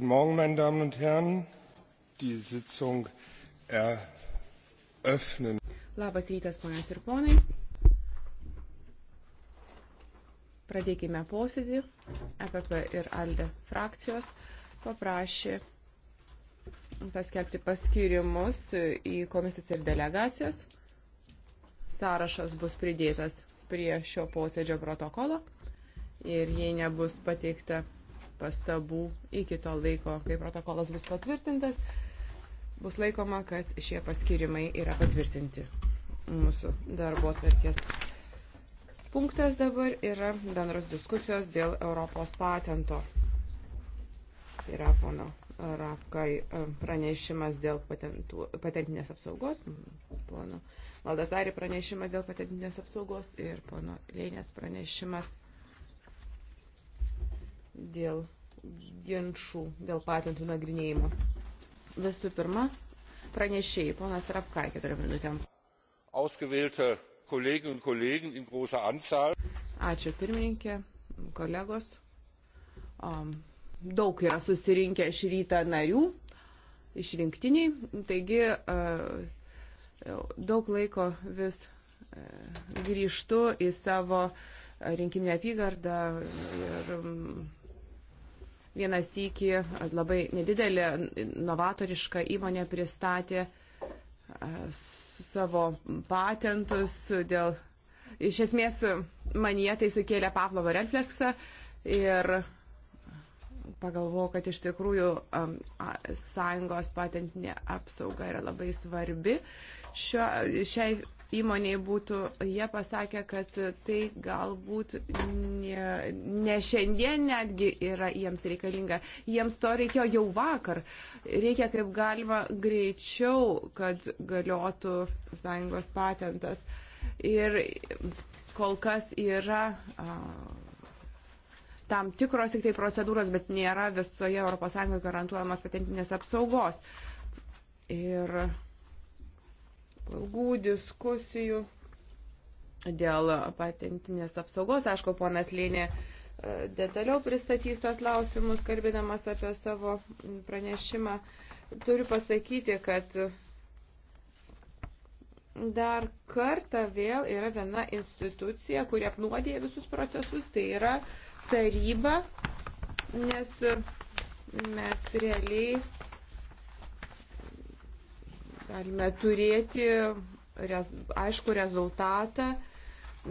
Guten Morgen, meine Damen und Herren. Die Sitzung eröffnen. Labas rytas, ponios ir ponai. Pradėkime posėdį. EPP ir ALDE frakcijos paprašė paskelbti paskirimus į komisijas ir delegacijas. Sąrašas bus pridėtas prie šio posėdžio protokolo ir jei nebus pateikta pastabų iki to laiko, kai protokolas bus patvirtintas, bus laikoma, kad šie paskirimai yra patvirtinti. Mūsų darbo atverties punktas dabar yra bendros diskusijos dėl Europos patento. Tai yra pono Rafkai e, pranešimas dėl patentų, patentinės apsaugos, pono Valdasari pranešimas dėl patentinės apsaugos ir pono Lėnės pranešimas dėl ginčių dėl patentų nagrinėjimo. Visų pirma, pranešėjai, ponas Rapkai, keturiom minutėm. Ausgewählte Kolleginnen und Kollegen in großer Anzahl. Ačiū pirmininkė, kolegos. Um, daug yra susirinkę šį rytą narių, išrinktiniai, taigi uh, daug laiko vis uh, grįžtu į savo rinkiminę apygardą ir um, Vienas iki labai nedidelė novatoriška įmonė pristatė e, savo patentus dėl, iš esmės, manie tai sukėlė Pavlovo refleksą ir pagalvojau, kad iš tikrųjų um, sąjungos patentinė apsauga yra labai svarbi šio, šiai įmoniai būtų, jie pasakė, kad tai galbūt ne, ne šiandien netgi yra jiems reikalinga. Jiems to reikėjo jau vakar. Reikia kaip galima greičiau, kad galiotų sąjungos patentas. Ir kol kas yra. A, tam tikros tik tai procedūros, bet nėra visoje ES garantuojamos patentinės apsaugos. Ir ilgų diskusijų dėl patentinės apsaugos. Aišku, ponas Lėnė e, detaliau pristatys tuos klausimus, kalbėdamas apie savo pranešimą. Turiu pasakyti, kad dar kartą vėl yra viena institucija, kuri apnuodė visus procesus, tai yra taryba, nes mes realiai galime turėti aišku rezultatą.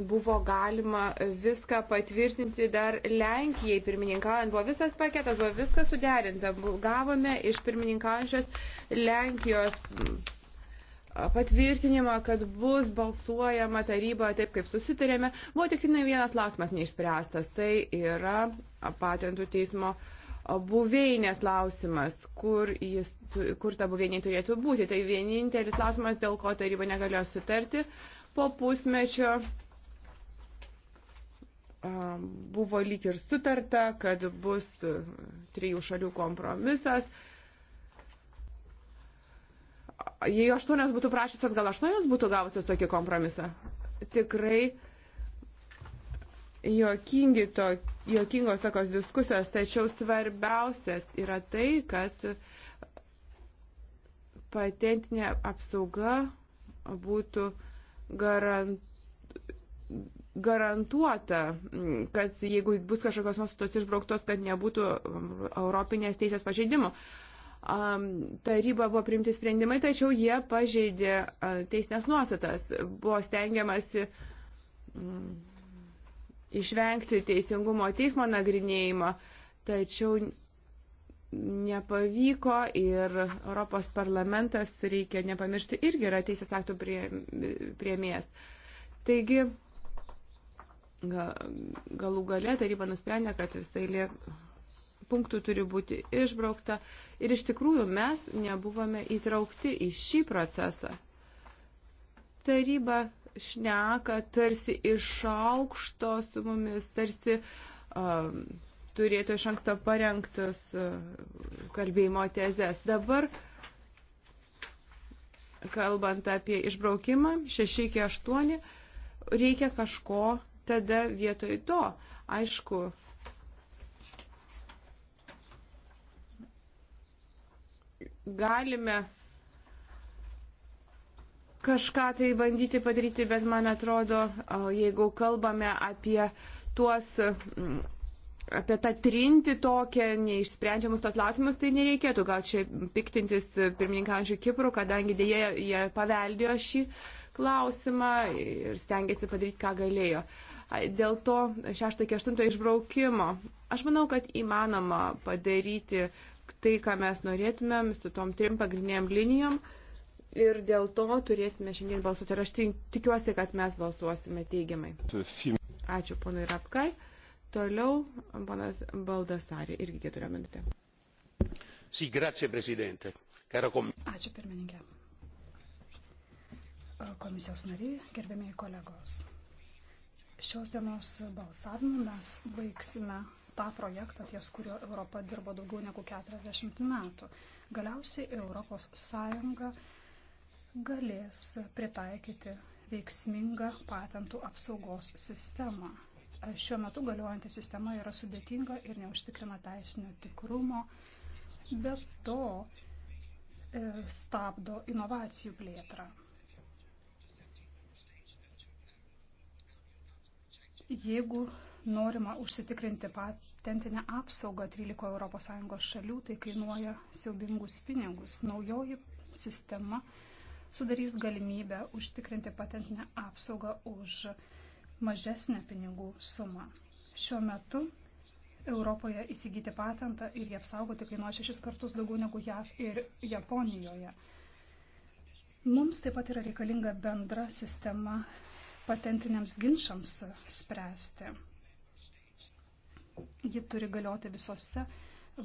Buvo galima viską patvirtinti dar Lenkijai pirmininkaujant. Buvo visas paketas, buvo viskas suderinta. Gavome iš pirmininkaujančios Lenkijos patvirtinimą, kad bus balsuojama taryboje taip, kaip susitarėme. Buvo tik tai vienas klausimas neišspręstas. Tai yra patentų teismo uh, buveinės klausimas, kur, jis, kur ta buveinė turėtų būti. Tai vienintelis klausimas, dėl ko taryba negalėjo sutarti. Po pusmečio buvo lyg ir sutarta, kad bus trijų šalių kompromisas. Jei aštuonios būtų prašytos, gal aštuonios būtų gavusios tokį kompromisą. Tikrai uh, jokingi to, jokingos tokios diskusijos, tačiau svarbiausia yra tai, kad patentinė apsauga būtų garantuota garantuota, kad jeigu bus kažkokios nuostatos išbrauktos, kad nebūtų Europinės teisės pažeidimų. Taryba buvo priimti sprendimai, tačiau jie pažeidė teisinės nuostatas. Buvo stengiamasi išvengti teisingumo teismo nagrinėjimo, tačiau nepavyko ir Europos parlamentas, reikia nepamiršti, irgi yra teisės aktų prie, prieimėjas. Taigi, galų gale taryba nusprendė, kad visai lė punktų turi būti išbraukta ir iš tikrųjų mes nebuvome įtraukti į šį procesą. Taryba šneka tarsi iš aukšto su mumis, tarsi um, turėtų iš anksto parengtas uh, kalbėjimo tezes. Dabar, kalbant apie išbraukimą 6 iki 8, reikia kažko tada vietoj to. Aišku, galime kažką tai bandyti padaryti, bet man atrodo, jeigu kalbame apie tuos apie tą trinti tokią neišsprendžiamus tos laukimus, tai nereikėtų gal čia piktintis pirmininkaujančių Kiprų, kadangi dėje jie paveldėjo šį klausimą ir stengiasi padaryti, ką galėjo. Dėl to 6-8 išbraukimo. Aš manau, kad įmanoma padaryti tai, ką mes norėtumėm su tom trim pagrindiniam linijom. Uh, ir dėl to turėsime šiandien balsuoti. Ir aš tikiuosi, kad mes balsuosime teigiamai. Ačiū ponui Rapkai. Toliau ponas Baldasarė, irgi keturią minutę. Sì, grazie Presidente. Caro com... Ačiū pirmininkė. Komisijos nariai, gerbėmiai kolegos. Šios dienos balsavimu mes baigsime tą projektą, ties kurio Europa dirbo daugiau negu 40 metų. Galiausiai Europos Sąjunga galės pritaikyti veiksmingą patentų apsaugos sistemą. Šiuo metu galiojanti sistema yra sudėtinga ir neužtikrina teisinio tikrumo, bet to e, stabdo inovacijų plėtrą. Jeigu norima užsitikrinti patentinę apsaugą 13 ES šalių, tai kainuoja siaubingus pinigus. Naujoji sistema sudarys galimybę užtikrinti patentinę apsaugą už mažesnę pinigų sumą. Šiuo metu Europoje įsigyti patentą ir jį apsaugoti kainuoja šešis kartus daugiau negu JAV ir Japonijoje. Mums taip pat yra reikalinga bendra sistema patentiniams ginčiams spręsti. Ji turi galioti visose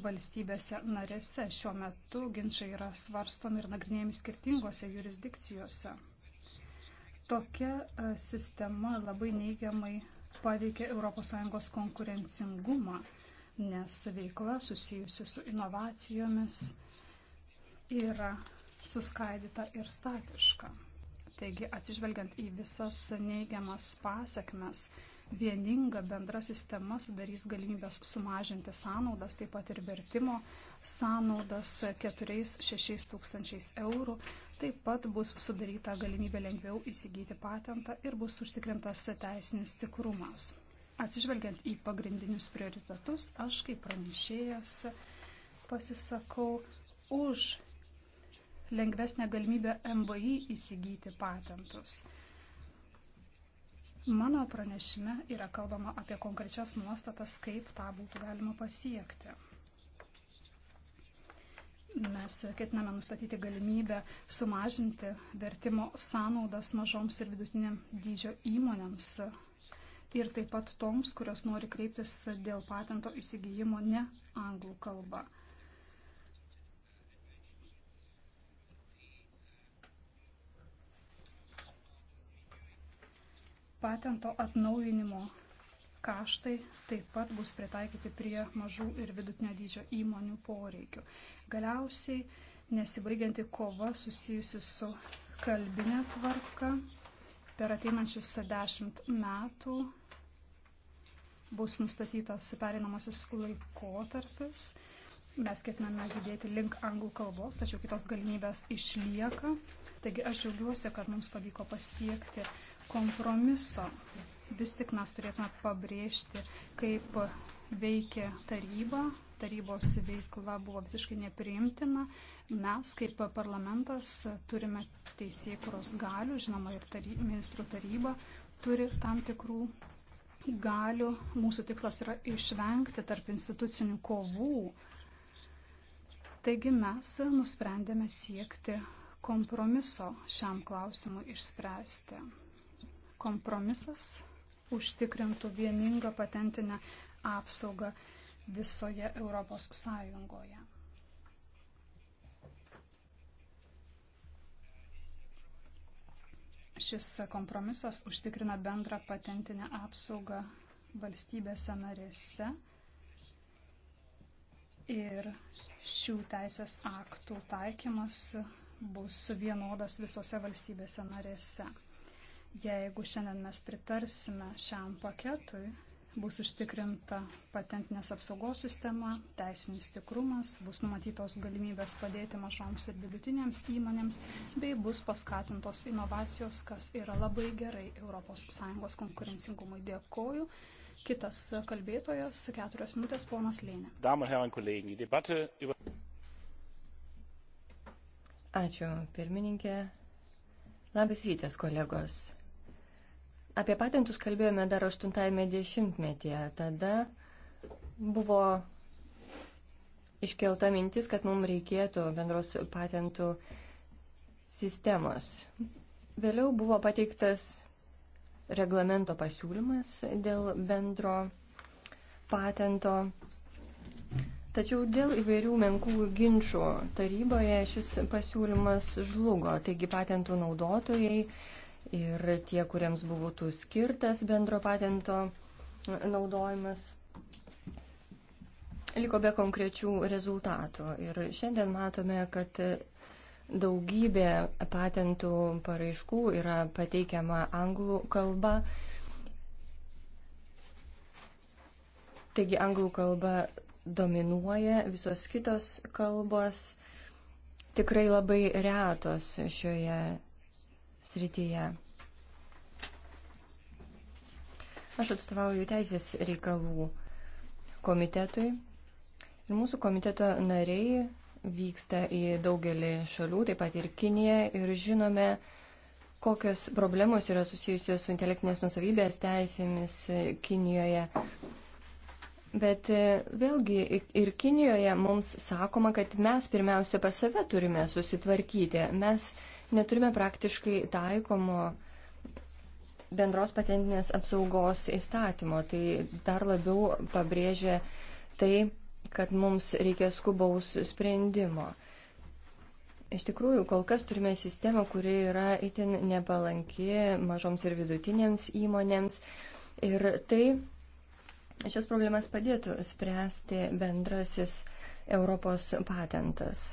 valstybėse narėse. Šiuo metu ginčiai yra svarstomi ir nagrinėjami skirtingose jurisdikcijose. Tokia e, sistema labai neigiamai paveikia ES konkurencingumą, nes veikla susijusi su inovacijomis yra suskaidyta ir statiška. Taigi, atsižvelgiant į visas neigiamas pasiekmes, Vieninga bendra sistema sudarys galimybės sumažinti sąnaudas, taip pat ir vertimo sąnaudas 4-6 tūkstančiais eurų. Taip pat bus sudaryta galimybė lengviau įsigyti patentą ir bus užtikrintas teisinis tikrumas. Atsižvelgiant į pagrindinius prioritetus, aš kaip pranešėjas pasisakau už lengvesnę galimybę MVI įsigyti patentus. Mano pranešime yra kalbama apie konkrečias nuostatas, kaip tą būtų galima pasiekti. Mes ketiname nustatyti galimybę sumažinti vertimo sąnaudas mažoms ir vidutiniam dydžio įmonėms ir taip pat toms, kurios nori kreiptis dėl patento įsigijimo ne anglų kalba. Patento atnaujinimo kaštai taip pat bus pritaikyti prie mažų ir vidutinio dydžio įmonių poreikių. Galiausiai nesibaigianti kova susijusi su kalbinė tvarka per ateinančius dešimt metų bus nustatytas pereinamasis laikotarpis. Mes ketiname judėti link anglų kalbos, tačiau kitos galimybės išlieka. Taigi aš džiaugiuosi, kad mums pavyko pasiekti kompromiso. Vis tik mes turėtume pabrėžti, kaip veikia taryba. Tarybos veikla buvo visiškai nepriimtina. Mes, kaip parlamentas, turime teisėkuros galių, žinoma, ir tary, ministrų taryba turi tam tikrų galių. Mūsų tikslas yra išvengti tarp institucinių kovų. Taigi mes nusprendėme siekti kompromiso šiam klausimui išspręsti kompromisas užtikrintų vieningą patentinę apsaugą visoje Europos Sąjungoje. Šis kompromisas užtikrina bendrą patentinę apsaugą valstybėse narėse ir šių teisės aktų taikymas bus vienodas visose valstybėse narėse. Jeigu šiandien mes pritarsime šiam paketui, bus užtikrinta patentinės apsaugos sistema, teisinis tikrumas, bus numatytos galimybės padėti mažoms ir vidutinėms įmonėms, bei bus paskatintos inovacijos, kas yra labai gerai ES konkurencingumui. Dėkoju. Kitas kalbėtojas, keturios minutės, ponas Lėnė. Ačiū, pirmininkė. Labas rytas, kolegos. Apie patentus kalbėjome dar 80-ame dešimtmetyje. Tada buvo iškelta mintis, kad mums reikėtų bendros patentų sistemos. Vėliau buvo pateiktas reglamento pasiūlymas dėl bendro patento. Tačiau dėl įvairių menkų ginčių taryboje šis pasiūlymas žlugo, taigi patentų naudotojai ir tie, kuriems buvo tų skirtas bendro patento naudojimas, liko be konkrečių rezultatų. Ir šiandien matome, kad daugybė patentų paraiškų yra pateikiama anglų kalba. Taigi anglų kalba dominuoja, visos kitos kalbos tikrai labai retos šioje srityje. Aš atstovauju Teisės reikalų komitetui ir mūsų komiteto nariai vyksta į daugelį šalių, taip pat ir Kiniją, ir žinome, kokios problemos yra susijusios su intelektinės nusavybės teisėmis Kinijoje. Bet e, vėlgi ir Kinijoje mums sakoma, kad mes pirmiausia pas save turime susitvarkyti. Mes neturime praktiškai taikomo bendros patentinės apsaugos įstatymo. Tai dar labiau pabrėžia tai, kad mums reikia skubaus sprendimo. Iš tikrųjų, kol kas turime sistemą, kuri yra itin nepalanki mažoms ir vidutinėms įmonėms. Ir tai šias problemas padėtų spręsti bendrasis Europos patentas.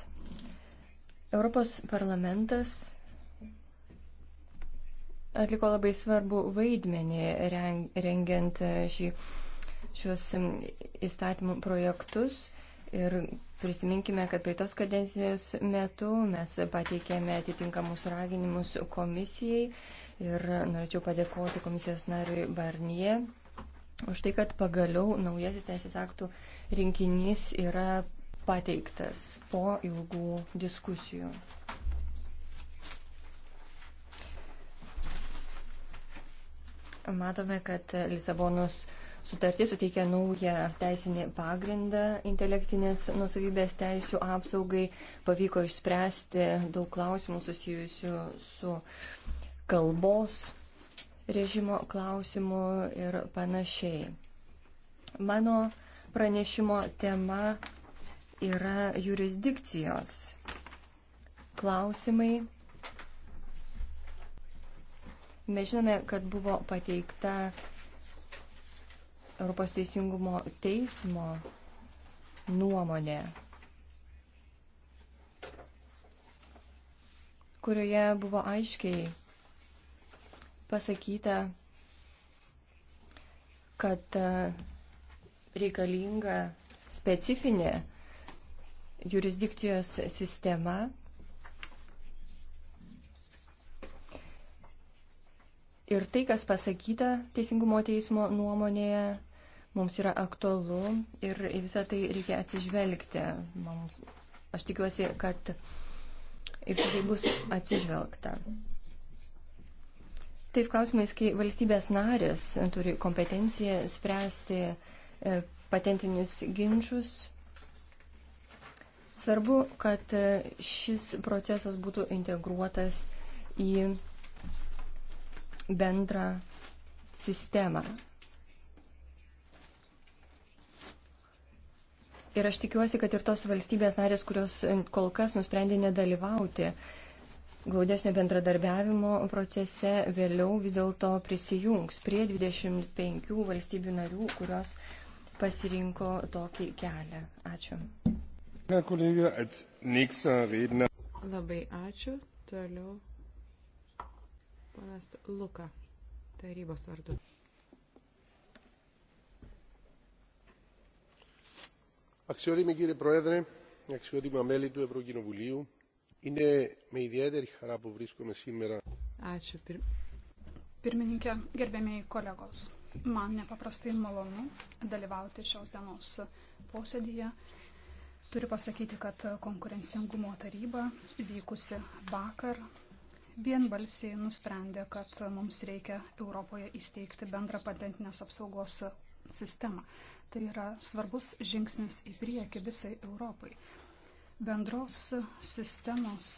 Europos parlamentas atliko labai svarbu vaidmenį rengiant e, šį, šios įstatymų projektus. Ir prisiminkime, kad praeitos kadencijos metu mes pateikėme atitinkamus raginimus komisijai ir norėčiau padėkoti komisijos nariui Barnie už tai, kad pagaliau naujasis teisės aktų rinkinys yra pateiktas po ilgų diskusijų. Matome, kad Lisabonos sutartis suteikia naują teisinį pagrindą intelektinės nusavybės teisų apsaugai. Pavyko išspręsti daug klausimų susijusių su kalbos režimo klausimu ir panašiai. Mano pranešimo tema yra jurisdikcijos klausimai. Mes žinome, kad buvo pateikta Europos teisingumo teismo nuomonė, kurioje buvo aiškiai pasakyta, kad e, reikalinga specifinė jurisdikcijos sistema ir tai, kas pasakyta Teisingumo teismo nuomonėje, mums yra aktualu ir į visą tai reikia atsižvelgti. Mums, aš tikiuosi, kad į tai bus atsižvelgta. Tais klausimais, kai valstybės narės turi kompetenciją spręsti e, patentinius ginčius, Svarbu, kad šis procesas būtų integruotas į bendrą sistemą. Ir aš tikiuosi, kad ir tos valstybės narės, kurios kol kas nusprendė nedalyvauti glaudesnio bendradarbiavimo procese, vėliau vis dėlto prisijungs prie 25 valstybių narių, kurios pasirinko tokį kelią. Ačiū. Labai ačiū. Toliau panas Luka, tarybos vardu. Αξιότιμη κύριε Πρόεδρε, αξιότιμα μέλη του Ευρωκοινοβουλίου, είναι με ιδιαίτερη χαρά που βρίσκομαι σήμερα. Ačiū. Pir... Pirmininkė, gerbėmiai kolegos, man nepaprastai malonu dalyvauti šios dienos posėdyje Turiu pasakyti, kad konkurencingumo taryba vykusi vakar vienbalsiai nusprendė, kad mums reikia Europoje įsteigti bendrą patentinės apsaugos sistemą. Tai yra svarbus žingsnis į priekį visai Europai. Bendros sistemos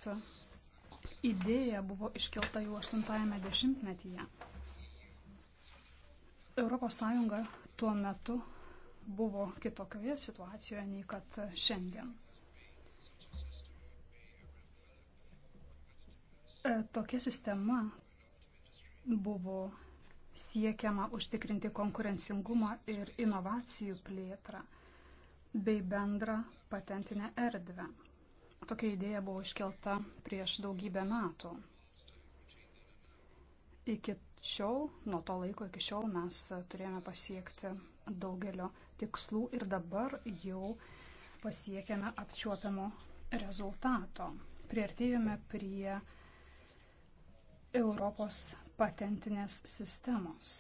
idėja buvo iškelta jau 80-ame dešimtmetyje. ES tuo metu buvo kitokioje situacijoje nei kad šiandien. E, tokia sistema buvo siekiama užtikrinti konkurencingumą ir inovacijų plėtrą bei bendrą patentinę erdvę. Tokia idėja buvo iškelta prieš daugybę metų. Iki šiol, nuo to laiko iki šiol mes turėjome pasiekti daugelio tikslų ir dabar jau pasiekėme apčiuopiamo rezultato. Priartėjome prie Europos patentinės sistemos.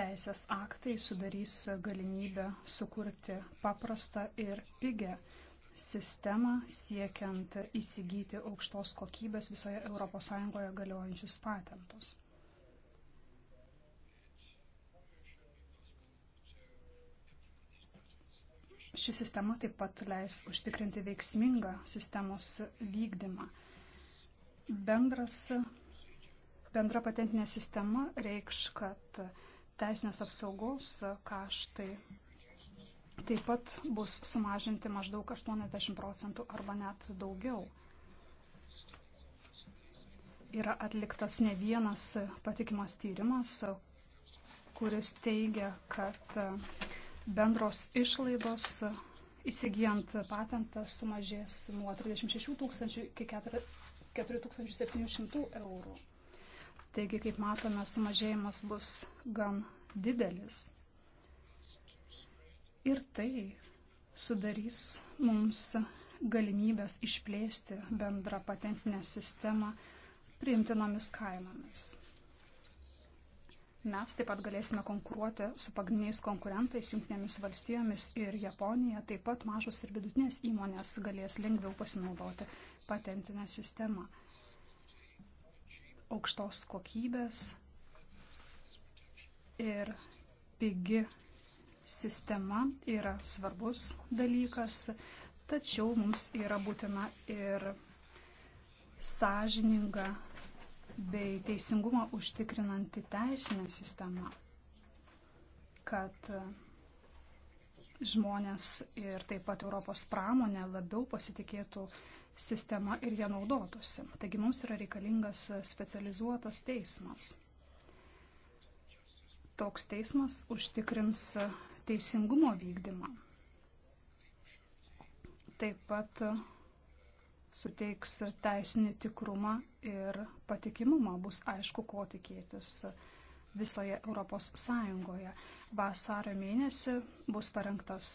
Teisės aktai sudarys galimybę sukurti paprastą ir pigę sistemą siekiant įsigyti aukštos kokybės visoje ES galiojančius patentus. Ši sistema taip pat leis užtikrinti veiksmingą sistemos vykdymą. Bendras, bendra patentinė sistema reikš, kad teisinės apsaugos kaštai taip pat bus sumažinti maždaug 80 procentų arba net daugiau. Yra atliktas ne vienas patikimas tyrimas, kuris teigia, kad bendros išlaidos įsigijant patentą sumažės nuo 36 tūkstančių iki 4700 eurų. Taigi, kaip matome, sumažėjimas bus gan didelis. Ir tai sudarys mums galimybės išplėsti bendrą patentinę sistemą priimtinomis kainomis. Mes taip pat galėsime konkuruoti su pagrindiniais konkurentais, jungtinėmis valstijomis ir Japonija. Taip pat mažos ir vidutinės įmonės galės lengviau pasinaudoti patentinę sistemą. Aukštos kokybės ir pigi sistema yra svarbus dalykas, tačiau mums yra būtina ir sąžininga bei teisingumą užtikrinanti teisinė sistema, kad žmonės ir taip pat Europos pramonė labiau pasitikėtų sistema ir ją naudotųsi. Taigi mums yra reikalingas specializuotas teismas. Toks teismas užtikrins teisingumo vykdymą. Taip pat suteiks teisinį tikrumą ir patikimumą, bus aišku, ko tikėtis visoje Europos Sąjungoje. Vasario mėnesį bus parengtas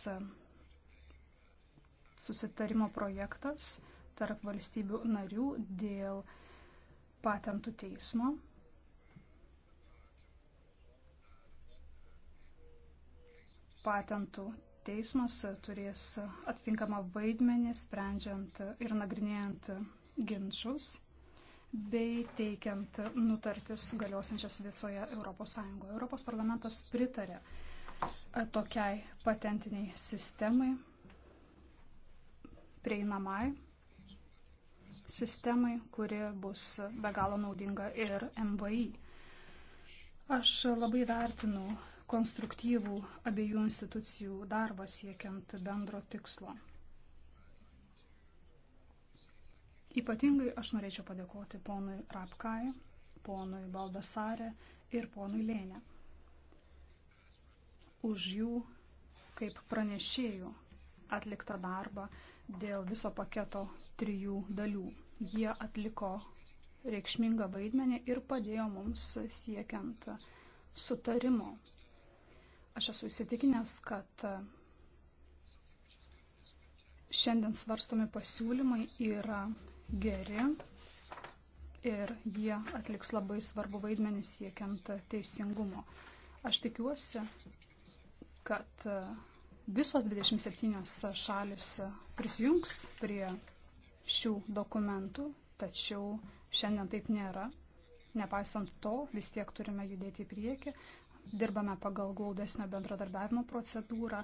susitarimo projektas tarp valstybių narių dėl patentų teismo. Patentų teismas turės atitinkamą vaidmenį sprendžiant ir nagrinėjant ginčius bei teikiant nutartis galiosinčias visoje ES. Europos parlamentas pritarė e, tokiai patentiniai sistemai, prieinamai sistemai, kuri bus be galo naudinga ir MVI. Aš labai vertinu konstruktyvų abiejų institucijų darbą siekiant bendro tikslo. Ypatingai aš norėčiau padėkoti ponui Rapkai, ponui Baldasarė ir ponui Lėnė už jų kaip pranešėjų atliktą darbą dėl viso paketo trijų dalių. Jie atliko reikšmingą vaidmenį ir padėjo mums siekiant sutarimo Aš esu įsitikinęs, kad e, šiandien svarstomi pasiūlymai yra geri ir jie atliks labai svarbu vaidmenį siekiant teisingumo. Aš tikiuosi, kad e, visos 27 šalis prisijungs prie šių dokumentų, tačiau šiandien taip nėra. Nepaisant to, vis tiek turime judėti į priekį dirbame pagal glaudesnio bendradarbiavimo procedūrą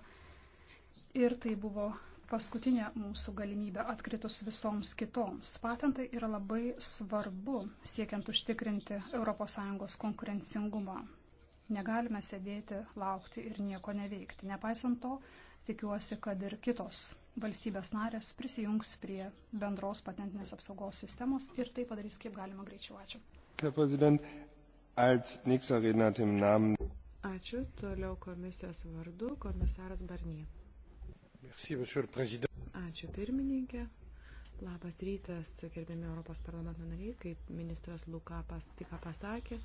ir tai buvo paskutinė mūsų galimybė atkritus visoms kitoms. Patentai yra labai svarbu siekiant užtikrinti ES konkurencingumą. Negalime sėdėti, laukti ir nieko neveikti. Nepaisant to, tikiuosi, kad ir kitos valstybės narės prisijungs prie bendros patentinės apsaugos sistemos ir tai padarys kaip galima greičiau. Ačiū. Als nächster Redner im Namen. Ačiū. Toliau komisijos vardu komisaras Barnie. Merci, monsieur le président. Ačiū pirmininkė. Labas rytas, gerbėmi Europos parlamento nariai, kaip ministras Luka pas, tik pasakė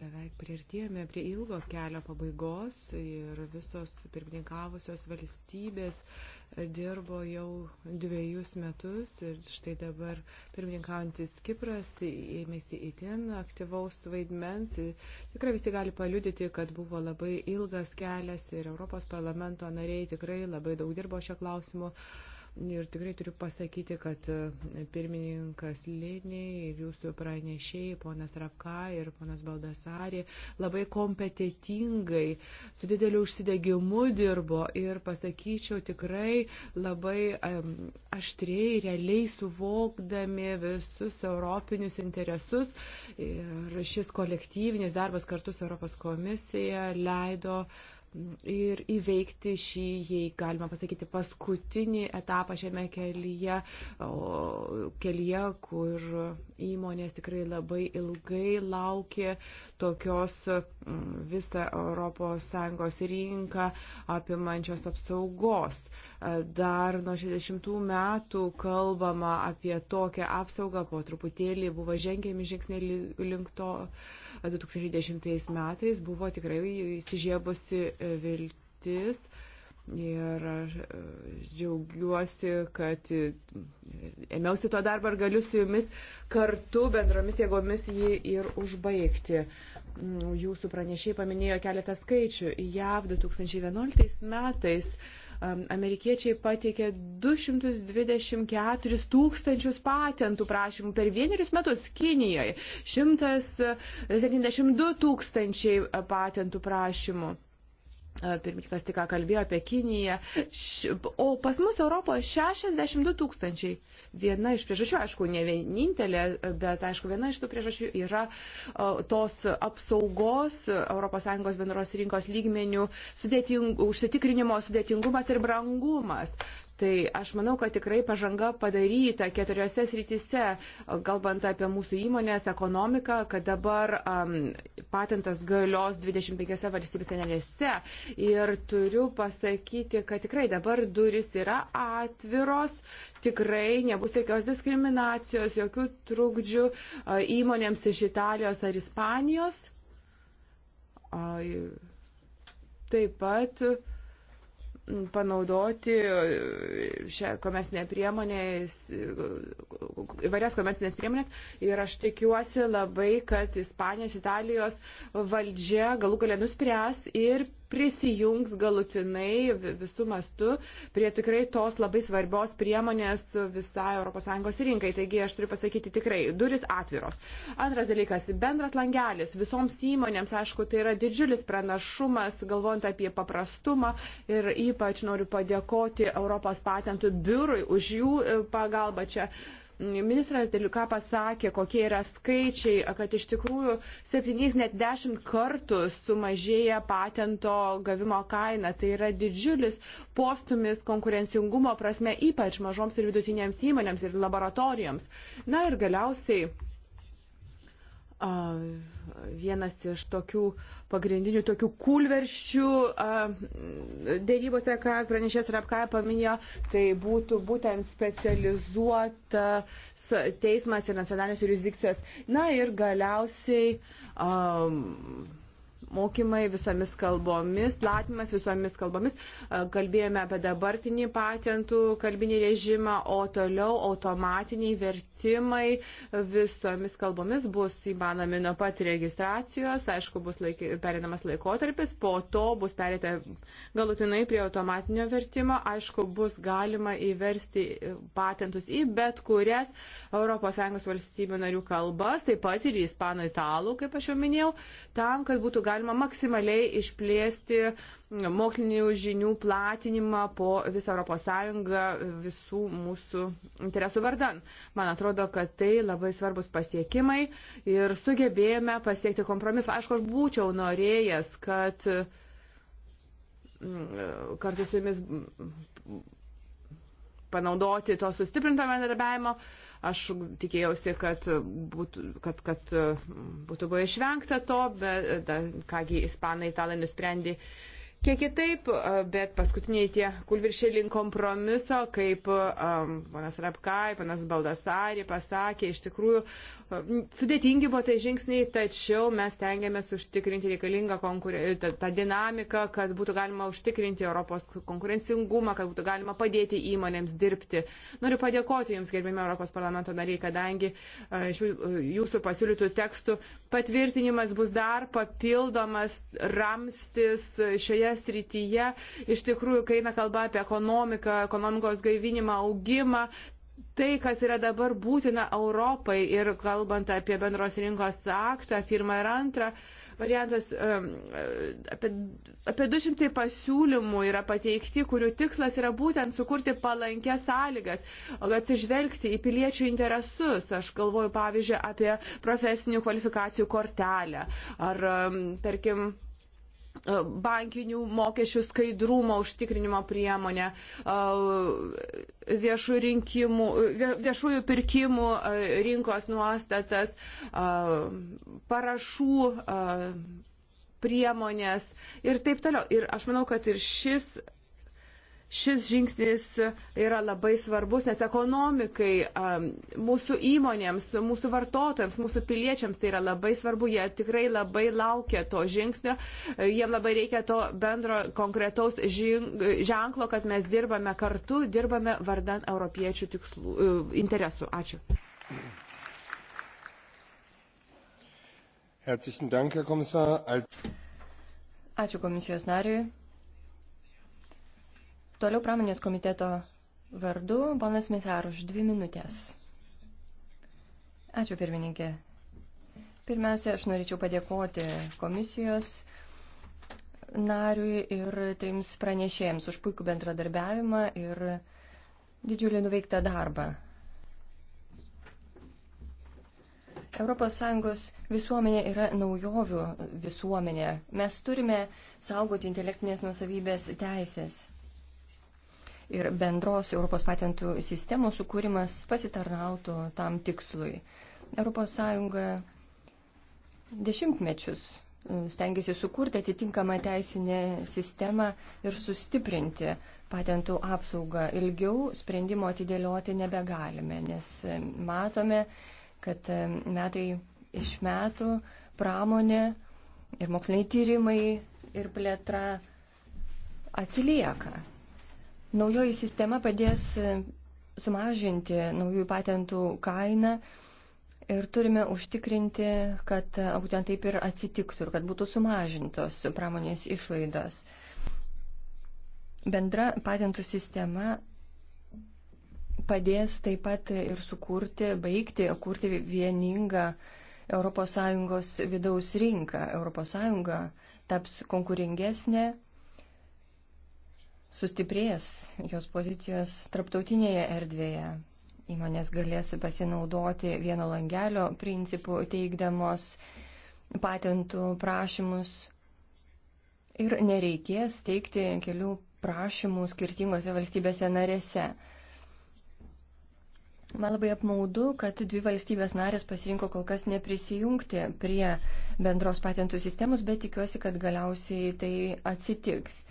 beveik priartėjome prie ilgo kelio pabaigos ir visos pirmininkavusios valstybės e, dirbo jau dviejus metus ir štai dabar pirmininkaujantis Kipras ėmėsi įtin aktyvaus vaidmens. Tikrai visi gali paliudyti, kad buvo labai ilgas kelias ir Europos parlamento nariai tikrai labai daug dirbo šio klausimu. Uh, Ir tikrai turiu pasakyti, kad e, pirmininkas Liniai ir jūsų pranešėjai, ponas Rafka ir ponas Baldasarė, labai kompetitingai, su dideliu užsidegimu dirbo ir, pasakyčiau, tikrai labai um, aštriai, realiai suvokdami visus europinius interesus. Ir šis kolektyvinis darbas kartu su Europos komisija leido uh, ir įveikti šį, jei galima pasakyti, paskutinį etapą šiame kelyje, kelyje, kur įmonės tikrai labai ilgai laukė tokios mm, visą ES rinką apimančios apsaugos. Dar nuo 60 metų kalbama apie tokią apsaugą, po truputėlį buvo žengiami žingsniai link to. 2010 metais buvo tikrai įsižiebusi e, viltis. Ir aš e, džiaugiuosi, kad e, ėmiausi to darbą ir galiu su jumis kartu bendromis jėgomis jį ir užbaigti. Mm, jūsų pranešiai paminėjo keletą skaičių. JAV 2011 metais Amerikiečiai pateikė 224 tūkstančius patentų prašymų per vienerius metus Kinijoje, 172 e, tūkstančiai e, patentų prašymų pirmininkas tik ką kalbėjo apie Kiniją, o pas mus Europoje 62 tūkstančiai. Viena iš priežasčių, aišku, ne vienintelė, bet aišku, viena iš tų priežasčių yra tos apsaugos ES bendros rinkos lygmenių sudėting, užsitikrinimo sudėtingumas ir brangumas. Tai aš manau, kad tikrai pažanga padaryta keturiose srityse, kalbant apie mūsų įmonės ekonomiką, kad dabar um, patentas galios 25 valstybėse narėse. Ir turiu pasakyti, kad tikrai dabar duris yra atviros, tikrai nebus jokios diskriminacijos, jokių trukdžių uh, įmonėms iš Italijos ar Ispanijos. Uh, taip pat. Uh, panaudoti šią komercinę priemonę, įvairias komercinės priemonės ir aš tikiuosi labai, kad Ispanijos, Italijos valdžia galų galę nuspręs ir prisijungs galutinai visų mastų prie tikrai tos labai svarbios priemonės visai ES rinkai. Taigi aš turiu pasakyti tikrai, duris atviros. Antras dalykas - bendras langelis. Visoms įmonėms, aišku, tai yra didžiulis pranašumas, galvojant apie paprastumą ir ypač noriu padėkoti Europos patentų biurui už jų e, pagalbą čia. Uh, Ministras Deliuka pasakė, kokie yra skaičiai, kad iš tikrųjų 7 net 10 kartų sumažėja patento gavimo kaina. Tai yra didžiulis postumis konkurencingumo prasme, ypač mažoms ir vidutinėms įmonėms ir laboratorijoms. Na ir galiausiai vienas iš tokių pagrindinių tokių kulverščių dėrybose, ką pranešės Rapkaja paminėjo, tai būtų būtent specializuota teismas ir nacionalinės jurisdikcijos. Na ir galiausiai um, mokymai visomis kalbomis, platimas visomis kalbomis. E, kalbėjome apie dabartinį patentų kalbinį režimą, o toliau automatiniai vertimai visomis kalbomis bus įmanomi nuo pat registracijos. Aišku, bus laikė, perinamas laikotarpis, po to bus perėta galutinai prie automatinio vertimo. Aišku, bus galima įversti patentus į bet kurias ES valstybių narių kalbas, taip pat ir į ispanų italų, kaip aš jau minėjau, tam, kad būtų galima galima maksimaliai išplėsti mokslinių žinių platinimą po visą ES visų mūsų interesų vardan. Man atrodo, kad tai labai svarbus pasiekimai ir sugebėjome pasiekti kompromiso. Aišku, aš būčiau norėjęs, kad mm, kartu su jumis panaudoti to sustiprinto bendarbiavimo. Aš tikėjausi, kad būtų, kad, kad e, būtų buvo išvengta to, bet e, da, kągi ispanai, italai nusprendė kiek kitaip, e, bet paskutiniai tie kulviršiai link kompromiso, kaip um, panas Rapkai, panas Baldasari pasakė, iš tikrųjų Sudėtingi buvo tai žingsniai, tačiau mes tengiamės užtikrinti reikalingą konkuren... tą dinamiką, kad būtų galima užtikrinti Europos konkurencingumą, kad būtų galima padėti įmonėms dirbti. Noriu padėkoti Jums, gerbėmi Europos parlamento nariai, kadangi e, šių e, Jūsų pasiūlytų tekstų patvirtinimas bus dar papildomas ramstis šioje srityje. Iš tikrųjų, kai eina kalba apie ekonomiką, ekonomikos gaivinimą, augimą, tai, kas yra dabar būtina Europai ir kalbant apie bendros rinkos aktą, pirmą ir antrą, variantas um, apie, apie 200 pasiūlymų yra pateikti, kurių tikslas yra būtent sukurti palankės sąlygas, atsižvelgti į piliečių interesus. Aš galvoju, pavyzdžiui, apie profesinių kvalifikacijų kortelę ar, um, tarkim, E, bankinių mokesčių skaidrumo užtikrinimo priemonė, e, viešų rinkimų, viešųjų pirkimų e, rinkos nuostatas, parašų priemonės ir taip toliau. Ir aš manau, kad ir šis Šis žingsnis yra labai svarbus, nes ekonomikai, mūsų įmonėms, mūsų vartotojams, mūsų piliečiams tai yra labai svarbu. Jie tikrai labai laukia to žingsnio, jiem labai reikia to bendro konkretaus ženklo, kad mes dirbame kartu, dirbame vardan europiečių tikslų, e, interesų. Ačiū. Herzlichen Dank, Herr Kommissar. Ačiū komisijos nariui. Toliau pramonės komiteto vardu, ponas Mitar, už dvi minutės. Ačiū pirmininkė. Pirmiausia, aš norėčiau padėkoti komisijos nariui ir trims pranešėjams už puikų bendradarbiavimą ir didžiulį nuveiktą darbą. ES visuomenė yra naujovių visuomenė. Mes turime saugoti intelektinės nusavybės teisės ir bendros Europos patentų sistemos sukūrimas pasitarnautų tam tikslui. ES dešimtmečius e, stengiasi sukurti atitinkamą teisinę sistemą ir sustiprinti patentų apsaugą. Ilgiau sprendimo atidėlioti nebegalime, nes e, matome, kad e, metai iš metų pramonė ir moksliniai tyrimai ir plėtra atsilieka. Naujoji sistema padės e, sumažinti naujųjų patentų kainą ir turime užtikrinti, kad e, būtent taip ir atsitiktų ir kad būtų sumažintos pramonės išlaidos. Bendra patentų sistema padės taip pat ir sukurti, baigti, kurti vieningą ES vidaus rinką. ES taps konkuringesnė sustiprės jos pozicijos traptautinėje erdvėje. Įmonės galės pasinaudoti vieno langelio principų teikdamos patentų prašymus ir nereikės teikti kelių prašymų skirtingose valstybėse narėse. Man labai apmaudu, kad dvi valstybės narės pasirinko kol kas neprisijungti prie bendros patentų sistemos, bet tikiuosi, kad galiausiai tai atsitiks.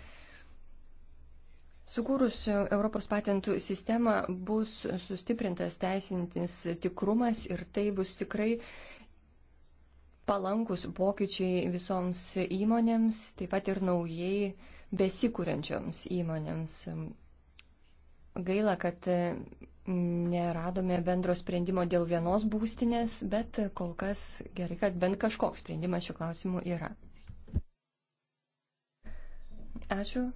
Sukūrus Europos patentų sistemą bus sustiprintas teisintis tikrumas ir tai bus tikrai palankus pokyčiai visoms įmonėms, taip pat ir naujai besikūrenčioms įmonėms. Gaila, kad neradome bendro sprendimo dėl vienos būstinės, bet kol kas gerai, kad bent kažkoks sprendimas šiuo klausimu yra. Ačiū.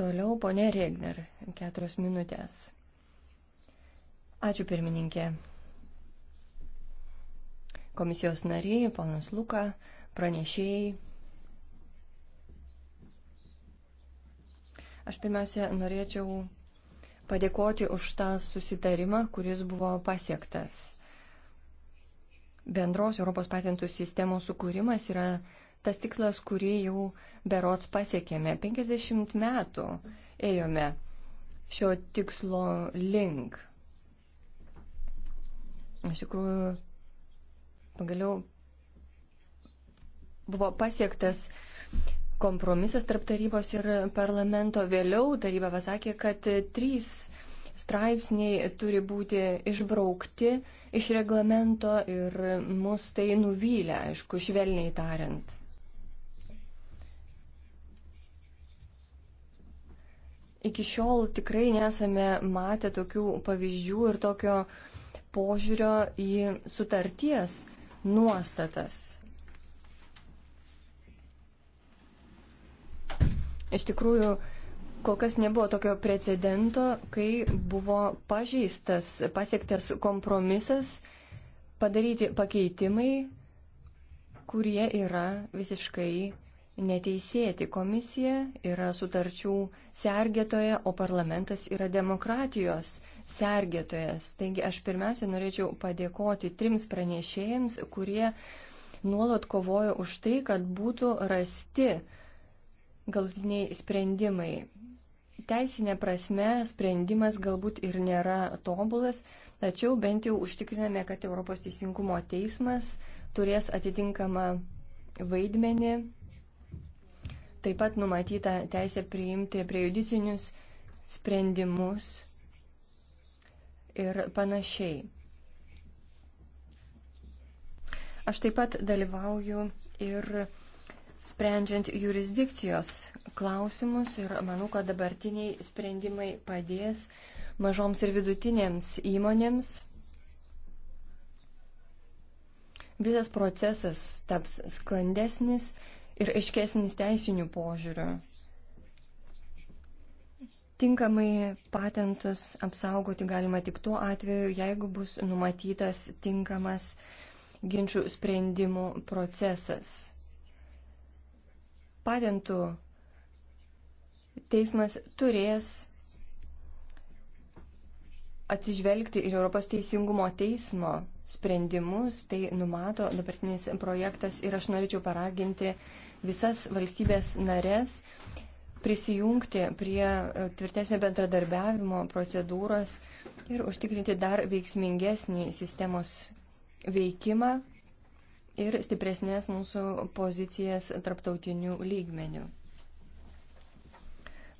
Toliau ponė Regner, keturios minutės. Ačiū pirmininkė. Komisijos nariai, ponas Luka, pranešėjai. Aš pirmiausia norėčiau padėkoti už tą susitarimą, kuris buvo pasiektas. Bendros Europos patentų sistemos sukūrimas yra tas tikslas, kurį jau berots pasiekėme. 50 metų ėjome šio tikslo link. Iš tikrųjų, pagaliau buvo pasiektas kompromisas tarp tarybos ir parlamento. Vėliau taryba pasakė, kad trys straipsniai turi būti išbraukti iš reglamento ir mus tai nuvylė, aišku, švelniai tariant. Iki šiol tikrai nesame matę tokių pavyzdžių ir tokio požiūrio į sutarties nuostatas. Iš tikrųjų, kol kas nebuvo tokio precedento, kai buvo pažeistas, pasiektas kompromisas padaryti pakeitimai, kurie yra visiškai neteisėti. Komisija yra sutarčių sergėtoja, o parlamentas yra demokratijos sergėtojas. Taigi aš pirmiausia norėčiau padėkoti trims pranešėjams, kurie nuolat kovojo už tai, kad būtų rasti galutiniai sprendimai. Teisinė prasme sprendimas galbūt ir nėra tobulas, tačiau bent jau užtikriname, kad Europos teisingumo teismas turės atitinkamą vaidmenį taip pat numatyta teisė priimti prejudicinius sprendimus ir panašiai. Aš taip pat dalyvauju ir sprendžiant jurisdikcijos klausimus ir manau, kad dabartiniai sprendimai padės mažoms ir vidutinėms įmonėms. Visas procesas taps sklandesnis ir aiškesnis teisinių požiūrių. Tinkamai patentus apsaugoti galima tik tuo atveju, jeigu bus numatytas tinkamas ginčių sprendimų procesas. Patentų teismas turės atsižvelgti ir Europos teisingumo teismo sprendimus, tai numato dabartinis projektas ir aš norėčiau paraginti visas valstybės narės prisijungti prie e, tvirtesnio bendradarbiavimo procedūros ir užtikrinti dar veiksmingesnį sistemos veikimą ir stipresnės mūsų pozicijas tarptautinių lygmenių.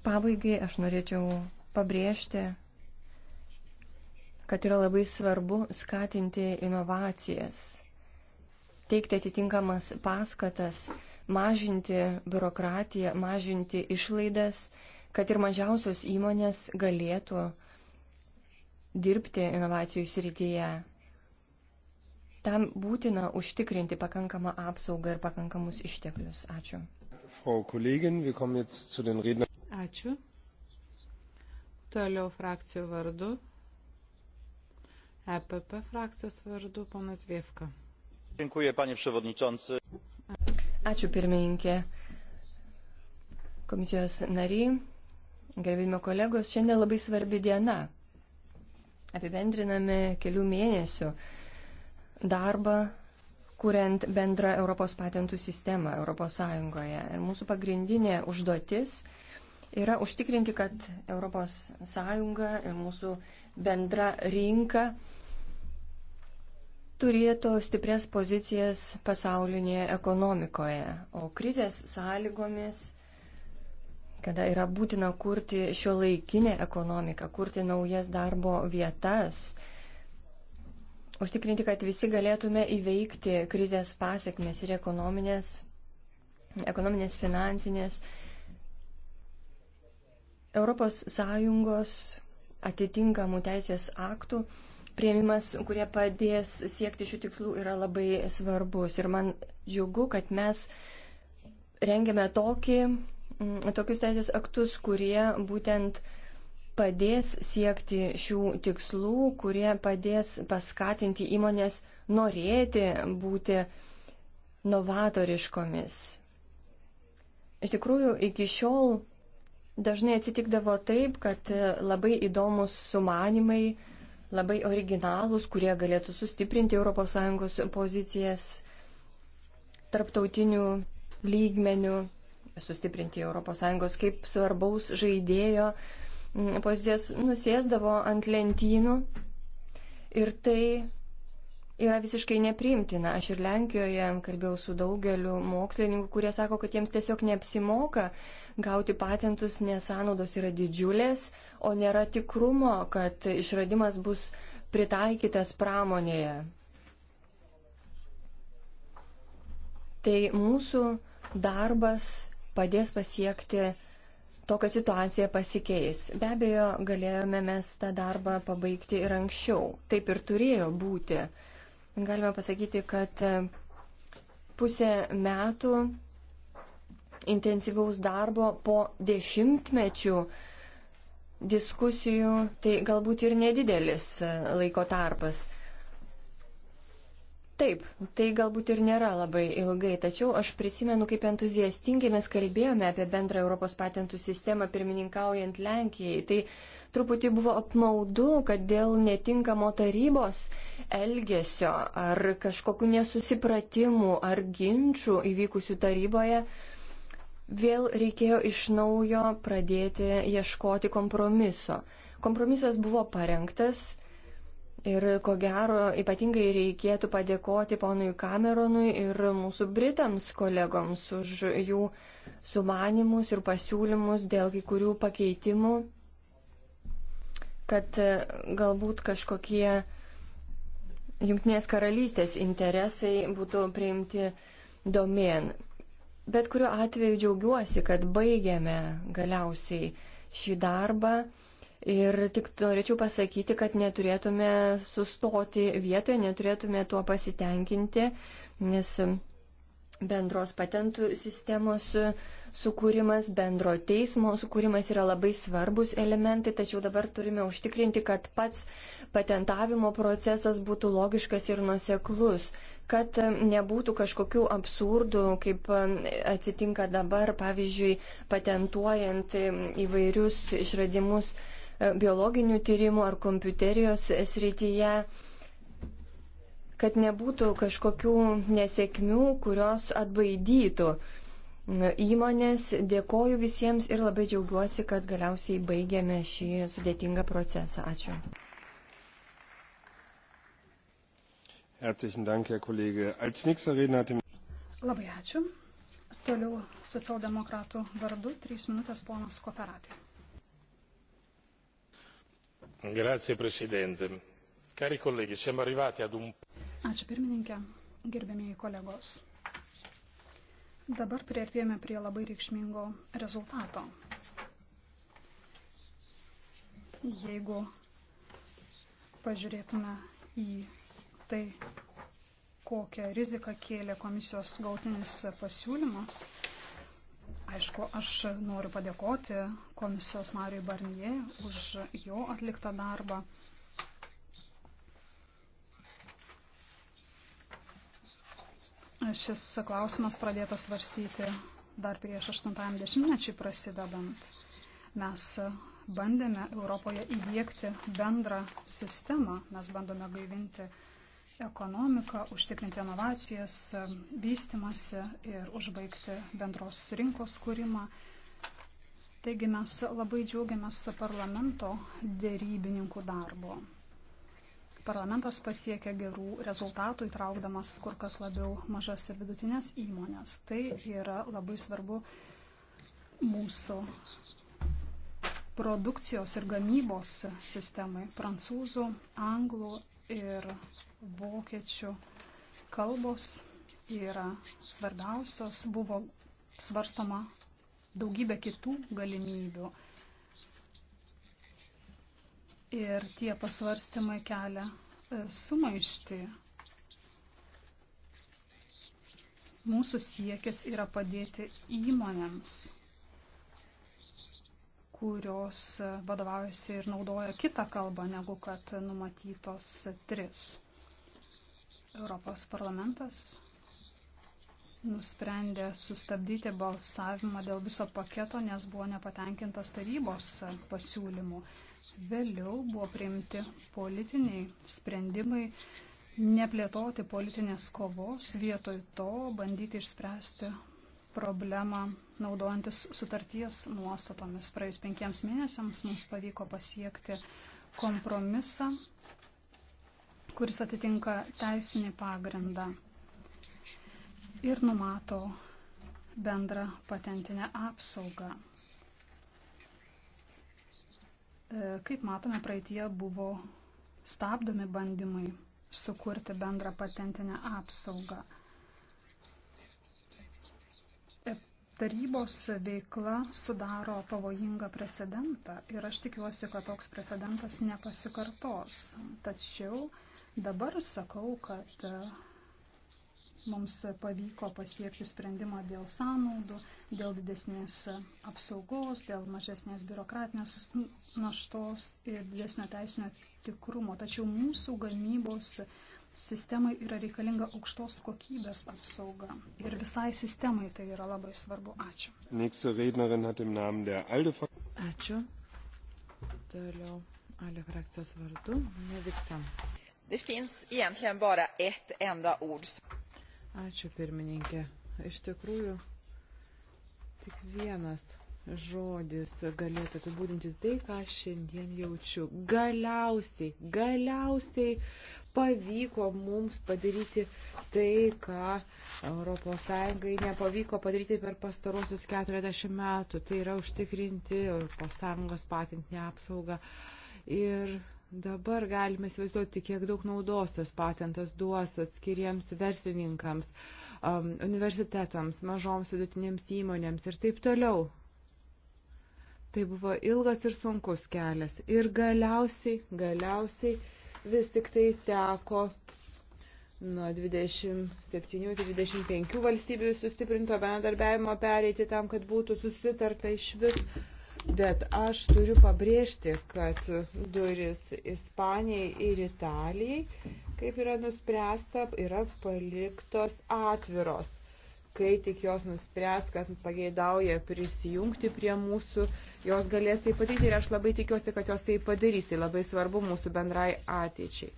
Pabaigai aš norėčiau pabrėžti, kad yra labai svarbu skatinti inovacijas, teikti atitinkamas paskatas, mažinti biurokratiją, mažinti išlaidas, kad ir mažiausios įmonės galėtų dirbti inovacijų srityje. Tam būtina užtikrinti pakankamą apsaugą ir pakankamus išteklius. Ačiū. Ačiū. Toliau frakcijų vardu EPP frakcijos vardu ponas Vievka. Dziękuję, panie przewodniczący. Ačiū pirmininkė. Komisijos nariai, gerbimo kolegos, šiandien labai svarbi diena. Apibendriname kelių mėnesių darbą kuriant bendrą Europos patentų sistemą Europos Sąjungoje. Ir mūsų pagrindinė užduotis yra užtikrinti, kad ES ir mūsų bendra rinka turėtų stiprias pozicijas pasaulinėje ekonomikoje, o krizės sąlygomis, kada yra būtina kurti šio laikinę ekonomiką, kurti naujas darbo vietas, užtikrinti, kad visi galėtume įveikti krizės pasiekmes ir ekonominės, ekonominės finansinės ES atitinkamų teisės aktų prieimimas, kurie padės siekti šių tikslų, yra labai svarbus. Ir man džiugu, kad mes rengiame tokį, mm, tokius teisės aktus, kurie būtent padės siekti šių tikslų, kurie padės paskatinti įmonės norėti būti novatoriškomis. Iš tikrųjų, iki šiol Dažnai atsitikdavo taip, kad e, labai įdomus sumanimai, labai originalūs, kurie galėtų sustiprinti ES pozicijas tarptautinių lygmenių, sustiprinti ES kaip svarbaus žaidėjo pozicijas, nusėsdavo ant lentynų ir tai yra visiškai nepriimtina. Aš ir Lenkijoje kalbėjau su daugeliu mokslininkų, kurie sako, kad jiems tiesiog neapsimoka gauti patentus, nes sąnaudos yra didžiulės, o nėra tikrumo, kad išradimas bus pritaikytas pramonėje. Tai mūsų darbas padės pasiekti to, kad situacija pasikeis. Be abejo, galėjome mes tą darbą pabaigti ir anksčiau. Taip ir turėjo būti galime pasakyti, kad e, pusė metų intensyvaus darbo po dešimtmečių diskusijų, tai galbūt ir nedidelis e, laiko tarpas. Taip, tai galbūt ir nėra labai ilgai, tačiau aš prisimenu, kaip entuziastingai mes kalbėjome apie bendrą Europos patentų sistemą pirmininkaujant Lenkijai. Tai truputį buvo apmaudu, kad dėl netinkamo tarybos elgesio ar kažkokių nesusipratimų ar ginčių įvykusių taryboje vėl reikėjo iš naujo pradėti ieškoti kompromiso. Kompromisas buvo parengtas Ir ko gero ypatingai reikėtų padėkoti ponui Cameronui ir mūsų Britams kolegoms už jų sumanimus ir pasiūlymus dėl kai kurių pakeitimų kad e, galbūt kažkokie Junktinės karalystės interesai būtų priimti domėn. Bet kuriuo atveju džiaugiuosi, kad baigėme galiausiai šį darbą ir tik norėčiau pasakyti, kad neturėtume sustoti vietoje, neturėtume tuo pasitenkinti, nes bendros patentų sistemos sukūrimas, bendro teismo sukūrimas yra labai svarbus elementai, tačiau dabar turime užtikrinti, kad pats patentavimo procesas būtų logiškas ir nuseklus, kad nebūtų kažkokių absurdų, kaip atsitinka dabar, pavyzdžiui, patentuojant įvairius išradimus biologinių tyrimų ar kompiuterijos srityje kad nebūtų kažkokių nesėkmių, kurios atbaidytų įmonės. Dėkoju visiems ir labai džiaugiuosi, kad galiausiai baigėme šį sudėtingą procesą. Ačiū. Herzlichen Dank, Herr Kollege. Als nächster Redner hat Labai ačiū. Toliau socialdemokratų vardu 3 minutės ponas Koperatė. Grazie Presidente. Cari colleghi, siamo arrivati ad un. Ačiū pirmininkė, gerbėmėjai kolegos. Dabar prieartėjome prie labai reikšmingo rezultato. Jeigu pažiūrėtume į tai, kokią riziką kėlė komisijos gautinis pasiūlymas, Aišku, aš noriu padėkoti komisijos nariui Barnie už jo atliktą darbą. Šis klausimas pradėtas svarstyti dar prieš 80-mečiai prasidedant. Mes bandėme Europoje įdėkti bendrą sistemą, mes bandome gaivinti ekonomiką, užtikrinti inovacijas, vystimasi ir užbaigti bendros rinkos kūrimą. Taigi mes labai džiaugiamės parlamento dėrybininkų darbo parlamentas pasiekia gerų rezultatų, įtraukdamas kur kas labiau mažas ir vidutinės įmonės. Tai yra labai svarbu mūsų produkcijos ir gamybos sistemai prancūzų, anglų ir vokiečių kalbos yra svarbiausios. Buvo svarstoma daugybė kitų galimybių. Ir tie pasvarstymai kelia e, sumaištį. Mūsų siekis yra padėti įmonėms, kurios e, vadovaujasi ir naudoja kitą kalbą negu kad numatytos tris. Europos parlamentas nusprendė sustabdyti balsavimą dėl viso paketo, nes buvo nepatenkintas tarybos pasiūlymų. Vėliau buvo priimti politiniai sprendimai neplėtoti politinės kovos, vietoj to bandyti išspręsti problemą naudojantis sutarties nuostatomis. Praėjus penkiems mėnesiams mums pavyko pasiekti kompromisą, kuris atitinka teisinį pagrindą ir numato bendrą patentinę apsaugą. E, kaip matome, praeitie buvo stabdomi bandymai sukurti bendrą patentinę apsaugą. E, tarybos veikla sudaro pavojingą precedentą ir aš tikiuosi, kad toks precedentas nepasikartos. Tačiau dabar sakau, kad mums pavyko pasiekti sprendimą dėl sąnaudų, dėl didesnės apsaugos, dėl mažesnės biurokratinės naštos ir didesnio teisinio tikrumo. Tačiau mūsų gamybos sistemai yra reikalinga aukštos kokybės apsauga. Ir visai sistemai tai yra labai svarbu. Ačiū. Ačiū. Toliau Alė frakcijos vardu. Neviktam. Det finns egentligen bara ett enda ord. Ačiū pirmininkė. Iš tikrųjų, tik vienas žodis galėtų apibūdinti tai, ką šiandien jaučiu. Galiausiai, galiausiai pavyko mums padaryti tai, ką ES nepavyko padaryti per pastarosius 40 metų. Tai yra užtikrinti ES patentinę apsaugą. Ir Dabar galime įsivaizduoti, kiek daug naudos tas patentas duos atskiriems verslininkams, um, universitetams, mažoms vidutinėms įmonėms ir taip toliau. Tai buvo ilgas ir sunkus kelias. Ir galiausiai, galiausiai vis tik tai teko nuo 27 iki 25 valstybių sustiprinto bendarbiavimo pereiti tam, kad būtų susitarta iš vis Bet aš turiu pabrėžti, kad duris Ispanijai ir Italijai, kaip yra nuspręsta, yra paliktos atviros kai tik jos nuspręs, kad pageidauja prisijungti prie mūsų, jos galės tai padaryti ir aš labai tikiuosi, kad jos tai padarys. Tai labai svarbu mūsų bendrai ateičiai.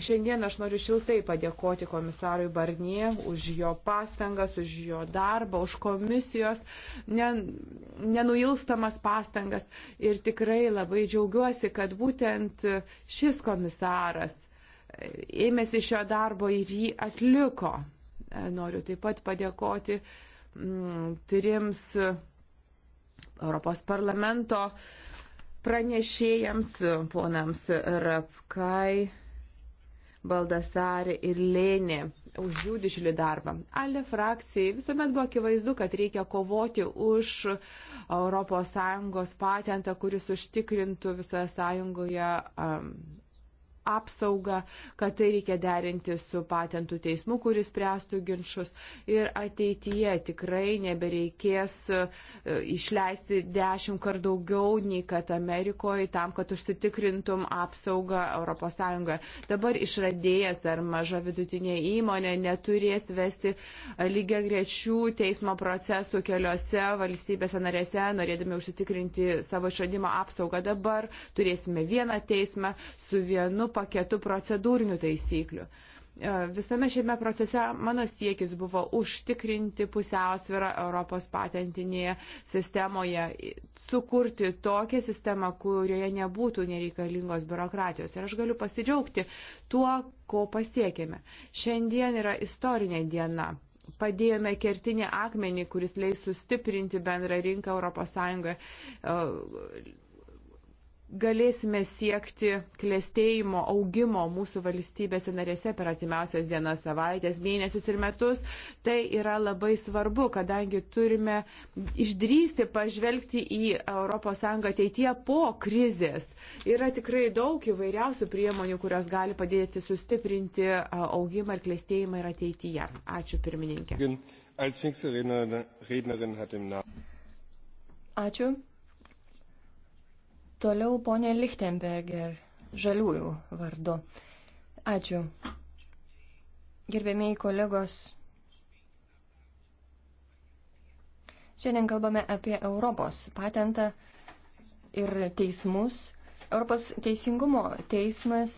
Šiandien aš noriu šiltai padėkoti komisarui Barnie už jo pastangas, už jo darbą, už komisijos nenuilstamas pastangas. Ir tikrai labai džiaugiuosi, kad būtent šis komisaras ėmėsi šio darbo ir jį atliko. Noriu taip pat padėkoti m, mm, trims Europos parlamento pranešėjams, ponams Rapkai. Baldasarė ir Lėnė už jų didžiulį darbą. Ale frakcijai visuomet buvo akivaizdu, kad reikia kovoti už ES patentą, kuris užtikrintų visoje sąjungoje um, apsaugą, kad tai reikia derinti su patentų teismu, kuris spręstų ginčius ir ateityje tikrai nebereikės e, išleisti dešimt kart daugiau nei kad Amerikoje tam, kad užsitikrintum apsaugą ES. Dabar išradėjas ar maža vidutinė įmonė neturės vesti lygiai grečių teismo procesų keliose valstybėse narėse, norėdami užsitikrinti savo išradimo apsaugą. Dabar turėsime vieną teismą su vienu paketu procedūrinių taisyklių. E, visame šiame procese mano siekis buvo užtikrinti pusiausvyrą Europos patentinėje sistemoje, sukurti tokią sistemą, kurioje nebūtų nereikalingos biurokratijos. Ir aš galiu pasidžiaugti tuo, ko pasiekėme. Šiandien yra istorinė diena padėjome kertinį akmenį, kuris leis sustiprinti bendrą rinką ES, galėsime siekti klėstėjimo, augimo mūsų valstybėse narėse per atimiausias dienas, savaitės, mėnesius ir metus. Tai yra labai svarbu, kadangi turime išdrysti pažvelgti į ES ateitie po krizės. Yra tikrai daug įvairiausių priemonių, kurios gali padėti sustiprinti augimą ir klėstėjimą ir ateityje. Ačiū pirmininkė. Ačiū. Toliau ponė Lichtenberger, žaliųjų vardu. Ačiū. Gerbėmiai kolegos, šiandien kalbame apie Europos patentą ir teismus. Europos teisingumo teismas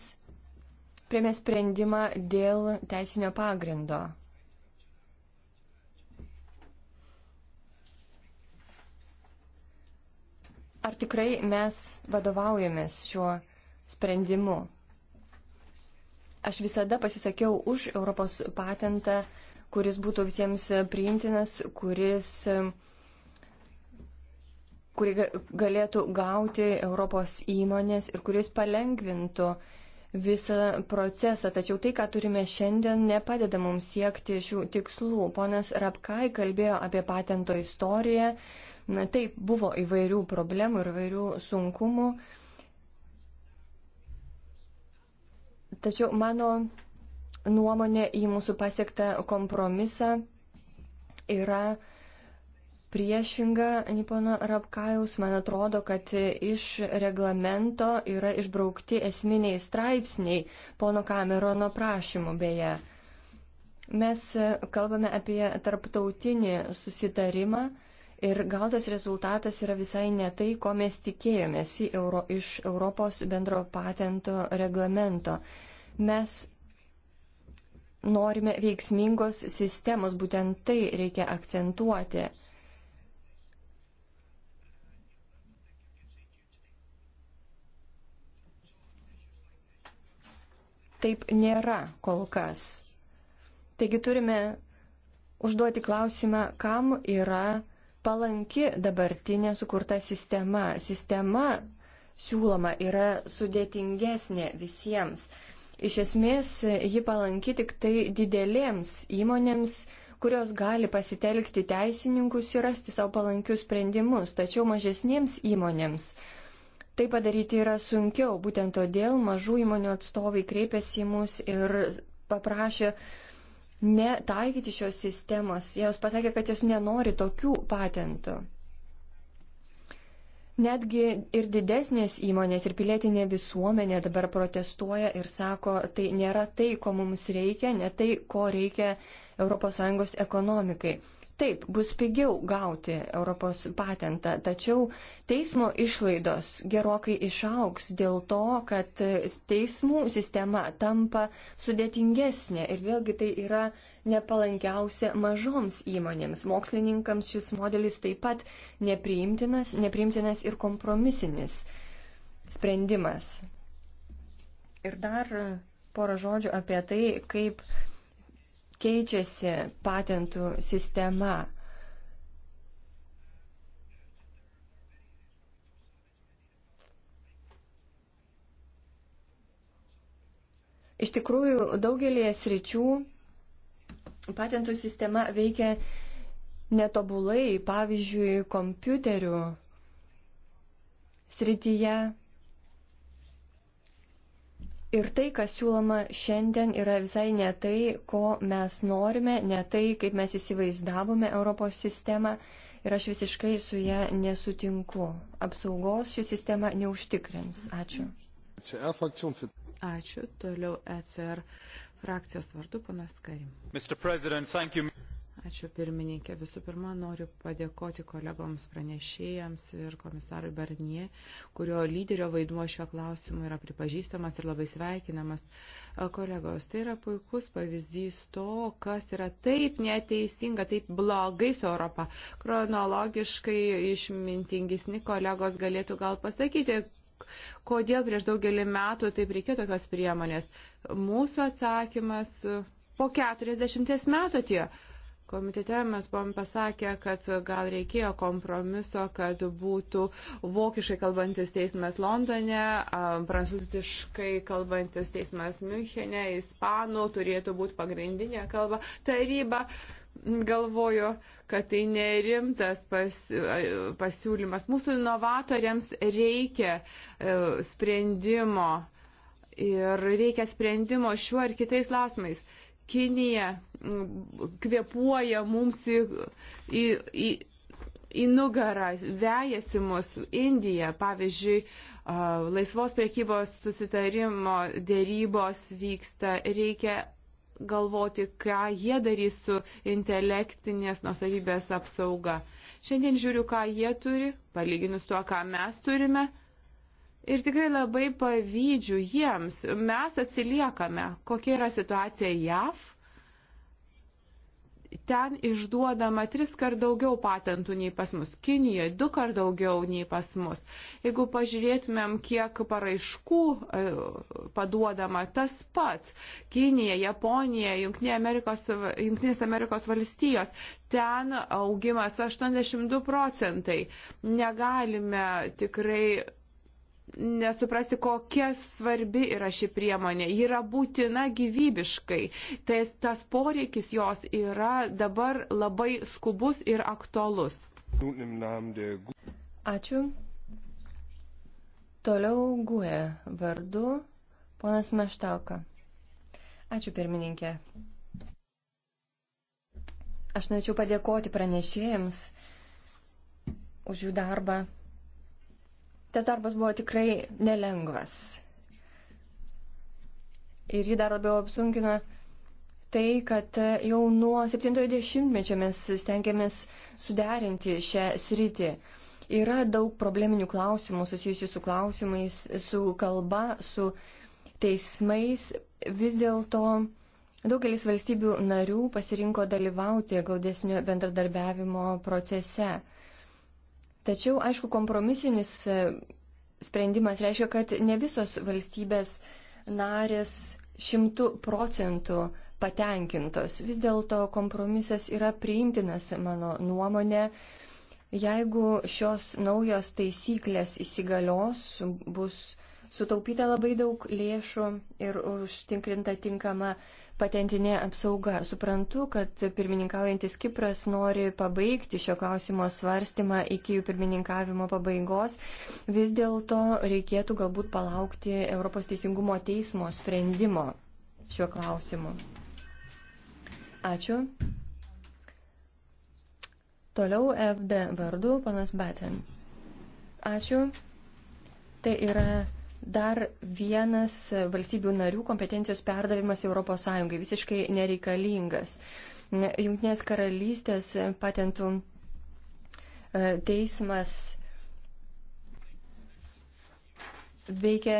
priemė sprendimą dėl teisinio pagrindo ar tikrai mes vadovaujamės šiuo sprendimu. Aš visada pasisakiau už Europos patentą, kuris būtų visiems priimtinas, kuris kurį galėtų gauti Europos įmonės ir kuris palengvintų visą procesą. Tačiau tai, ką turime šiandien, nepadeda mums siekti šių tikslų. Ponas Rapkai kalbėjo apie patento istoriją, Na, taip, buvo įvairių problemų ir įvairių sunkumų. Tačiau mano nuomonė į mūsų pasiektą kompromisą yra priešinga Nipono Rapkajaus. Man atrodo, kad iš reglamento yra išbraukti esminiai straipsniai pono Kamerono prašymų beje. Mes kalbame apie tarptautinį susitarimą Ir gautas rezultatas yra visai ne tai, ko mes tikėjomės Euro, iš Europos bendro patento reglamento. Mes norime veiksmingos sistemos, būtent tai reikia akcentuoti. Taip nėra kol kas. Taigi turime užduoti klausimą, kam yra palanki dabartinė sukurta sistema. Sistema siūloma yra sudėtingesnė visiems. Iš esmės, ji palanki tik tai didelėms įmonėms, kurios gali pasitelkti teisininkus ir rasti savo palankius sprendimus, tačiau mažesniems įmonėms. Tai padaryti yra sunkiau, būtent todėl mažų įmonių atstovai kreipėsi į mus ir paprašė uh, netaikyti šios sistemos. Jos pasakė, kad jos nenori tokių patentų. Netgi ir didesnės įmonės ir pilietinė visuomenė dabar protestuoja ir sako, tai nėra tai, ko mums reikia, ne tai, ko reikia ES ekonomikai. Taip, bus pigiau gauti Europos patentą, tačiau teismo išlaidos gerokai išauks dėl to, kad teismų sistema tampa sudėtingesnė ir vėlgi tai yra nepalankiausia mažoms įmonėms. Mokslininkams šis modelis taip pat nepriimtinas, nepriimtinas ir kompromisinis sprendimas. Ir dar porą žodžių apie tai, kaip keičiasi patentų sistema. Iš tikrųjų, daugelie sričių patentų sistema veikia netobulai, pavyzdžiui, kompiuterių srityje. Ir tai, kas siūloma šiandien, yra visai ne tai, ko mes norime, ne tai, kaip mes įsivaizdavome Europos sistemą. Ir aš visiškai su ją nesutinku. Apsaugos ši sistema neužtikrins. Ačiū. Ačiū. Toliau ECR frakcijos vardu panas Karim. Ačiū pirmininkė. Visų pirma, noriu padėkoti kolegoms pranešėjams ir komisarui Barnie, kurio lyderio vaidmuo šio klausimu yra pripažįstamas ir labai sveikinamas. Kolegos, tai yra puikus pavyzdys to, kas yra taip neteisinga, taip blogai su Europa. Kronologiškai išmintingisni kolegos galėtų gal pasakyti, kodėl prieš daugelį metų taip reikėjo tokios priemonės. Mūsų atsakymas po 40 metų atėjo. Komitete mes buvom pasakę, kad gal reikėjo kompromiso, kad būtų vokiškai kalbantis teismas Londone, prancūziškai kalbantis teismas Münchene, ispanų turėtų būti pagrindinė kalba. Taryba galvojo, kad tai nerimtas pas, pasiūlymas. Mūsų inovatoriams reikia e, sprendimo ir reikia sprendimo šiuo ar kitais klausimais. Kinija mm, kvepuoja mums į, į, į, į nugarą, vejasi mus Indija, pavyzdžiui, laisvos priekybos susitarimo dėrybos vyksta, reikia galvoti, ką jie darys su intelektinės nusavybės apsauga. Šiandien žiūriu, ką jie turi, palyginus tuo, ką mes turime. Ir tikrai labai pavydžiu jiems. Mes atsiliekame. Kokia yra situacija JAV? Ten išduodama tris kart daugiau patentų nei pas mus. Kinijoje du kart daugiau nei pas mus. Jeigu pažiūrėtumėm, kiek paraiškų e, paduodama, tas pats. Kinija, Japonija, Junktinės Amerikos, Junktinės Amerikos valstijos ten augimas 82 procentai. Negalime tikrai nesuprasti, kokia svarbi yra ši priemonė. Ji yra būtina gyvybiškai. Tai tas poreikis jos yra dabar labai skubus ir aktualus. Ačiū. Toliau guė vardu ponas Meštalka. Ačiū pirmininkė. Aš norėčiau padėkoti pranešėjams už jų darbą Tas darbas buvo tikrai nelengvas. Ir jį dar labiau apsunkino tai, kad jau nuo 70-mečio mes stengiamės suderinti šią sritį. Yra daug probleminių klausimų susijusių su klausimais, su kalba, su teismais. Vis dėlto daugelis valstybių narių pasirinko dalyvauti gaudesnio bendradarbiavimo procese. Tačiau, aišku, kompromisinis e, sprendimas reiškia, kad ne visos valstybės narės šimtų procentų patenkintos. Vis dėlto kompromisas yra priimtinas, mano nuomonė. Jeigu šios naujos taisyklės įsigalios, bus sutaupyta labai daug lėšų ir užtinkrinta tinkama patentinė apsauga. Suprantu, kad pirmininkaujantis Kipras nori pabaigti šio klausimo svarstymą iki jų pirmininkavimo pabaigos. Vis dėlto reikėtų galbūt palaukti Europos teisingumo teismo sprendimo šiuo klausimu. Ačiū. Toliau FD vardu panas Batten. Ačiū. Tai yra Dar vienas valstybių narių kompetencijos perdavimas ES visiškai nereikalingas. Junktinės karalystės patentų e, teismas veikia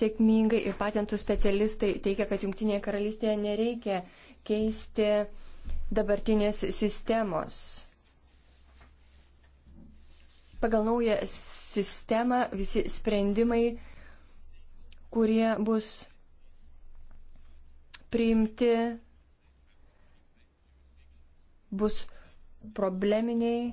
sėkmingai ir patentų specialistai teigia, kad Junktinėje karalystėje nereikia keisti dabartinės sistemos. Pagal naują sistemą visi sprendimai, kurie bus priimti, bus probleminiai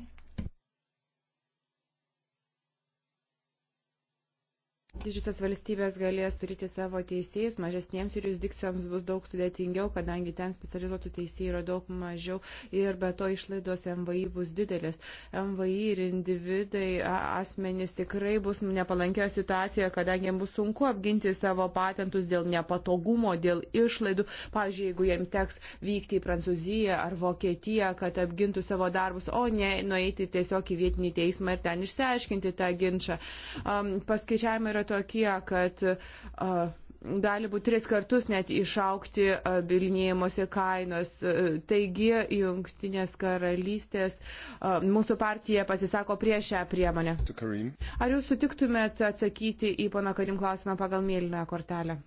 Didžiosios valstybės galės turėti savo teisėjus, mažesniems jurisdikcijoms bus daug sudėtingiau, kadangi ten specializuotų teisėjų yra daug mažiau ir be to išlaidos MVI bus didelės. MVI ir individai, asmenys tikrai bus nepalankioje situacijoje, kadangi jiems bus sunku apginti savo patentus dėl nepatogumo, dėl išlaidų. Pavyzdžiui, jeigu jiems teks vykti į Prancūziją ar Vokietiją, kad apgintų savo darbus, o ne nueiti tiesiog į vietinį teismą ir ten išsiaiškinti tą ginčą. Um, paskaičiavimai yra tokie, kad gali būti tris kartus net išaukti bilinėjimosi kainos. Taigi, Junktinės karalystės mūsų partija pasisako prieš šią priemonę. Ar jūs sutiktumėt atsakyti į pono Karim klausimą pagal mėlyną kortelę?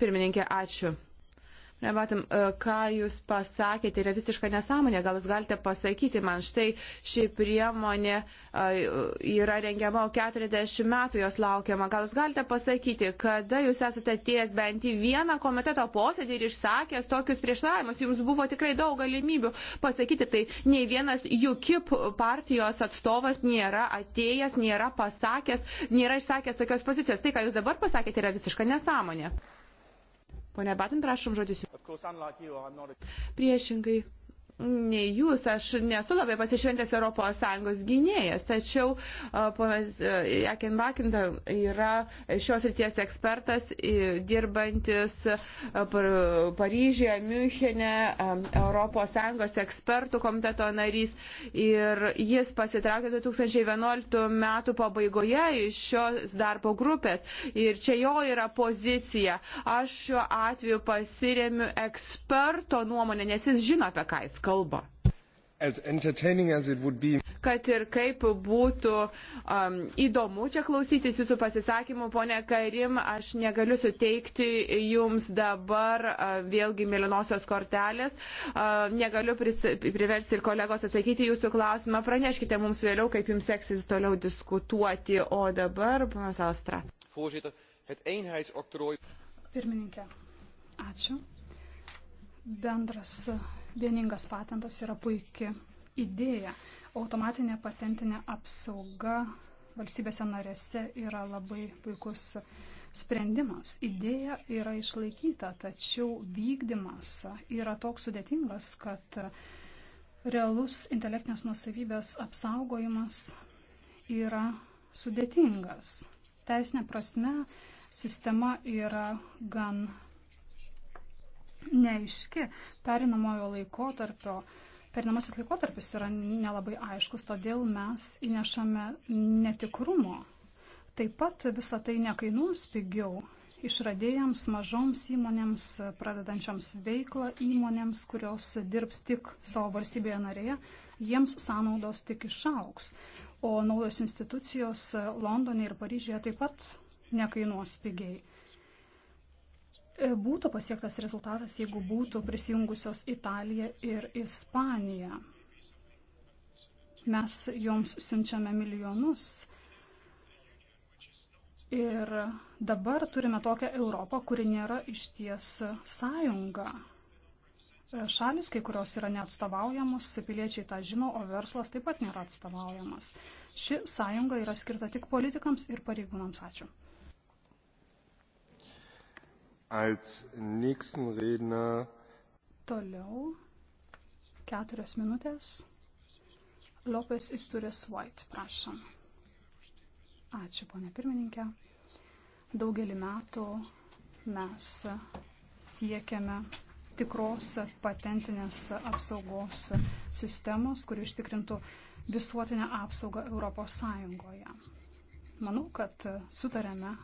Pirmininkė, ačiū. Nematom, e, ką jūs pasakėte, yra visiška nesąmonė. Gal jūs galite pasakyti man, štai ši priemonė e, yra rengiama 40 metų, jos laukiama. Gal jūs galite pasakyti, kada jūs esate ties bent į vieną komiteto posėdį ir išsakęs tokius prieštaravimus. Jums buvo tikrai daug galimybių pasakyti, tai nei vienas UKIP partijos atstovas nėra atėjęs, nėra pasakęs, nėra išsakęs tokios pozicijos. Tai, ką jūs dabar pasakėte, yra visiška nesąmonė. Pone Batin, prašom žodis. Priešingai, nei jūs, aš nesu labai pasišventęs ES gynėjas, tačiau ponas Jakin Vakinta yra šios ryties ekspertas, dirbantis Paryžėje, Münchene, ES ekspertų komiteto narys ir jis pasitraukė 2011 metų pabaigoje iš šios darbo grupės ir čia jo yra pozicija. Aš šiuo atveju pasiremiu eksperto nuomonę, nes jis žino, apie ką jis kalbą. As as be... Kad ir kaip būtų um, įdomu čia klausytis jūsų pasisakymų, ponė Karim, aš negaliu suteikti jums dabar uh, vėlgi mėlynosios kortelės, uh, negaliu pris, priversti ir kolegos atsakyti jūsų klausimą, praneškite mums vėliau, kaip jums seksis toliau diskutuoti, o dabar, ponas Astra. Pirmininkė, ačiū. Bendras Vieningas patentas yra puikia idėja. Automatinė patentinė apsauga valstybėse narėse yra labai puikus sprendimas. Idėja yra išlaikyta, tačiau vykdymas yra toks sudėtingas, kad realus intelektinės nusavybės apsaugojimas yra sudėtingas. Teisinė prasme sistema yra gan neaiški. Perinamojo laikotarpio, perinamasis laikotarpis yra nelabai aiškus, todėl mes įnešame netikrumo. Taip pat visa tai nekainuos pigiau. Išradėjams, mažoms įmonėms, pradedančiams veiklą įmonėms, kurios dirbs tik savo valstybėje narėje, jiems sąnaudos tik išauks. O naujos institucijos Londone ir Paryžėje taip pat nekainuos pigiai. E, būtų pasiektas rezultatas, jeigu būtų prisijungusios Italija ir Ispanija. Mes joms siunčiame milijonus. Ir dabar turime tokią Europą, kuri nėra išties sąjunga. E, šalis, kai kurios yra neatstovaujamos, piliečiai tą žino, o verslas taip pat nėra atstovaujamas. Ši sąjunga yra skirta tik politikams ir pareigūnams. Ačiū. Als nächsten Redner. Toliau keturios minutės. Lopes Isturės White, prašom. Ačiū, ponė pirmininkė. Daugelį metų mes siekiame tikros patentinės apsaugos sistemos, kuri užtikrintų visuotinę apsaugą Europos Sąjungoje. Manau, kad sutarėme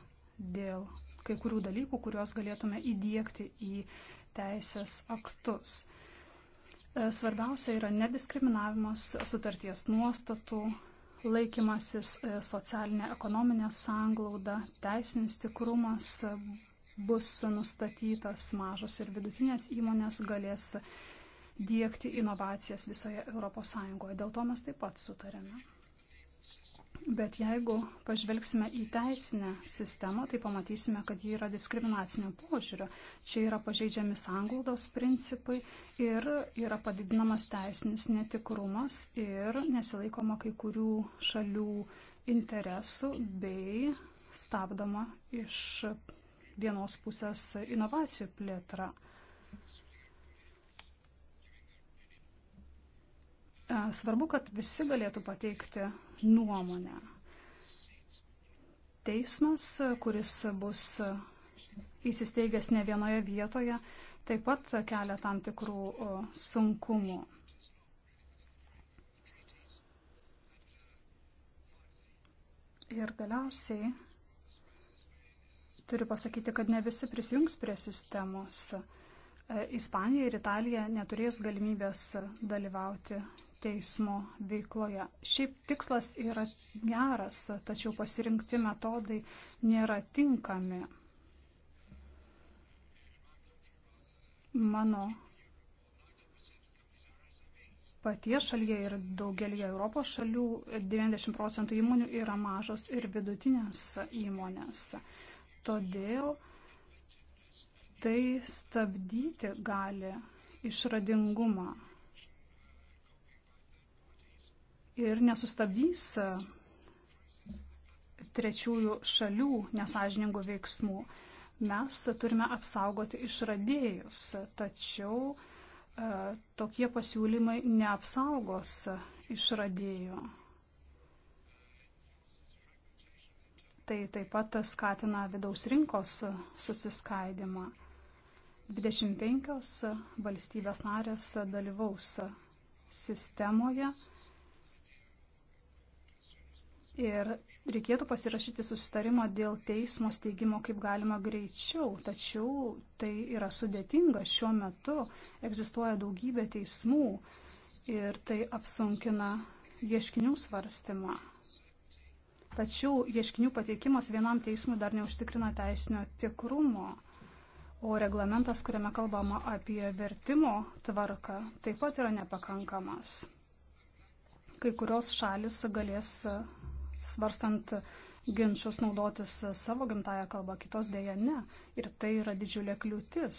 dėl kai kurių dalykų, kuriuos galėtume įdėkti į teisės aktus. E, svarbiausia yra nediskriminavimas sutarties nuostatų, laikymasis e, socialinė ekonominė sanglauda, teisinis tikrumas bus nustatytas, mažos ir vidutinės įmonės galės diegti inovacijas visoje ES. Dėl to mes taip pat sutarėme. Bet jeigu pažvelgsime į teisinę sistemą, tai pamatysime, kad ji yra diskriminacinio požiūrio. Čia yra pažeidžiami sanglaudos principai ir yra padidinamas teisinis netikrumas ir nesilaikoma kai kurių šalių interesų bei stabdoma iš vienos pusės inovacijų plėtra. Svarbu, kad visi galėtų pateikti nuomonę. Teismas, kuris bus įsisteigęs ne vienoje vietoje, taip pat kelia tam tikrų sunkumų. Ir galiausiai turiu pasakyti, kad ne visi prisijungs prie sistemos. E, Ispanija ir Italija neturės galimybės dalyvauti teismo veikloje. Šiaip tikslas yra geras, tačiau pasirinkti metodai nėra tinkami. Mano patie šalyje ir daugelie Europos šalių 90 procentų įmonių yra mažos ir vidutinės įmonės. Todėl tai stabdyti gali išradingumą ir nesustabdys e, trečiųjų šalių nesažiningų veiksmų. Mes turime apsaugoti išradėjus, tačiau e, tokie pasiūlymai neapsaugos išradėjų. Tai taip pat skatina vidaus rinkos susiskaidimą. 25 valstybės narės dalyvaus sistemoje Ir reikėtų pasirašyti susitarimą dėl teismo steigimo kaip galima greičiau, tačiau tai yra sudėtinga. Šiuo metu egzistuoja daugybė teismų ir tai apsunkina ieškinių svarstymą. Tačiau ieškinių pateikimas vienam teismui dar neužtikrina teisinio tikrumo, o reglamentas, kuriame kalbama apie vertimo tvarką, taip pat yra nepakankamas. Kai kurios šalis galės svarstant ginčius naudotis savo gimtają kalbą, kitos dėja ne. Ir tai yra didžiulė kliūtis.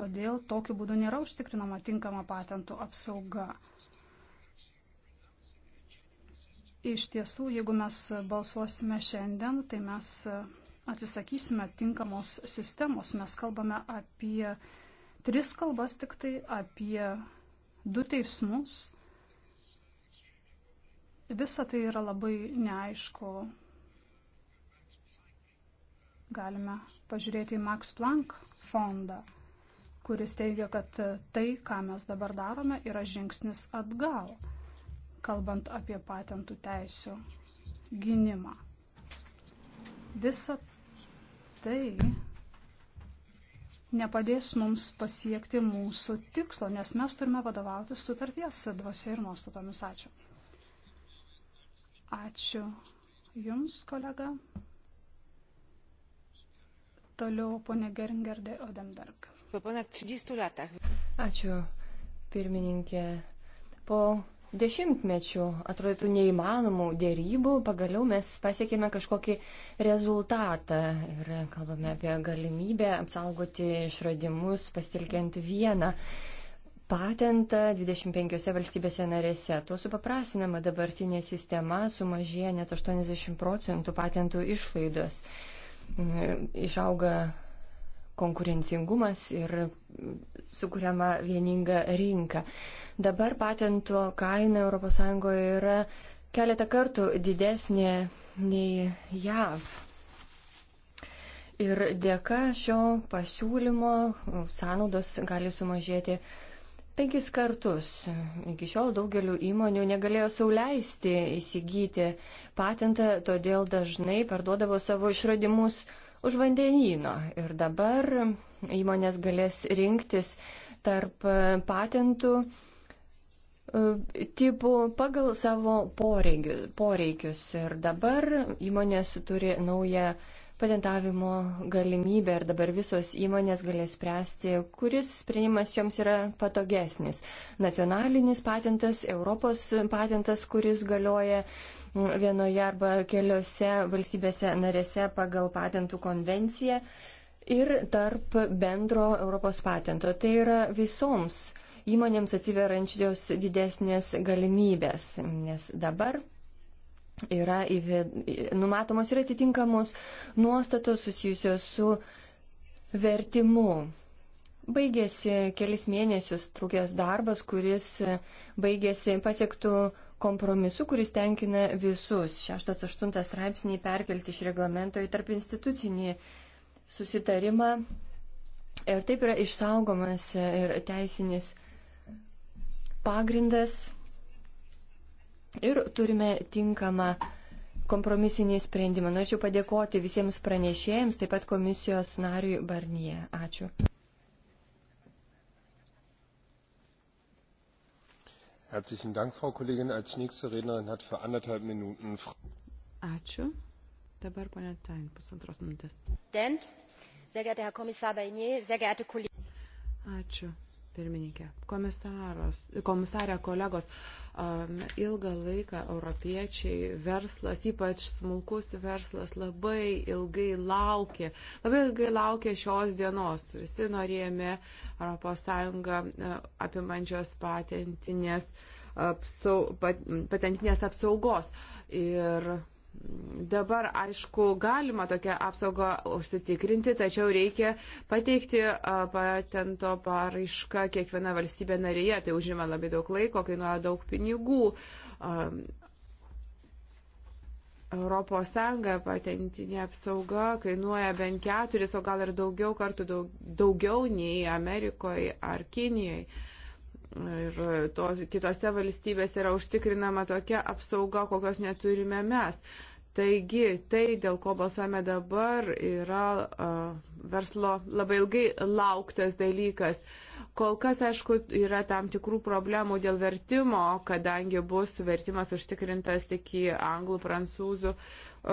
Todėl tokiu būdu nėra užtikrinama tinkama patentų apsauga. Iš tiesų, jeigu mes balsuosime šiandien, tai mes atsisakysime tinkamos sistemos. Mes kalbame apie tris kalbas tik tai, apie du teismus Visa tai yra labai neaišku. Galime pažiūrėti į Max Planck fondą, kuris teigia, kad tai, ką mes dabar darome, yra žingsnis atgal, kalbant apie patentų teisų gynimą. Visa tai nepadės mums pasiekti mūsų tikslo, nes mes turime vadovautis sutarties dvasia ir nuostatomis. Ačiū. Ačiū Jums, kolega. Toliau ponė Geringerdė Odemberg. Po ponad 30 latach. Ačiū, pirmininkė. Po dešimtmečių atrodytų neįmanomų dėrybų, pagaliau mes pasiekėme kažkokį rezultatą ir kalbame apie galimybę apsaugoti išradimus pasitelkiant vieną patentą 25 valstybėse narėse. Tuo supaprastinama dabartinė sistema sumažėja net 80 procentų patentų išlaidos. Išauga konkurencingumas ir sukūriama vieninga rinka. Dabar patento kaina ES yra keletą kartų didesnė nei JAV. Ir dėka šio pasiūlymo sąnaudos gali sumažėti penkis kartus. Iki šiol daugeliu įmonių negalėjo sauliaisti įsigyti patentą, todėl dažnai parduodavo savo išradimus už vandenyno. Ir dabar įmonės galės rinktis tarp patentų e, tipų pagal savo poreikius. Ir dabar įmonės turi naują patentavimo galimybę ir dabar visos įmonės galės spręsti, kuris sprendimas joms yra patogesnis. Nacionalinis patentas, Europos patentas, kuris galioja mm, vienoje arba keliose valstybėse narėse pagal patentų konvenciją ir tarp bendro Europos patento. Tai yra visoms įmonėms atsiverančios didesnės galimybės, nes dabar yra įved... numatomos ir atitinkamos nuostatos susijusios su vertimu. Baigėsi kelis mėnesius trukęs darbas, kuris baigėsi pasiektų kompromisu, kuris tenkina visus. 6-8 straipsnį perkelti iš reglamento į tarp institucinį susitarimą. Ir taip yra išsaugomas ir teisinis pagrindas ir turime tinkamą kompromisinį sprendimą. Norėčiau padėkoti visiems pranešėjams, taip pat komisijos nariui Barnie. Ačiū. Herzlichen Dank, Frau Kollegin. Als nächste Rednerin hat für anderthalb Minuten Frau. Ačiū. Dabar ponia Tain, pusantros minutės. Dent, sehr geehrter Herr Kommissar Barnier, sehr geehrte Kollegen. Ačiū pirmininkė, komisarė, kolegos, um, ilgą laiką europiečiai, verslas, ypač smulkus verslas, labai ilgai laukė, labai ilgai laukė šios dienos. Visi norėjome ES apimančios patentinės, apsau, pat, patentinės apsaugos. Ir Dabar, aišku, galima tokią apsaugą užsitikrinti, tačiau reikia pateikti patento paraišką kiekvieną valstybę narėje. Tai užima labai daug laiko, kainuoja daug pinigų. Europos Sąjunga patentinė apsauga kainuoja bent keturis, o gal ir daugiau kartų daug, daugiau nei Amerikoje ar Kinijoje ir to, kitose valstybėse yra užtikrinama tokia apsauga, kokios neturime mes. Taigi, tai, dėl ko balsuojame dabar, yra uh, verslo labai ilgai lauktas dalykas. Kol kas, aišku, yra tam tikrų problemų dėl vertimo, kadangi bus vertimas užtikrintas tik į anglų, prancūzų,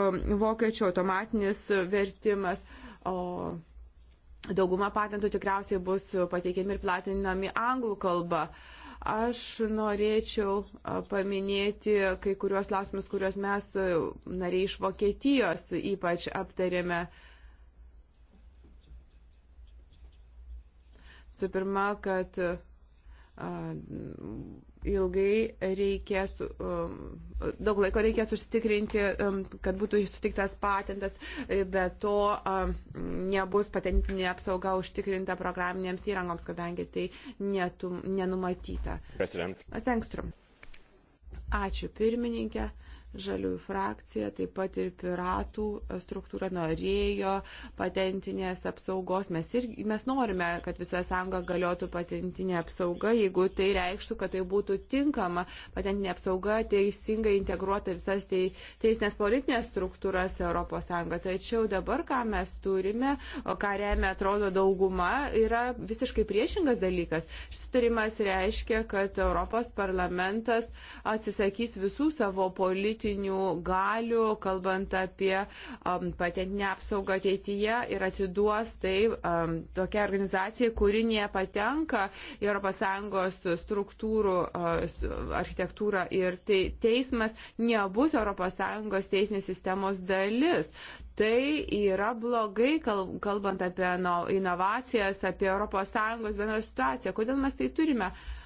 um, vokiečių automatinis vertimas. O dauguma patentų tikriausiai bus pateikiami ir platinami anglų kalba. Uh, Aš norėčiau paminėti kai kuriuos klausimus, kuriuos mes nariai iš Vokietijos ypač aptarėme. Su pirma, kad ilgai reikės, um, daug laiko reikės užsitikrinti, um, kad būtų sutiktas patentas, e, bet to um, nebus patentinė apsauga užtikrinta programinėms įrangoms, kadangi tai netum, nenumatyta. President. Sengstrom. Ačiū pirmininkė žaliųjų frakcija, taip pat ir piratų struktūra norėjo patentinės apsaugos. Mes, ir, mes norime, kad visoje sąjunga galiotų patentinė apsauga, jeigu tai reikštų, kad tai būtų tinkama patentinė apsauga, teisingai integruota visas tai, teisinės politinės struktūras Europos sąjunga. Tačiau dabar, ką mes turime, ką remia, atrodo, dauguma, yra visiškai priešingas dalykas. Šis turimas reiškia, kad Europos parlamentas atsisakys visų savo politinių politinių galių, kalbant apie um, patentinę apsaugą ateityje ir atiduos tai um, tokia organizacija, kuri nepatenka į ES struktūrų uh, architektūrą ir tai teismas nebus ES teisinės sistemos dalis. Tai yra blogai, kalbant apie inovacijas, apie ES bendrą situaciją. Kodėl mes tai turime? Uh,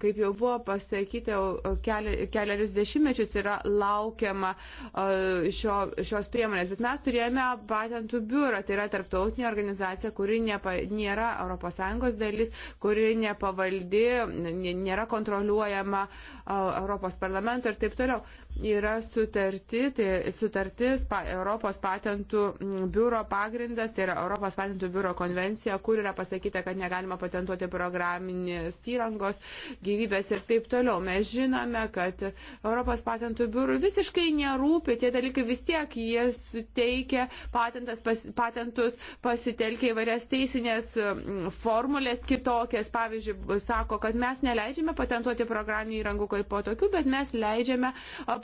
kaip jau buvo pasakyta, keliarius dešimtmečius yra laukiama šio, šios priemonės. Bet mes turėjome patentų biurą, tai yra tarptautinė organizacija, kuri nepa, nėra ES dalis, kuri nepavaldi, nėra kontroliuojama Europos parlamento ir taip toliau yra sutarti, tai sutartis pa, Europos patentų biuro pagrindas, tai yra Europos patentų biuro konvencija, kur yra pasakyta, kad negalima patentuoti programinės įrangos, gyvybės ir taip toliau. Mes žinome, kad Europos patentų biurų visiškai nerūpi tie dalykai, vis tiek jie suteikia patentas, pas, patentus, pasitelkia įvairias teisinės mm, formulės kitokias. Pavyzdžiui, sako, kad mes neleidžiame patentuoti programinių įrangų kaip po tokių, bet mes leidžiame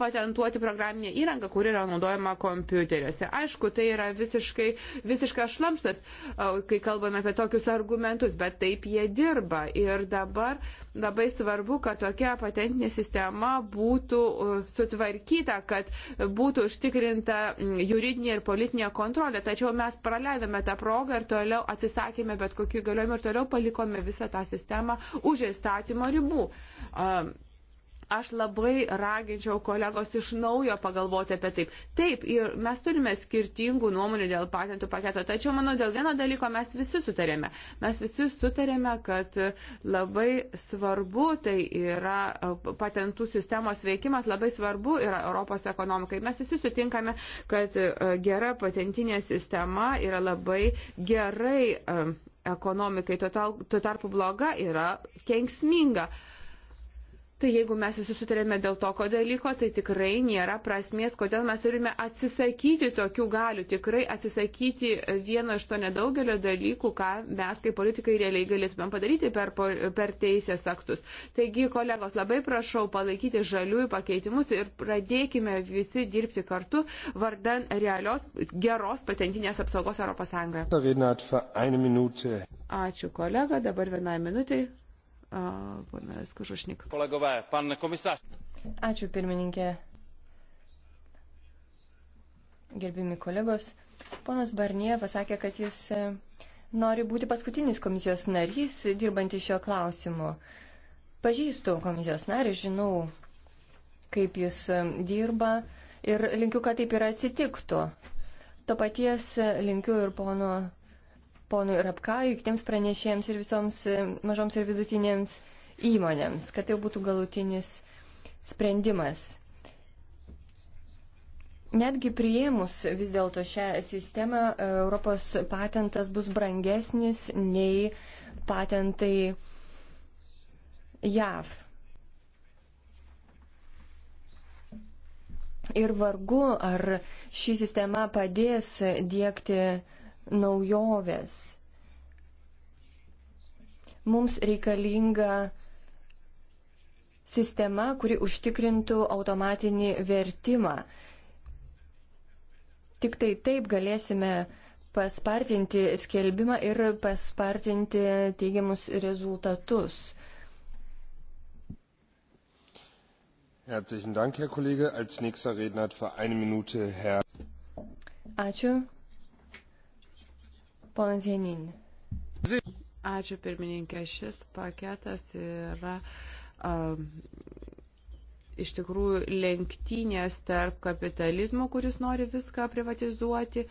patentuoti programinę įrangą, kuri yra naudojama kompiuteriuose. Aišku, tai yra visiškai, visiškai šlamštas, e, kai kalbame apie tokius argumentus, bet taip jie dirba. Ir dabar labai svarbu, kad tokia patentinė sistema būtų e, sutvarkyta, kad būtų užtikrinta juridinė ir politinė kontrolė. Tačiau mes praleidome tą progą ir toliau atsisakėme bet kokių įgaliojimų ir toliau palikome visą tą sistemą už įstatymo ribų. Um, Aš labai raginčiau kolegos iš naujo pagalvoti apie taip. Taip, ir mes turime skirtingų nuomonių dėl patentų paketo, tačiau manau dėl vieno dalyko mes visi sutarėme. Mes visi sutarėme, kad labai svarbu tai yra e, patentų sistemos veikimas, labai svarbu yra Europos ekonomikai. Mes visi sutinkame, kad e, gera patentinė sistema yra labai gerai e, ekonomikai, tuo tarpu bloga yra kenksminga. Tai jeigu mes visi sutarėme dėl tokio dalyko, tai tikrai nėra prasmės, kodėl mes turime atsisakyti tokių galių, tikrai atsisakyti vieno iš to nedaugelio dalykų, ką mes kaip politikai realiai galėtumėm padaryti per, per teisės aktus. Taigi, kolegos, labai prašau palaikyti žaliųjų pakeitimus ir pradėkime visi dirbti kartu vardan realios geros patentinės apsaugos ES. Ačiū kolega, dabar vienai minutiai ponas Kužušnik. Kolegové, pan komisar. Ačiū pirmininkė. Gerbimi kolegos, ponas Barnie pasakė, kad jis e, nori būti paskutinis komisijos narys, dirbantys šio klausimu. Pažįstu komisijos narį, žinau, kaip jis e, dirba ir linkiu, kad taip ir atsitiktų. To paties e, linkiu ir pono ponui Rapkajui, kitiems pranešėjams ir visoms e, mažoms ir vidutinėms įmonėms, kad tai būtų galutinis sprendimas. Netgi priėmus vis dėlto šią sistemą, e, Europos patentas bus brangesnis nei patentai JAV. Ir vargu, ar ši sistema padės dėkti uh, naujoves. Mums reikalinga sistema, kuri užtikrintų automatinį vertimą. Tik tai taip galėsime paspartinti skelbimą ir paspartinti teigiamus rezultatus. Herzlichen Dank, Herr Kollege. Als nächster Redner hat für eine Minute Herr. Ačiū. Ponas Janin. Ačiū pirmininkė, šis paketas yra. Um, iš tikrųjų lenktynės tarp kapitalizmo, kuris nori viską privatizuoti,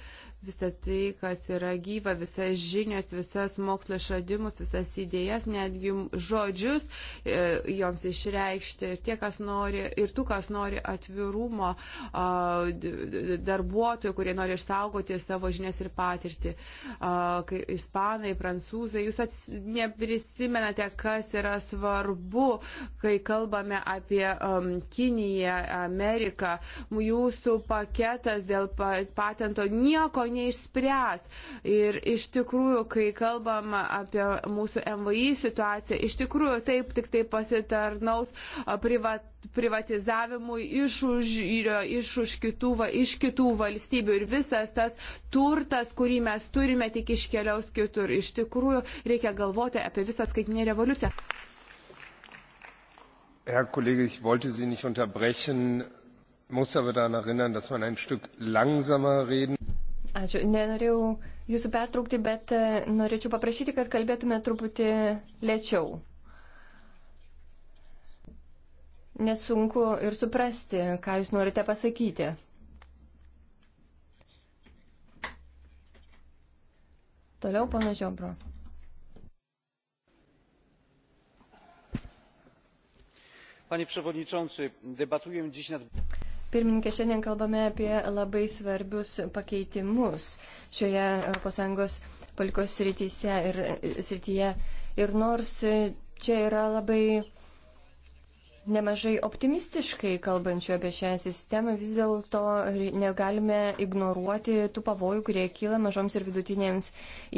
visą tai, kas yra gyva, visas žinias, visas mokslo išradimus, visas idėjas, netgi žodžius e, joms išreikšti. Tie, kas nori, ir tų, kas nori atvirumo darbuotojų, kurie nori išsaugoti savo žinias ir patirtį. Kai ispanai, prancūzai, jūs ats... neprisimenate, kas yra svarbu, kai kalbame apie um, Kiniją, Ameriką. Jūsų paketas dėl patento nieko neišspręs. Ir iš tikrųjų, kai kalbam apie mūsų MVI situaciją, iš tikrųjų taip tik tai pasitarnaus privat privatizavimui iš už, iš už kitų, iš kitų valstybių ir visas tas turtas, kurį mes turime, tik iškeliaus kitur. Iš tikrųjų, reikia galvoti apie visą skaitminę revoliuciją. Herr Kollege, ich wollte Sie nicht unterbrechen, muss aber daran erinnern, dass man ein Stück langsamer reden. Ačiū. Nenorėjau jūsų pertraukti, bet e, norėčiau paprašyti, kad kalbėtume truputį lėčiau. Nesunku ir suprasti, ką jūs norite pasakyti. Toliau pana Žiobro. Panie przewodniczący, debatujemy dziś nad pirmininkė, šiandien kalbame apie labai svarbius pakeitimus šioje ES palikos srityse ir, srityje. Ir nors čia yra labai nemažai optimistiškai kalbančių apie šią sistemą, vis dėlto negalime ignoruoti tų pavojų, kurie kyla mažoms ir vidutinėms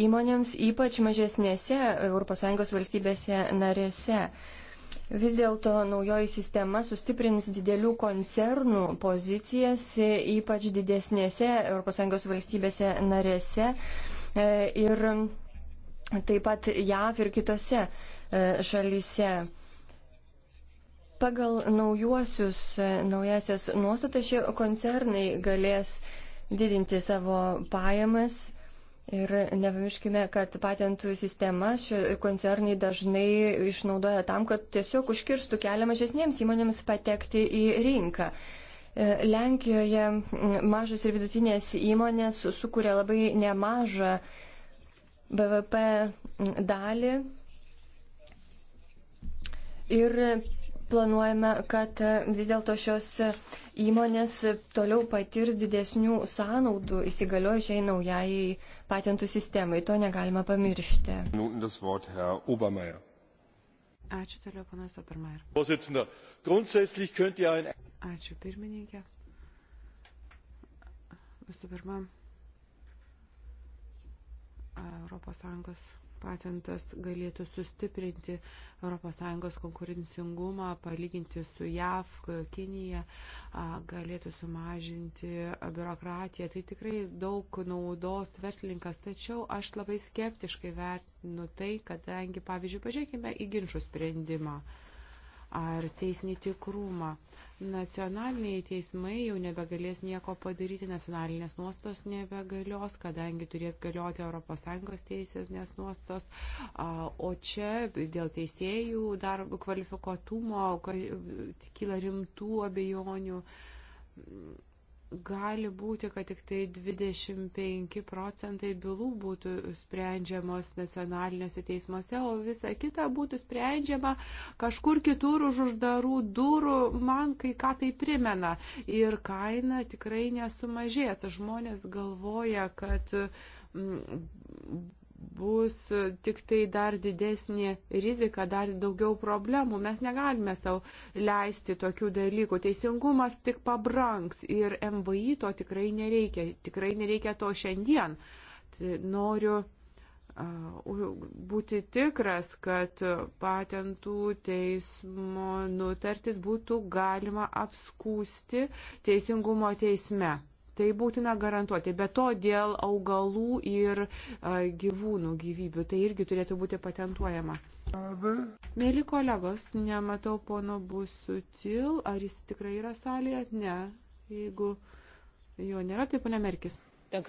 įmonėms, ypač mažesnėse ES valstybėse narėse. Vis dėlto naujoji sistema sustiprins didelių koncernų pozicijas, ypač didesnėse ES valstybėse narėse e, ir taip pat JAV ir kitose e, šalyse. Pagal naujuosius, e, naujasias nuostatas šie koncernai galės didinti savo pajamas Ir nepamirškime, kad patentų sistemas koncernai dažnai išnaudoja tam, kad tiesiog užkirstų kelią mažesniems įmonėms patekti į rinką. E, Lenkijoje mažos ir vidutinės įmonės sukuria labai nemažą BVP dalį ir planuojame, kad e, vis dėlto šios e, įmonės e, toliau patirs didesnių sąnaudų įsigaliojus šiai naujai patentų sistemai. To negalima pamiršti. Nu, Ačiū toliau, panas Obermeier. Ačiū pirmininkė. Visų pirma, ES patentas galėtų sustiprinti ES konkurencingumą, palyginti su JAV, Kinija, galėtų sumažinti biurokratiją. Tai tikrai daug naudos verslininkas, tačiau aš labai skeptiškai vertinu tai, kadangi, pavyzdžiui, pažiūrėkime į ginčių sprendimą ar teisinį tikrumą nacionaliniai teismai jau nebegalės nieko padaryti, nacionalinės nuostos nebegalios, kadangi turės galioti ES teisės nes nuostos, o čia dėl teisėjų darbo kvalifikuotumo kyla rimtų abejonių gali būti, kad tik tai 25 procentai bylų būtų sprendžiamos nacionaliniuose teismuose, o visa kita būtų sprendžiama kažkur kitur už uždarų durų. Man kai ką tai primena. Ir kaina tikrai nesumažės. Žmonės galvoja, kad mm, bus tik tai dar didesnė rizika, dar daugiau problemų. Mes negalime savo leisti tokių dalykų. Teisingumas tik pabranks ir MVI to tikrai nereikia. Tikrai nereikia to šiandien. Noriu būti tikras, kad patentų teismo nutartis būtų galima apskūsti teisingumo teisme. Tai būtina garantuoti. Be to, dėl augalų ir gyvūnų gyvybių tai irgi turėtų būti patentuojama. Mėly kolegos, nematau pono Busutil, ar jis tikrai yra salėje? Ne. Jeigu jo nėra, tai pane Merkis. Eh,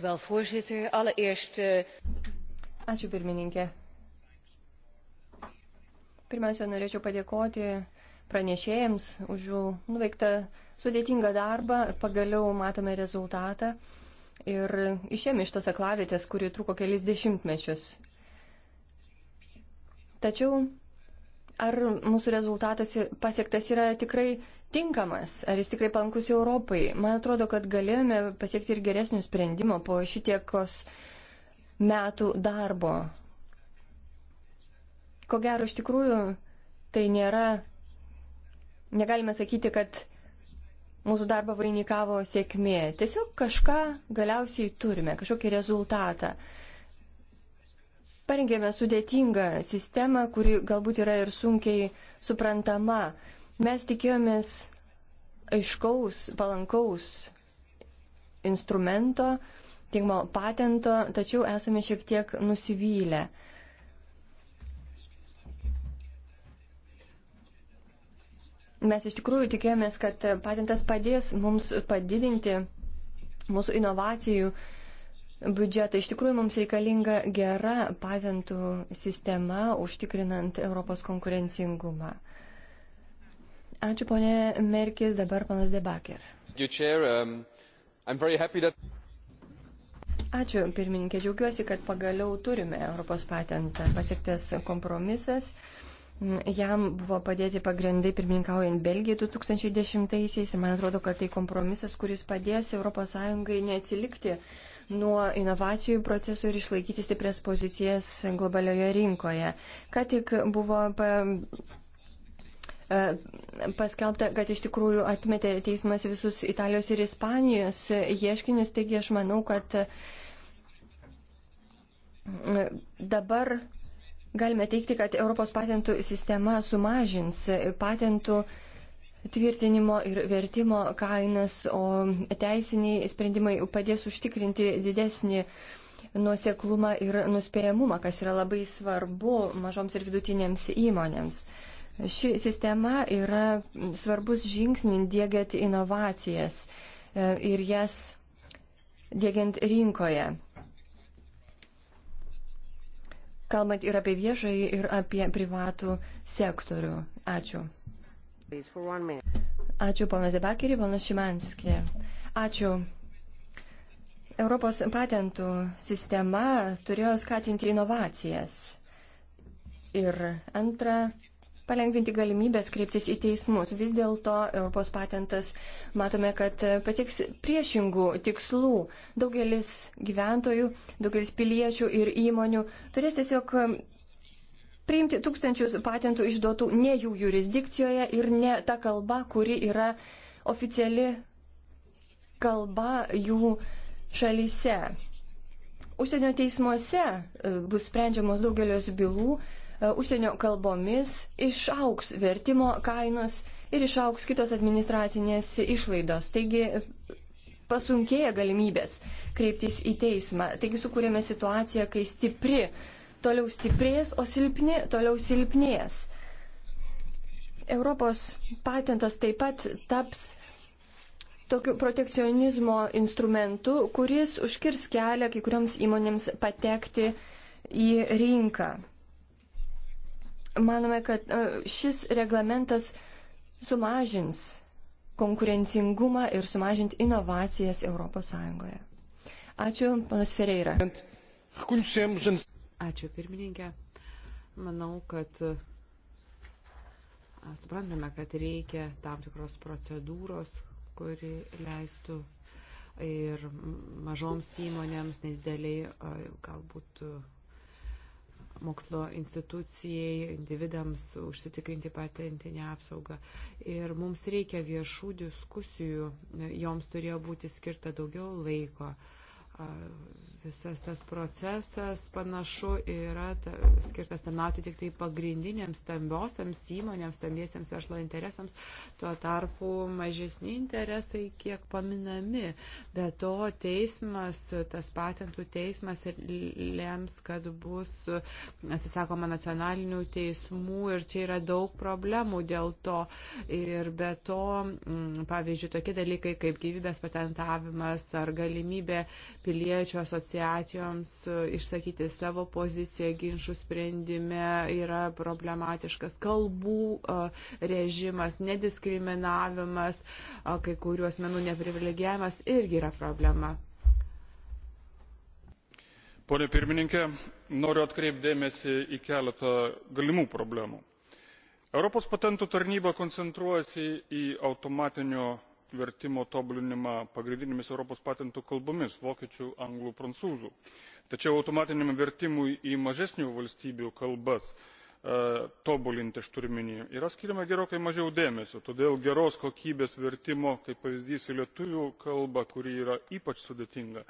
Ačiū pirmininkė. Pirmiausia, norėčiau padėkoti pranešėjams už jų nuveiktą sudėtingą darbą, pagaliau matome rezultatą ir išėmė iš tos aklavietės, kuri truko kelis dešimtmečius. Tačiau ar mūsų rezultatas pasiektas yra tikrai tinkamas, ar jis tikrai palankus Europai? Man atrodo, kad galėjome pasiekti ir geresnių sprendimų po šitiekos metų darbo. Ko gero, iš tikrųjų, tai nėra, negalime sakyti, kad mūsų darbą vainikavo sėkmė. Tiesiog kažką galiausiai turime, kažkokį rezultatą. Parengėme sudėtingą sistemą, kuri galbūt yra ir sunkiai suprantama. Mes tikėjomės aiškaus, palankaus instrumento, tinkamo patento, tačiau esame šiek tiek nusivylę. Mes iš tikrųjų tikėjomės, kad patentas padės mums padidinti mūsų inovacijų biudžetą. Iš tikrųjų mums reikalinga gera patentų sistema užtikrinant Europos konkurencingumą. Ačiū ponė Merkis, dabar panas Debaker. Um, Ačiū pirmininkė, džiaugiuosi, kad pagaliau turime Europos patentą pasiektas kompromisas. Uh, Jam buvo padėti pagrindai pirmininkaujant Belgijai 2010-aisiais ir man atrodo, kad tai kompromisas, kuris padės ES neatsilikti nuo inovacijų procesų ir išlaikyti stiprias pozicijas globalioje rinkoje. Ką tik buvo pa, e, paskelbta, kad iš tikrųjų atmetė teismas visus Italijos ir Ispanijos ieškinius, taigi aš manau, kad e, dabar Galime teikti, kad Europos patentų sistema sumažins patentų tvirtinimo ir vertimo kainas, o teisiniai sprendimai padės užtikrinti didesnį nuoseklumą ir nuspėjamumą, kas yra labai svarbu mažoms ir vidutinėms įmonėms. Ši sistema yra svarbus žingsnis dėgiant inovacijas e, ir jas dėgiant rinkoje kalbant ir apie viešąjį, ir apie privatų sektorių. Ačiū. Ačiū, ponas Debakerį, ponas Šimanskė. Ačiū. Europos patentų sistema turėjo skatinti inovacijas. Ir antra, palengvinti galimybės kreiptis į teismus. Vis dėlto Europos patentas matome, kad patiks priešingų tikslų. Daugelis gyventojų, daugelis piliečių ir įmonių turės tiesiog um, priimti tūkstančius patentų išduotų ne jų jurisdikcijoje ir ne ta kalba, kuri yra oficiali kalba jų šalyse. Užsienio teismuose uh, bus sprendžiamos daugelios bylų E, užsienio kalbomis, išauks vertimo kainos ir išauks kitos administracinės išlaidos. Taigi pasunkėja galimybės kreiptis į teismą. Taigi sukūrėme situaciją, kai stipri toliau stiprės, o silpni toliau silpnės. Europos patentas taip pat taps tokiu protekcionizmo instrumentu, kuris užkirs kelią kai kuriams įmonėms patekti į rinką manome, kad e, šis reglamentas sumažins konkurencingumą ir sumažint inovacijas ES. Ačiū, panas Fereira. Ačiū, pirmininkė. Manau, kad suprantame, kad reikia tam tikros procedūros, kuri leistų ir mažoms įmonėms nedideliai galbūt mokslo institucijai, individams užsitikrinti patentinę apsaugą. Ir mums reikia viešų diskusijų, joms turėjo būti skirta daugiau laiko. Uh, visas tas procesas panašu yra ta, skirtas tarnauti tik tai pagrindiniams stambiosiams įmonėms, stambiesiams verslo interesams, tuo tarpu mažesni interesai kiek paminami. Be to teismas, tas patentų teismas lems, kad bus atsisakoma nacionalinių teismų ir čia yra daug problemų dėl to. Ir be to, pavyzdžiui, tokie dalykai kaip gyvybės patentavimas ar galimybė piliečių asociacijoms e, išsakyti savo poziciją ginčių sprendime yra problematiškas. Kalbų e, režimas, nediskriminavimas, e, kai kuriuos menų neprivilegijavimas irgi yra problema. Pone pirmininkė, noriu atkreipdėmėsi į keletą galimų problemų. Europos patentų tarnyba koncentruojasi į automatinio vertimo tobulinimą pagrindinėmis europos patentų kalbomis vokiečių anglų prancūzų tačiau automatiniam vertimui į mažesnių valstybių kalbas e, tobulinti aš turiu omenyje yra skiriama gerokai mažiau dėmesio todėl geros kokybės vertimo kaip pavyzdys į lietuvių kalbą kuri yra ypač sudėtinga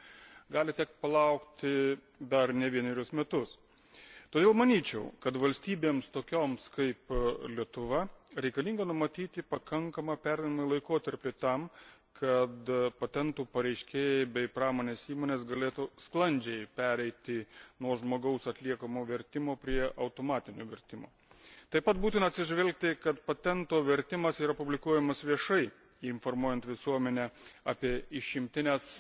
gali tekti palaukti dar ne vienerius metus todėl manyčiau kad valstybėms tokioms kaip e, lietuva reikalinga numatyti pakankamą pereinamąjį laikotarpį tam kad e, patentų pareiškėjai bei pramonės įmonės galėtų sklandžiai pereiti nuo žmogaus atliekamo vertimo prie automatinio vertimo. taip pat būtina atsižvelgti kad patento vertimas yra publikuojamas viešai informuojant visuomenę apie išimtines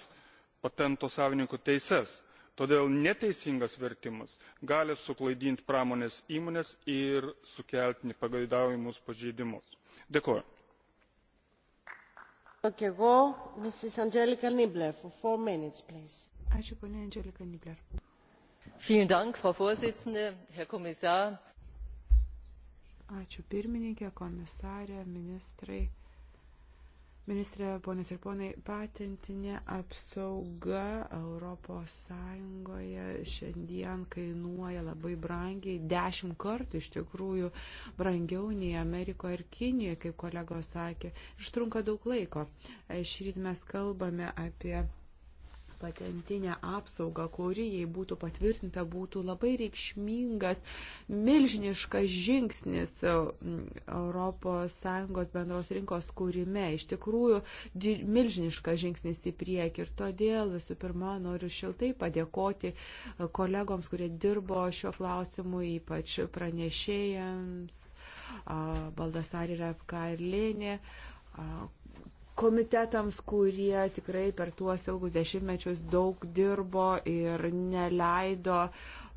patento savininko teises todėl neteisingas vertimas gali suklaidinti pramonės įmones ir sukelti nepageidaujamus pažeidimus. dėkoju. Ačiū, ponė Angelika Nibler. Dank, frau präsidentin herr kommissar! ačiū pirmininke komisare ministrai. Ministrė, ponės ir ponai, patentinė apsauga Europos Sąjungoje šiandien kainuoja labai brangiai, dešimt kartų iš tikrųjų brangiau nei Amerikoje ir Kinijoje, kaip kolegos sakė, ir užtrunka daug laiko. Šį rytą mes kalbame apie patentinę apsaugą, kuri, jei būtų patvirtinta, būtų labai reikšmingas, milžiniškas žingsnis ES bendros rinkos kūrime. Iš tikrųjų, milžiniškas žingsnis į priekį. Ir todėl visų pirma noriu šiltai padėkoti e, kolegoms, kurie dirbo šiuo klausimu, ypač pranešėjams. Baldasarį Rapka ir Lėnė, komitetams, kurie tikrai per tuos ilgus dešimtmečius daug dirbo ir neleido uh,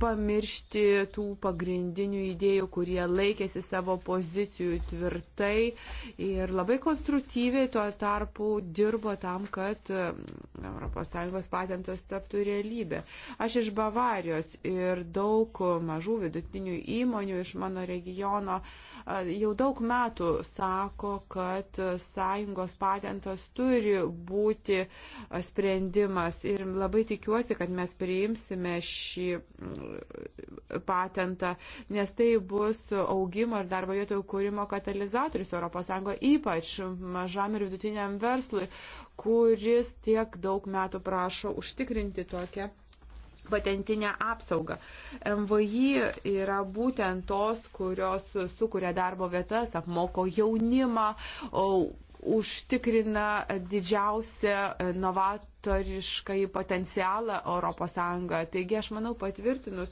pamiršti tų pagrindinių idėjų, kurie laikėsi savo pozicijų tvirtai ir labai konstruktyviai tuo tarpu dirbo tam, kad mm, ES patentas taptų realybė. Aš iš Bavarijos ir daug mažų vidutinių įmonių iš mano regiono jau daug metų sako, kad sąjungos patentas turi būti sprendimas ir labai tikiuosi, kad mes priimsime šį patentą, nes tai bus augimo ir darbo vietų kūrimo katalizatorius ES, ypač mažam ir vidutiniam verslui, kuris tiek daug metų prašo užtikrinti tokią patentinę apsaugą. MVI yra būtent tos, kurios sukuria darbo vietas, apmoko jaunimą, užtikrina didžiausią novat novatoriškai potencialą ES. Taigi aš manau, patvirtinus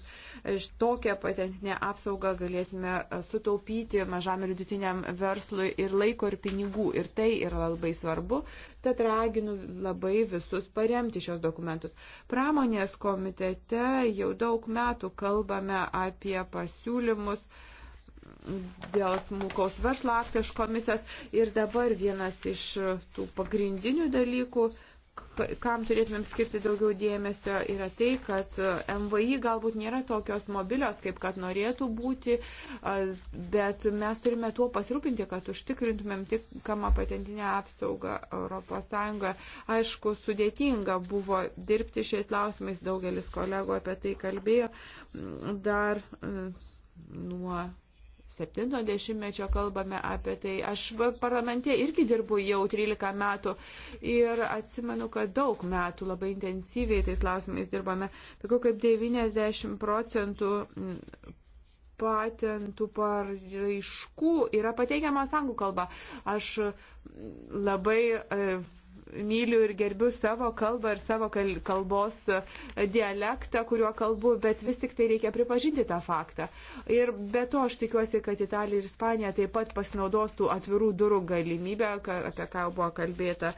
e, tokią patentinę apsaugą galėsime e, sutaupyti mažam ir vidutiniam verslui ir laiko, ir pinigų. Ir tai yra labai svarbu. Tad raginu labai visus paremti šios dokumentus. Pramonės komitete jau daug metų kalbame apie pasiūlymus dėl smulkaus verslo akto iš komisijos. Ir dabar vienas iš tų pagrindinių dalykų kam turėtumėm skirti daugiau dėmesio, yra tai, kad e, MVI galbūt nėra tokios mobilios, kaip kad norėtų būti, bet mes turime tuo pasirūpinti, kad užtikrintumėm tikamą patentinę apsaugą ES. Aišku, sudėtinga buvo dirbti šiais klausimais, daugelis kolegų apie tai kalbėjo dar e, nuo septinto dešimtmečio kalbame apie tai. Aš parlamente irgi dirbu jau 13 metų ir atsimenu, kad daug metų labai intensyviai tais klausimais dirbame. Tokiu kaip 90 procentų patentų paraiškų yra pateikiamas anglų kalba. Aš labai e, myliu ir gerbiu savo kalbą ir savo kalbos dialektą, kuriuo kalbu, bet vis tik tai reikia pripažinti tą faktą. Ir be to aš tikiuosi, kad Italija ir Ispanija taip pat pasinaudos tų atvirų durų galimybę, apie ką buvo kalbėta.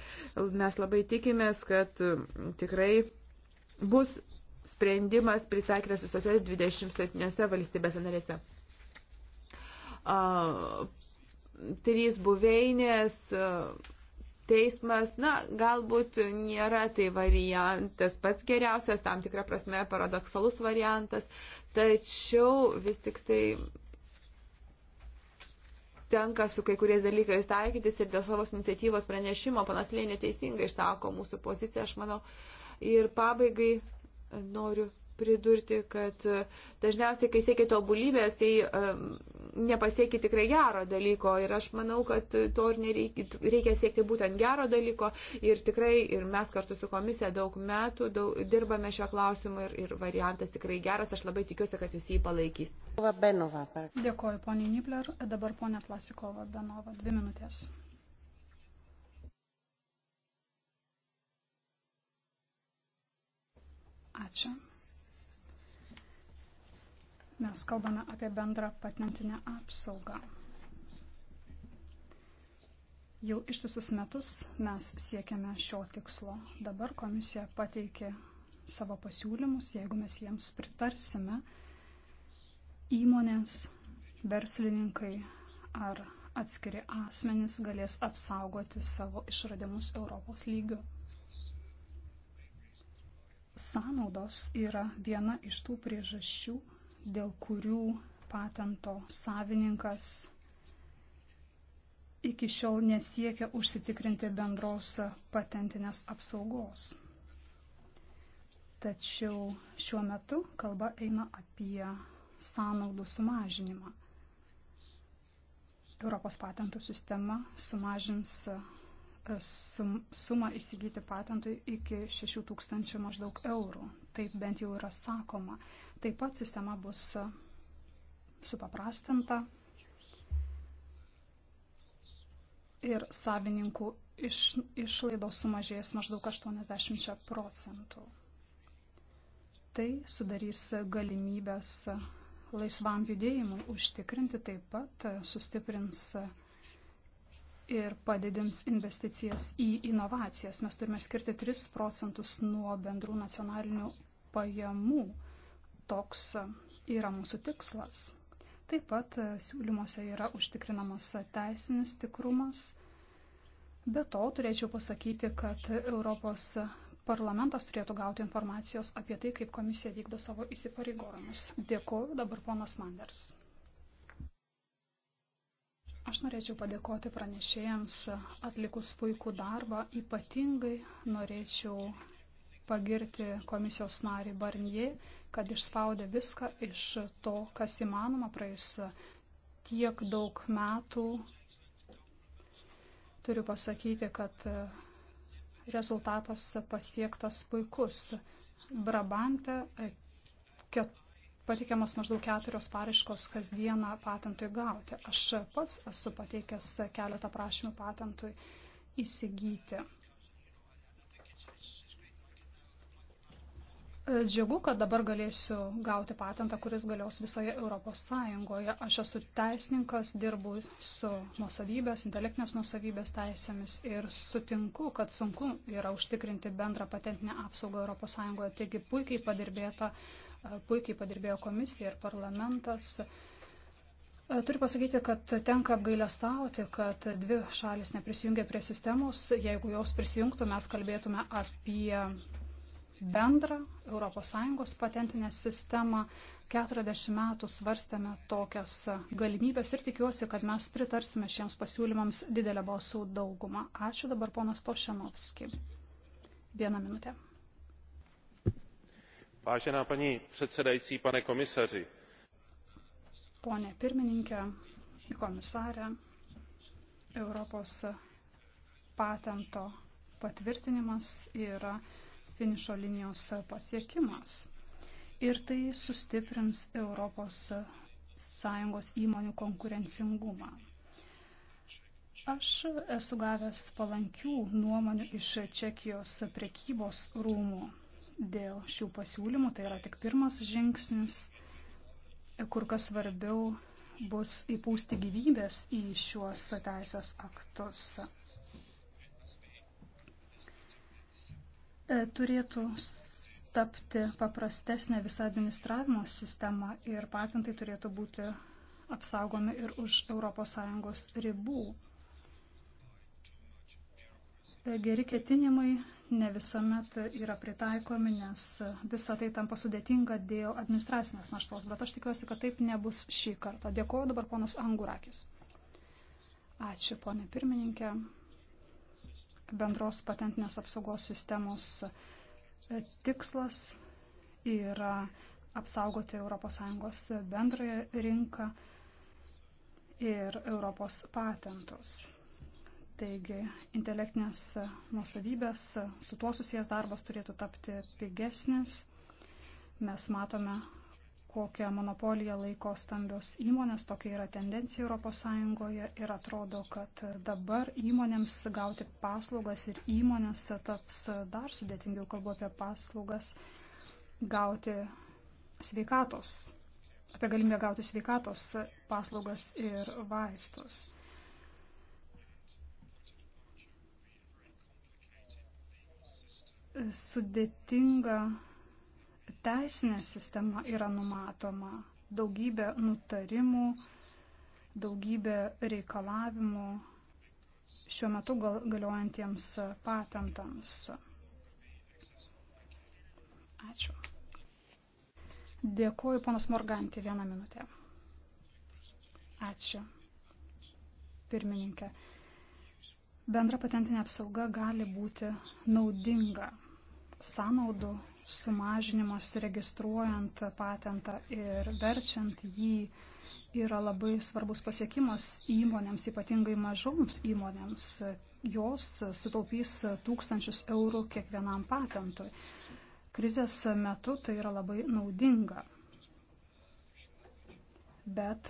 Mes labai tikimės, kad tikrai bus sprendimas pritaikytas visose 27 valstybėse narėse. Uh, trys buveinės. Uh, teismas, na, galbūt nėra tai variantas pats geriausias, tam tikrą prasme paradoksalus variantas, tačiau vis tik tai tenka su kai kuriais dalykais taikytis ir dėl savo iniciatyvos pranešimo panas Lėnė teisingai išsako mūsų poziciją, aš manau. Ir pabaigai noriu pridurti, kad e, dažniausiai, kai siekia tobulybės, tai um, e, nepasiekia tikrai gero dalyko. Ir aš manau, kad to ir nereikia, reikia siekti būtent gero dalyko. Ir tikrai, ir mes kartu su komisija daug metų daug, dirbame šio klausimu ir, ir variantas tikrai geras. Aš labai tikiuosi, kad visi jį palaikys. Dėkuoju, poniai Nibler. Dabar ponia Plasikova Benova. Dvi minutės. Ačiū. Mes kalbame apie bendrą patentinę apsaugą. Jau ištisus metus mes siekiame šio tikslo. Dabar komisija pateikė savo pasiūlymus, jeigu mes jiems pritarsime, įmonės, verslininkai ar atskiri asmenys galės apsaugoti savo išradimus Europos lygiu. Sąnaudos yra viena iš tų priežasčių, dėl kurių patento savininkas iki šiol nesiekia užsitikrinti bendros patentinės apsaugos. Tačiau šiuo metu kalba eina apie sąnaudų sumažinimą. Europos patentų sistema sumažins e, sum, sumą įsigyti patentui iki 6000 maždaug eurų. Taip bent jau yra sakoma. Taip pat sistema bus e, supaprastinta ir savininkų iš, išlaidos sumažės maždaug 80 procentų. Tai sudarys galimybės laisvam judėjimui užtikrinti, taip pat sustiprins ir padidins investicijas į inovacijas. Mes turime skirti 3 procentus nuo bendrų nacionalinių pajamų Toks yra mūsų tikslas. Taip pat siūlymuose yra užtikrinamas teisinis tikrumas. Be to, turėčiau pasakyti, kad Europos parlamentas turėtų gauti informacijos apie tai, kaip komisija vykdo savo įsipareigojimus. Dėkuoju dabar ponas Manders. Aš norėčiau padėkoti pranešėjams atlikus puikų darbą. Ypatingai norėčiau pagirti komisijos narį Barnier kad išspaudė viską iš to, kas įmanoma praeis tiek daug metų. Turiu pasakyti, kad rezultatas pasiektas puikus. Brabante ket, pateikiamas maždaug keturios paraiškos kasdieną patentui gauti. Aš pats esu pateikęs keletą prašymų patentui įsigyti. Džiugu, kad dabar galėsiu gauti patentą, kuris galios visoje Europos Sąjungoje. Aš esu teisininkas, dirbu su nusavybės, intelektinės nusavybės teisėmis ir sutinku, kad sunku yra užtikrinti bendrą patentinę apsaugą Europos Sąjungoje. Taigi puikiai padirbėta, puikiai padirbėjo komisija ir parlamentas. Turiu pasakyti, kad tenka apgailestauti, kad dvi šalis neprisijungia prie sistemos. Jeigu jos prisijungtų, mes kalbėtume apie bendrą ES patentinę sistemą. 40 metų svarstėme tokias galimybės ir tikiuosi, kad mes pritarsime šiems pasiūlymams didelę balsų daugumą. Ačiū dabar ponas Tošenovski. Vieną minutę. Vážená paní předsedající, pane komisaři. Pone pirmininkė, komisarė, Europos patento patvirtinimas yra finišo linijos pasiekimas. Ir tai sustiprins Europos Sąjungos įmonių konkurencingumą. Aš esu gavęs palankių nuomonių iš Čekijos prekybos rūmų dėl šių pasiūlymų. Tai yra tik pirmas žingsnis, kur kas svarbiau bus įpūsti gyvybės į šiuos teisės aktus. E, turėtų tapti paprastesnė visa administravimo sistema ir patentai turėtų būti apsaugomi ir už ES ribų. E, geri ketinimai ne visuomet yra pritaikomi, nes visa tai tampa sudėtinga dėl administracinės naštos, bet aš tikiuosi, kad taip nebus šį kartą. Dėkuoju dabar ponas Angurakis. Ačiū, ponė pirmininkė bendros patentinės apsaugos sistemos tikslas yra apsaugoti ES bendrąją rinką ir Europos patentus. Taigi intelektinės nuosavybės su tuo susijęs darbas turėtų tapti pigesnis. Mes matome, kokią monopoliją laiko stambios įmonės, tokia yra tendencija ES ir atrodo, kad dabar įmonėms gauti paslaugas ir įmonės taps dar sudėtingiau, kalbu apie paslaugas, gauti sveikatos, apie galimybę gauti sveikatos paslaugas ir vaistus. Sudėtinga teisinė sistema yra numatoma. Daugybė nutarimų, daugybė reikalavimų šiuo metu galiojantiems patentams. Ačiū. Dėkuoju, ponas Morganti, vieną minutę. Ačiū. Pirmininkė. Bendra patentinė apsauga gali būti naudinga. Sąnaudų sumažinimas registruojant patentą ir verčiant jį yra labai svarbus pasiekimas įmonėms, ypatingai mažoms įmonėms. Jos sutaupys tūkstančius eurų kiekvienam patentui. Krizės metu tai yra labai naudinga. Bet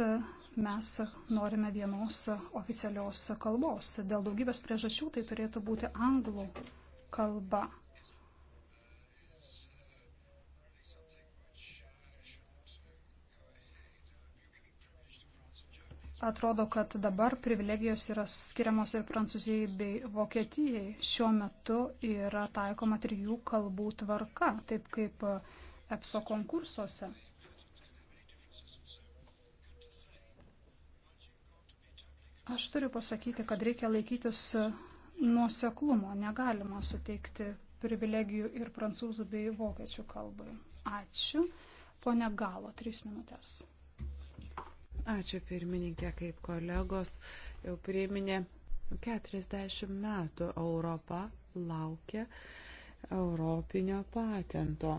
mes norime vienos oficialios kalbos. Dėl daugybės priežasčių tai turėtų būti anglų kalba. Atrodo, kad dabar privilegijos yra skiriamos ir Prancūzijai bei Vokietijai. Šiuo metu yra taikoma trijų kalbų tvarka, taip kaip EPSO konkursuose. Aš turiu pasakyti, kad reikia laikytis nuoseklumo. Negalima suteikti privilegijų ir prancūzų bei vokiečių kalbai. Ačiū. Pone Galo, trys minutės. Ačiū pirmininkė, kaip kolegos jau priminė, 40 metų Europa laukia Europinio patento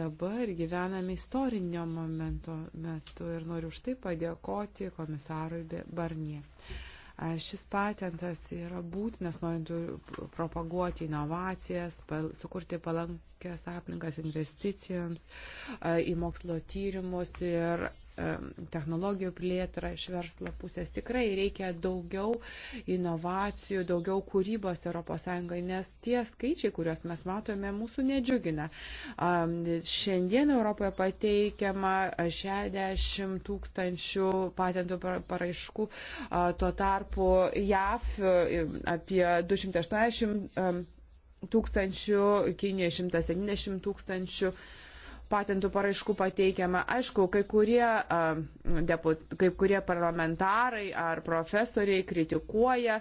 dabar gyvename istorinio momento metu ir noriu už tai padėkoti komisarui Barnie. Šis patentas yra būtinas, norint propaguoti inovacijas, sukurti palankias aplinkas investicijoms į mokslo tyrimus ir technologijų plėtrą iš verslo pusės. Tikrai reikia daugiau inovacijų, daugiau kūrybos ES, nes tie skaičiai, kuriuos mes matome, mūsų nedžiugina. Šiandien Europoje pateikiama 60 tūkstančių patentų paraiškų, tuo tarpu JAF e, apie 280 tūkstančių, Kinijoje 170 tūkstančių patentų paraiškų pateikiama. Aišku, kai kurie, deput, kai kurie parlamentarai ar profesoriai kritikuoja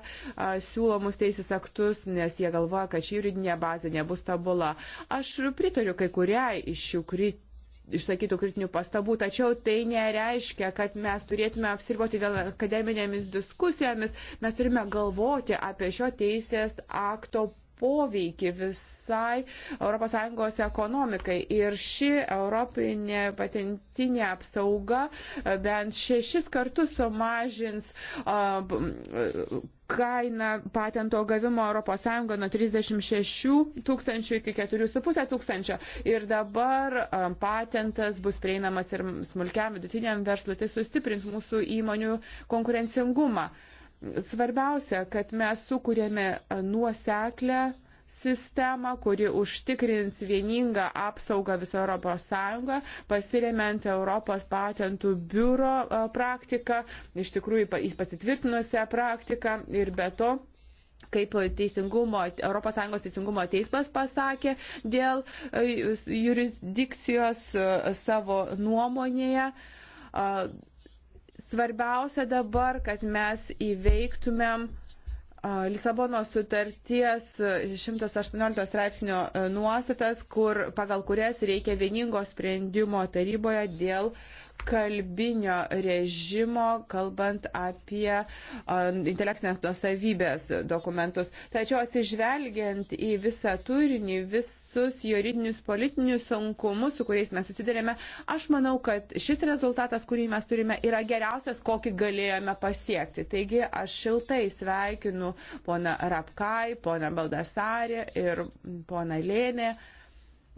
siūlomus teisės aktus, nes jie galvoja, kad ši juridinė bazė nebus tabula. Aš pritariu kai kuriai iš šių kritikų išsakytų kritinių pastabų, tačiau tai nereiškia, kad mes turėtume apsiriboti vėl akademinėmis diskusijomis, mes turime galvoti apie šio teisės akto poveikį visai ES ekonomikai. Ir ši europinė patentinė apsauga bent šešis kartus sumažins kaina patento gavimo ES nuo 36 tūkstančių iki 4,5 tūkstančio. Ir dabar patentas bus prieinamas ir smulkiam vidutiniam verslui. Tai sustiprins mūsų įmonių konkurencingumą. Svarbiausia, kad mes sukūrėme nuoseklę sistemą, kuri užtikrins vieningą apsaugą viso Europos Sąjungą, pasiremiant Europos patentų biuro e, praktiką, iš tikrųjų pasitvirtinusią praktiką ir be to kaip teisingumo, ES teisingumo teismas pasakė dėl e, jurisdikcijos e, savo nuomonėje Svarbiausia dabar, kad mes įveiktumėm Lisabono sutarties 118 straipsnio nuostatas, kur, pagal kurias reikia vieningo sprendimo taryboje dėl kalbinio režimo, kalbant apie intelektinės nusavybės dokumentus. Tačiau atsižvelgiant į visą turinį, visą visus juridinius politinius sunkumus, su kuriais mes susidurėme, aš manau, kad šis rezultatas, kurį mes turime, yra geriausias, kokį galėjome pasiekti. Taigi aš šiltai sveikinu poną Rapkai, poną Baldasarį ir poną Lėnę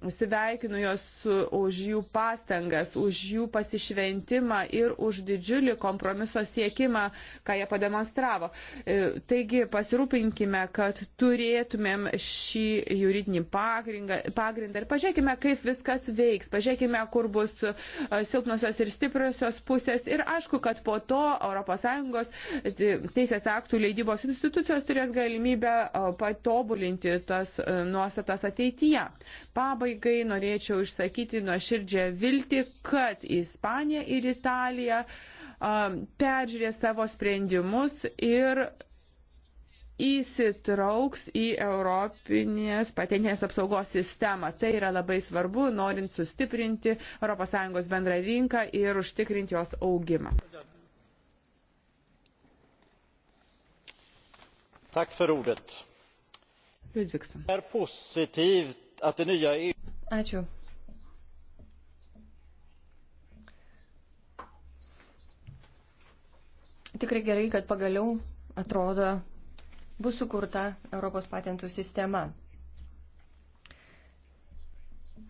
sveikinu juos už jų pastangas, už jų pasišventimą ir už didžiulį kompromiso siekimą, ką jie pademonstravo. E, taigi pasirūpinkime, kad turėtumėm šį juridinį pagrindą, pagrindą ir pažiūrėkime, kaip viskas veiks, pažiūrėkime, kur bus e, silpnosios ir stipriosios pusės ir aišku, kad po to ES teisės aktų leidybos institucijos turės galimybę e, patobulinti tas nuostatas ateityje. Pabaigai pabaigai norėčiau išsakyti nuoširdžią viltį, kad Ispanija ir Italija um, peržiūrė savo sprendimus ir įsitrauks į Europinės patentinės apsaugos sistemą. Tai yra labai svarbu, norint sustiprinti ES bendrą rinką ir užtikrinti jos augimą. Tack för ordet. Ludvigsson. Det är positivt att det nya EU... Ačiū. Tikrai gerai, kad pagaliau atrodo bus sukurta Europos patentų sistema.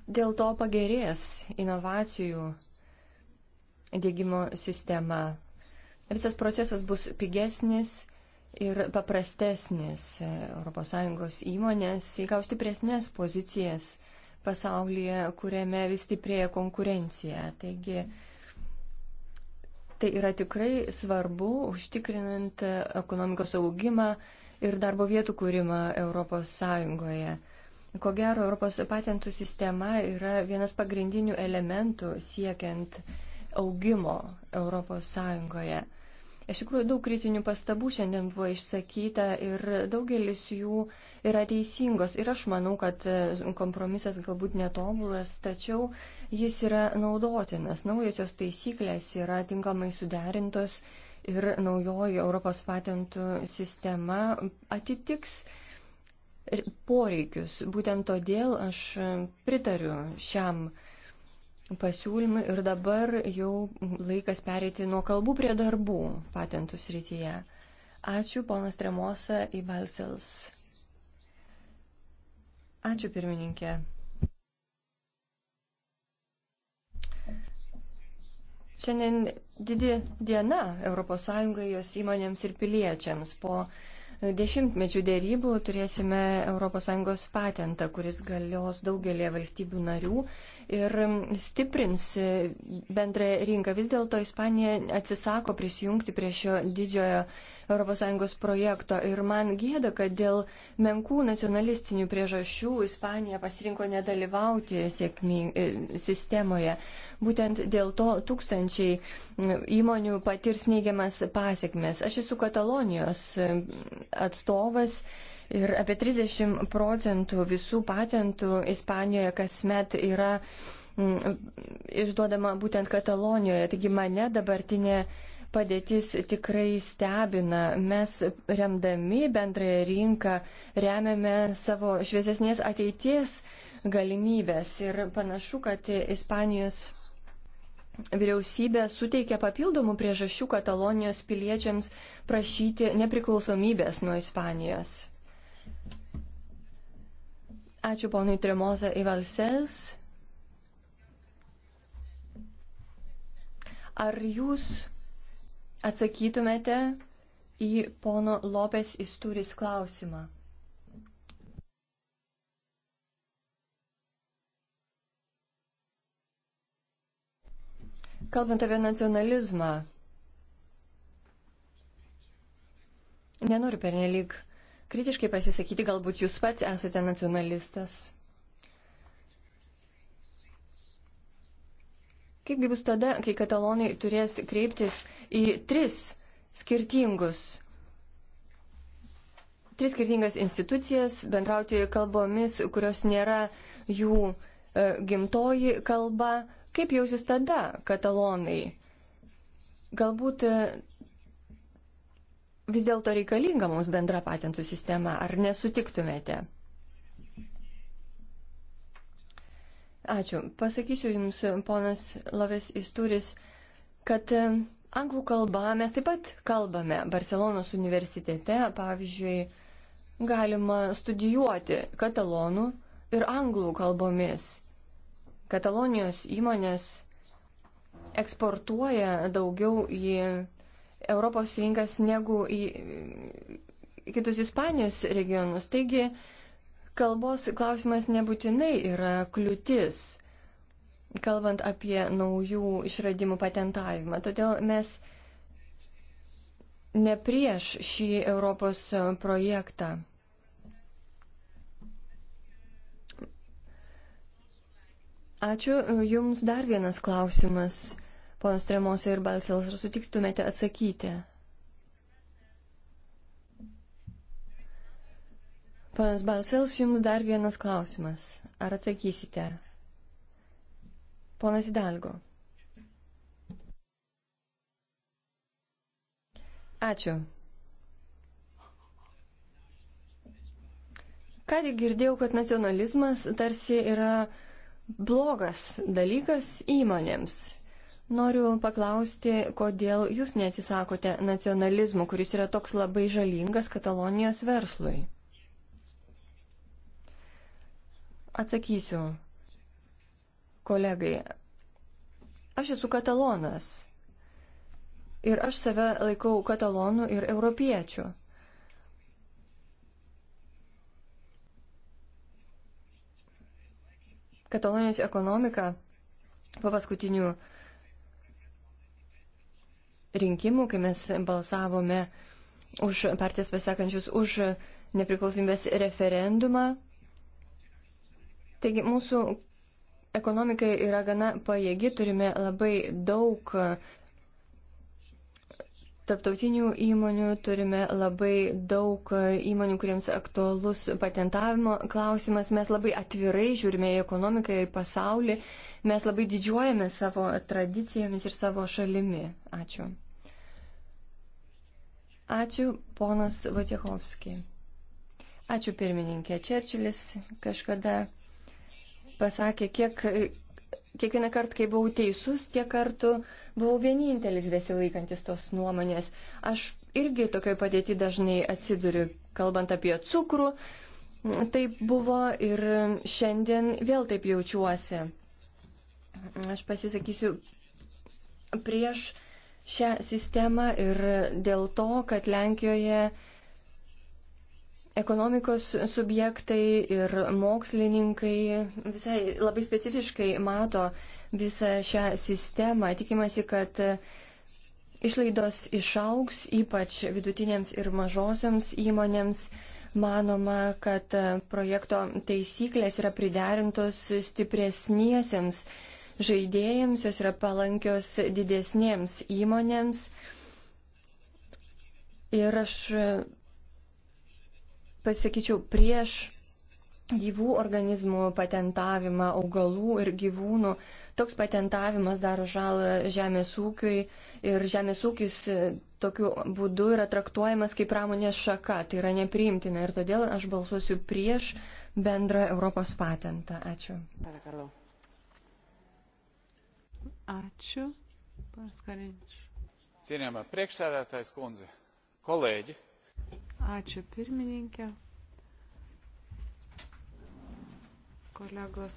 Dėl to pagerės inovacijų dėgymo sistema. Visas procesas bus pigesnis ir paprastesnis. E, ES įmonės įgaus stipresnės pozicijas pasaulyje, kuriame vis stiprėja konkurencija. Taigi, tai yra tikrai svarbu užtikrinant ekonomikos augimą ir darbo vietų kūrimą ES. Ko gero, Europos patentų sistema yra vienas pagrindinių elementų siekiant augimo ES. Iš tikrųjų, daug kritinių pastabų šiandien buvo išsakyta ir daugelis jų yra teisingos. Ir aš manau, kad e, kompromisas galbūt netobulas, tačiau jis yra naudotinas. Naujosios taisyklės yra tinkamai suderintos ir naujoji Europos patentų sistema atitiks poreikius. Būtent todėl aš pritariu šiam kompromisui pasiūlymai ir dabar jau laikas pereiti nuo kalbų prie darbų patentų srityje. Ačiū, ponas Tremosa į Balsels. Ačiū, pirmininkė. Šiandien didi diena ES jos įmonėms ir piliečiams po dešimtmečių dėrybų turėsime ES patentą, kuris galios daugelį valstybių narių ir stiprins bendrą rinką. Vis dėlto Ispanija atsisako prisijungti prie šio didžiojo ES projekto ir man gėda, kad dėl menkų nacionalistinių priežasčių Ispanija pasirinko nedalyvauti sėkmį e, sistemoje. Būtent dėl to tūkstančiai įmonių patirs neigiamas pasiekmes. Aš esu Katalonijos atstovas ir apie 30 procentų visų patentų Ispanijoje kasmet yra mm, išduodama būtent Katalonijoje. Taigi mane dabartinė padėtis tikrai stebina. Mes remdami bendrąją rinką remiame savo šviesesnės ateities galimybės ir panašu, kad Ispanijos vyriausybė suteikė papildomų priežasčių Katalonijos piliečiams prašyti nepriklausomybės nuo Ispanijos. Ačiū ponui Tremoza Ivalses. Ar jūs atsakytumėte į pono Lopės įsturis klausimą? Kalbant apie nacionalizmą, nenoriu pernelyg kritiškai pasisakyti, galbūt jūs pats esate nacionalistas. Kaipgi bus tada, kai katalonai turės kreiptis į tris skirtingus, tris skirtingas institucijas, bendrauti kalbomis, kurios nėra jų e, gimtoji kalba, Kaip jausis tada katalonai? Galbūt e, vis dėlto reikalinga mums bendra patentų sistema, ar nesutiktumėte? Ačiū. Pasakysiu Jums, ponas Lovės Isturis, kad e, anglų kalba mes taip pat kalbame. Barcelonos universitete, pavyzdžiui, galima studijuoti katalonų ir anglų kalbomis. Katalonijos įmonės eksportuoja daugiau į Europos rinkas negu į kitus Ispanijos regionus. Taigi kalbos klausimas nebūtinai yra kliūtis, kalbant apie naujų išradimų patentavimą. Todėl mes ne prieš šį Europos projektą. Ačiū. Jums dar vienas klausimas, ponas Tremosė ir Balselas, ar sutiktumėte atsakyti? Panas Balsels, jums dar vienas klausimas. Ar atsakysite? Ponas Idalgo. Ačiū. Ką tik girdėjau, kad nacionalizmas tarsi yra blogas dalykas įmonėms. Noriu paklausti, kodėl jūs neatsisakote nacionalizmo, kuris yra toks labai žalingas Katalonijos verslui. Atsakysiu kolegai. Aš esu katalonas ir aš save laikau katalonų ir europiečių. Katalonijos ekonomika po paskutinių rinkimų, kai mes balsavome už partijas pasakančius už nepriklausomybės referendumą. Taigi mūsų ekonomika yra gana pajėgi, turime labai daug tarptautinių įmonių, turime labai daug e, įmonių, kuriems aktualus patentavimo klausimas. Mes labai atvirai žiūrime į ekonomiką, į pasaulį. Mes labai didžiuojame savo tradicijomis ir savo šalimi. Ačiū. Ačiū, ponas Vatiechovski. Ačiū, pirmininkė. Čerčilis kažkada pasakė, kiek kiekvieną kartą, kai buvau teisus, tiek kartų buvau vienintelis besilaikantis tos nuomonės. Aš irgi tokioje padėti dažnai atsiduriu, kalbant apie cukrų. Taip buvo ir šiandien vėl taip jaučiuosi. Aš pasisakysiu prieš šią sistemą ir dėl to, kad Lenkijoje ekonomikos subjektai ir mokslininkai visai labai specifiškai mato visą šią sistemą. Tikimasi, kad išlaidos išaugs, ypač vidutinėms ir mažosioms įmonėms. Manoma, kad projekto taisyklės yra priderintos stipresniesiems žaidėjams, jos yra palankios didesniems įmonėms. Ir aš pasakyčiau, prieš gyvų organizmų patentavimą, augalų ir gyvūnų. Toks patentavimas daro žalą žemės ūkiui ir žemės ūkis e, tokiu būdu yra traktuojamas kaip pramonės šaka. Tai yra nepriimtina ir todėl aš balsuosiu prieš bendrą Europos patentą. Ačiū. Ačiū. Cienījamā priekšsēdētājs kundze, kolēģi, Ačiū pirmininkė. Kolegos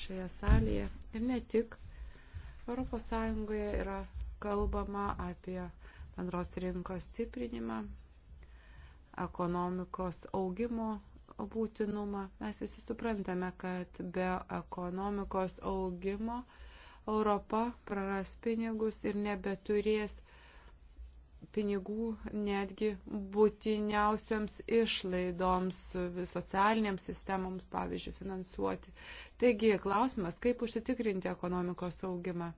šioje salėje ir ne tik ES yra kalbama apie bendros rinkos stiprinimą, ekonomikos augimo būtinumą. Mes visi suprantame, kad be ekonomikos augimo Europa praras pinigus ir nebeturės pinigų netgi būtiniausiams išlaidoms, socialiniams sistemoms, pavyzdžiui, finansuoti. Taigi, klausimas, kaip užsitikrinti ekonomikos augimą.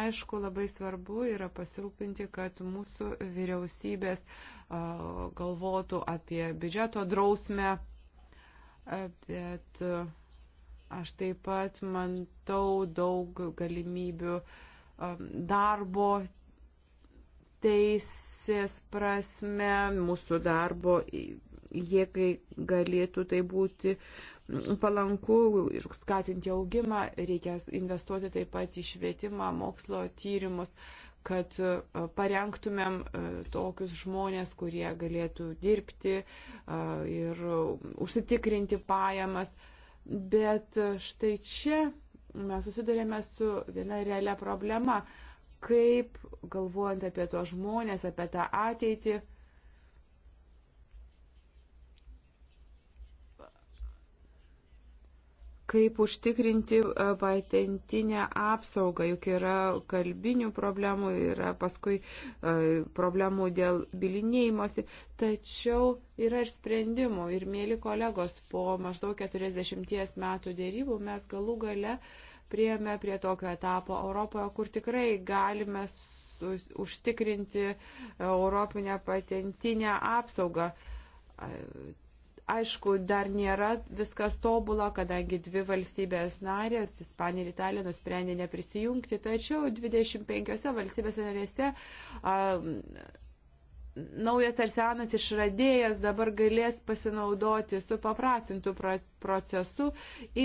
Aišku, labai svarbu yra pasirūpinti, kad mūsų vyriausybės galvotų apie biudžeto drausmę, bet aš taip pat mantau daug galimybių darbo teisės prasme, mūsų darbo jėgai galėtų tai būti palanku ir skatinti augimą, reikia investuoti taip pat į švietimą, mokslo tyrimus, kad e, parengtumėm e, tokius žmonės, kurie galėtų dirbti e, ir užsitikrinti pajamas. Bet štai čia mes susidurėme su viena realia problema kaip, galvojant apie tos žmonės, apie tą ateitį, kaip užtikrinti e, patentinę apsaugą, juk yra kalbinių problemų, yra paskui e, problemų dėl bilinėjimosi, tačiau yra ir sprendimų. Ir mėly kolegos, po maždaug 40 metų dėrybų mes galų gale uh, prieme prie tokio etapo Europoje, kur tikrai galime užtikrinti europinę patentinę apsaugą. Aišku, dar nėra viskas tobula, kadangi dvi valstybės narės, Ispanija ir Italija, nusprendė neprisijungti, tačiau 25 valstybės narėse naujas ar senas išradėjas dabar galės pasinaudoti su paprastintų procesu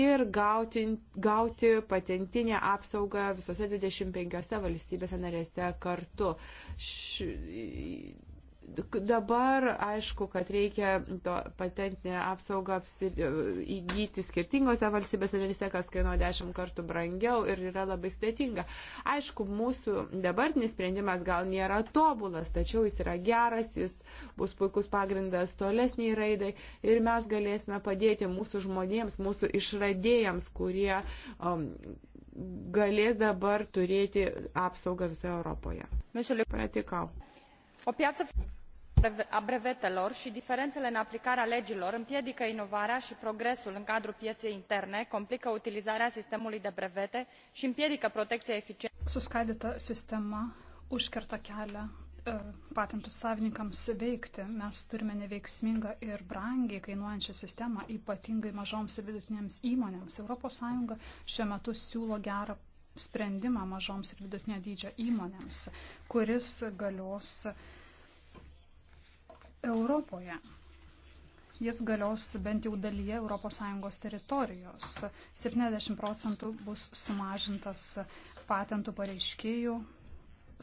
ir gauti, gauti patentinę apsaugą visose 25 valstybėse narėse kartu. Š, Dabar aišku, kad reikia to patentinę apsaugą įgyti skirtingose valstybėse narėse, kas kainuoja dešimt kartų brangiau ir yra labai sudėtinga. Aišku, mūsų dabartinis sprendimas gal nėra tobulas, tačiau jis yra geras, jis bus puikus pagrindas tolesniai raidai ir mes galėsime padėti mūsų žmonėms, mūsų išradėjams, kurie um, galės dabar turėti apsaugą visoje Europoje. Pratikau. O piața a brevetelor i diferenele în aplicarea legilor împiedică inovarea i progresul în cadrul pieei interne complică utilizarea sistemului de brevete i împiedică protecia eficientă. suskaidyta sistema užkerta kelią patentų savininkams veikti. Mes turime neveiksmingą ir brangiai e kainuojančią sistemą, ypatingai mažoms ir vidutinėms įmonėms. ES šiuo metu siūlo gerą sprendimą mažoms ir vidutinio dydžio įmonėms, kuris galios uh, Europoje. Jis galios bent jau dalyje ES teritorijos. 70 procentų bus sumažintas patentų pareiškėjų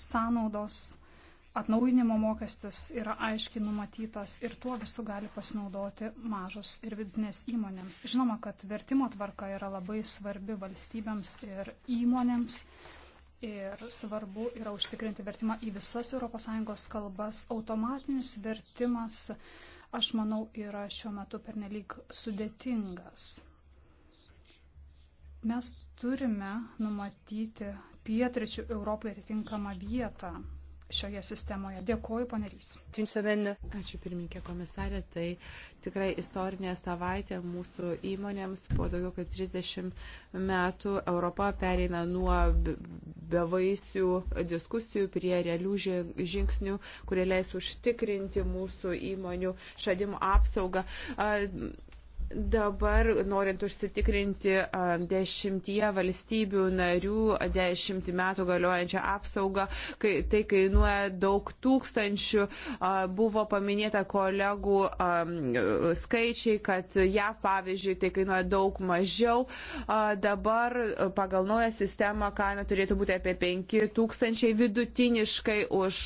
sąnaudos, atnaujinimo mokestis yra aiškiai numatytas ir tuo visų gali pasinaudoti mažos ir vidinės įmonėms. Žinoma, kad vertimo tvarka yra labai svarbi valstybėms ir įmonėms Ir svarbu yra užtikrinti vertimą į visas ES kalbas. Automatinis vertimas, aš manau, yra šiuo metu pernelyg sudėtingas. Mes turime numatyti pietričių Europai atitinkamą vietą šioje sistemoje. Dėkuoju, panerys. Ačiū pirmininkė komisarė. Tai tikrai istorinė savaitė mūsų įmonėms. Po daugiau kaip 30 metų Europa pereina nuo bevaisių diskusijų prie realių žingsnių, kurie leis užtikrinti mūsų įmonių šadimų apsaugą. Dabar, norint užsitikrinti dešimtyje valstybių narių dešimtį metų galiojančią apsaugą, kai tai kainuoja daug tūkstančių, buvo paminėta kolegų skaičiai, kad JAV pavyzdžiui tai kainuoja daug mažiau. Dabar pagal naują sistemą kaina turėtų būti apie 5 tūkstančiai vidutiniškai už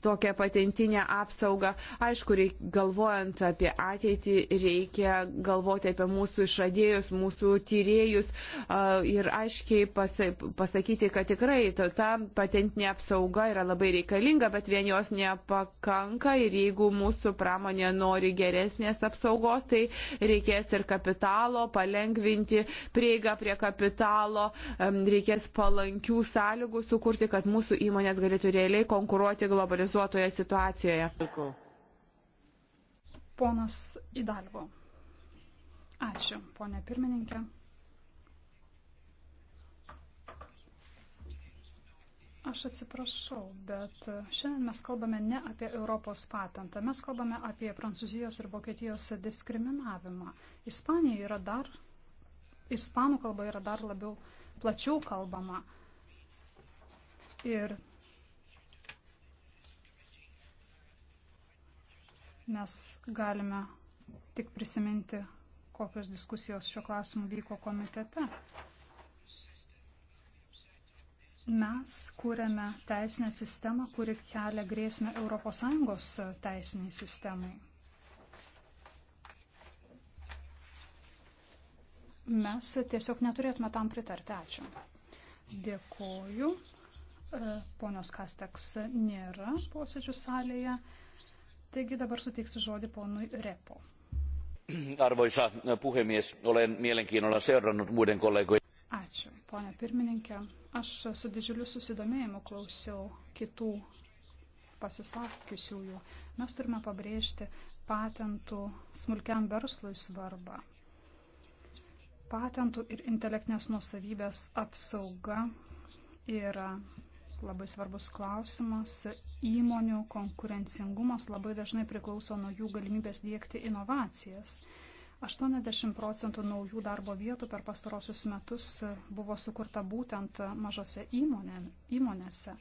tokią patentinę apsaugą. Aišku, reik, galvojant apie ateitį, reikia galvoti apie mūsų išradėjus, mūsų tyrėjus ir aiškiai pasakyti, kad tikrai ta patentinė apsauga yra labai reikalinga, bet vien jos nepakanka ir jeigu mūsų pramonė nori geresnės apsaugos, tai reikės ir kapitalo, palengvinti prieigą prie kapitalo, reikės palankių sąlygų sukurti, kad mūsų įmonės galėtų realiai konkuruoti globaliai polarizuotoje situacijoje. Ponas Idalvo. Ačiū, ponė pirmininkė. Aš atsiprašau, bet šiandien mes kalbame ne apie Europos patentą, mes kalbame apie Prancūzijos ir Vokietijos diskriminavimą. Ispanija yra dar, ispanų kalba yra dar labiau plačiau kalbama. Ir Mes galime tik prisiminti, kokios diskusijos šio klausimu vyko komitete. Mes kūrėme teisinę sistemą, kuri kelia grėsmę ES teisiniai sistemai. Mes tiesiog neturėtume tam pritarti. Ačiū. Dėkoju. E, ponios Kasteks nėra posėdžių salėje. Taigi dabar suteiksiu žodį ponui Repo. Arvoisa puhemies, olen mielenkiinnolla seurannut muiden kollegojen. Ačiū, ponia pirmininkė. Aš su didžiuliu susidomėjimu klausiau kitų pasisakiusiųjų. Mes turime pabrėžti patentų smulkiam verslui svarbą. Patentų ir intelektinės nusavybės apsauga yra labai svarbus klausimas įmonių konkurencingumas labai dažnai priklauso nuo jų galimybės dėkti inovacijas. 80 procentų naujų darbo vietų per pastarosius metus buvo sukurta būtent mažose įmonė, įmonėse.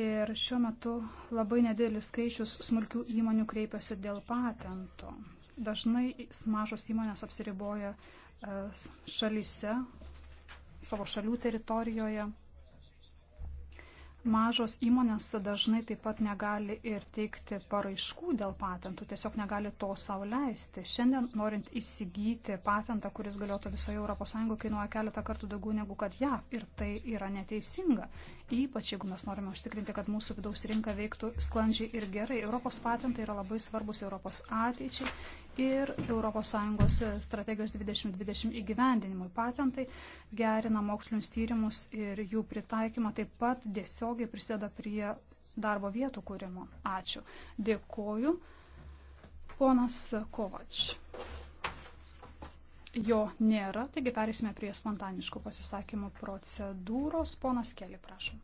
Ir šiuo metu labai nedėlis skaičius smulkių įmonių kreipiasi dėl patento. Dažnai mažos įmonės apsiriboja e, šalyse, savo šalių teritorijoje Mažos įmonės dažnai taip pat negali ir teikti paraiškų dėl patentų, tiesiog negali to savo leisti. Šiandien, norint įsigyti patentą, kuris galėtų visoje ES, kainuoja keletą kartų daugiau negu kad ją. Ja, ir tai yra neteisinga. Ypač jeigu mes norime užtikrinti, kad mūsų vidaus rinka veiktų sklandžiai ir gerai. Europos patentai yra labai svarbus Europos ateičiai ir ES strategijos 2020 įgyvendinimui. Patentai gerina mokslinius tyrimus ir jų pritaikymą taip pat tiesiogiai prisideda prie darbo vietų kūrimo. Ačiū. Dėkoju. Ponas Kovač. Jo nėra, taigi perėsime prie spontaniškų pasisakymų procedūros. Ponas Keli, prašom.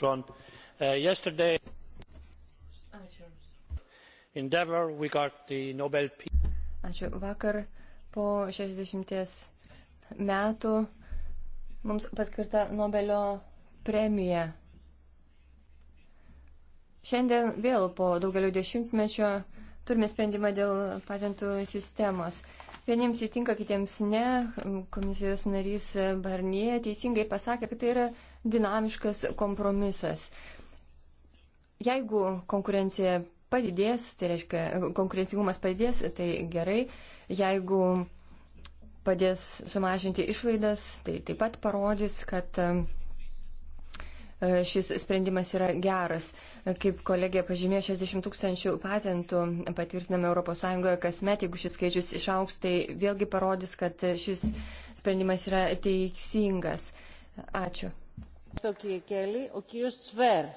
John, uh, yesterday... Ačiū endeavour we got the Nobel Peace. Ačiū. Vakar po 60 metų mums paskirta Nobelio premija. Šiandien vėl po daugelio dešimtmečio turime sprendimą dėl patentų sistemos. Vieniems įtinka, kitiems ne. Komisijos narys Barnie teisingai pasakė, kad tai yra dinamiškas kompromisas. Jeigu konkurencija padidės, tai reiškia, konkurencingumas padidės, tai gerai. Jeigu padės sumažinti išlaidas, tai taip pat parodys, kad e, šis sprendimas yra geras. Kaip kolegė pažymėjo, 60 tūkstančių patentų patvirtiname ES kasmet. Jeigu šis skaičius išauks, tai vėlgi parodys, kad šis sprendimas yra teisingas. Ačiū. Ačiū, kirie Keli. O kirius Cver.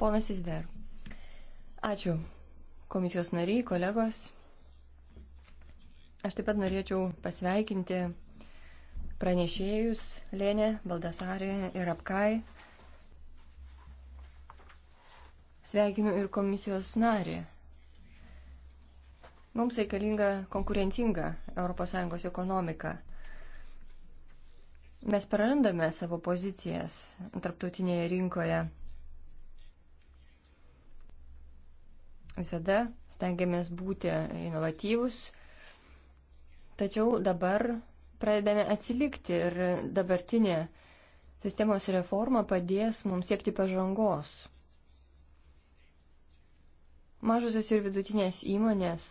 Ponas Izver. Ačiū, komisijos nariai, kolegos. Aš taip pat norėčiau pasveikinti pranešėjus Lėnė, Baldasarė ir Apkai. Sveikinu ir komisijos narį. Mums reikalinga konkurencinga ES ekonomika. Mes prarandame savo pozicijas tarptautinėje rinkoje. Visada stengiamės būti inovatyvus, tačiau dabar pradedame atsilikti ir dabartinė sistemos reforma padės mums siekti pažangos. Mažusios ir vidutinės įmonės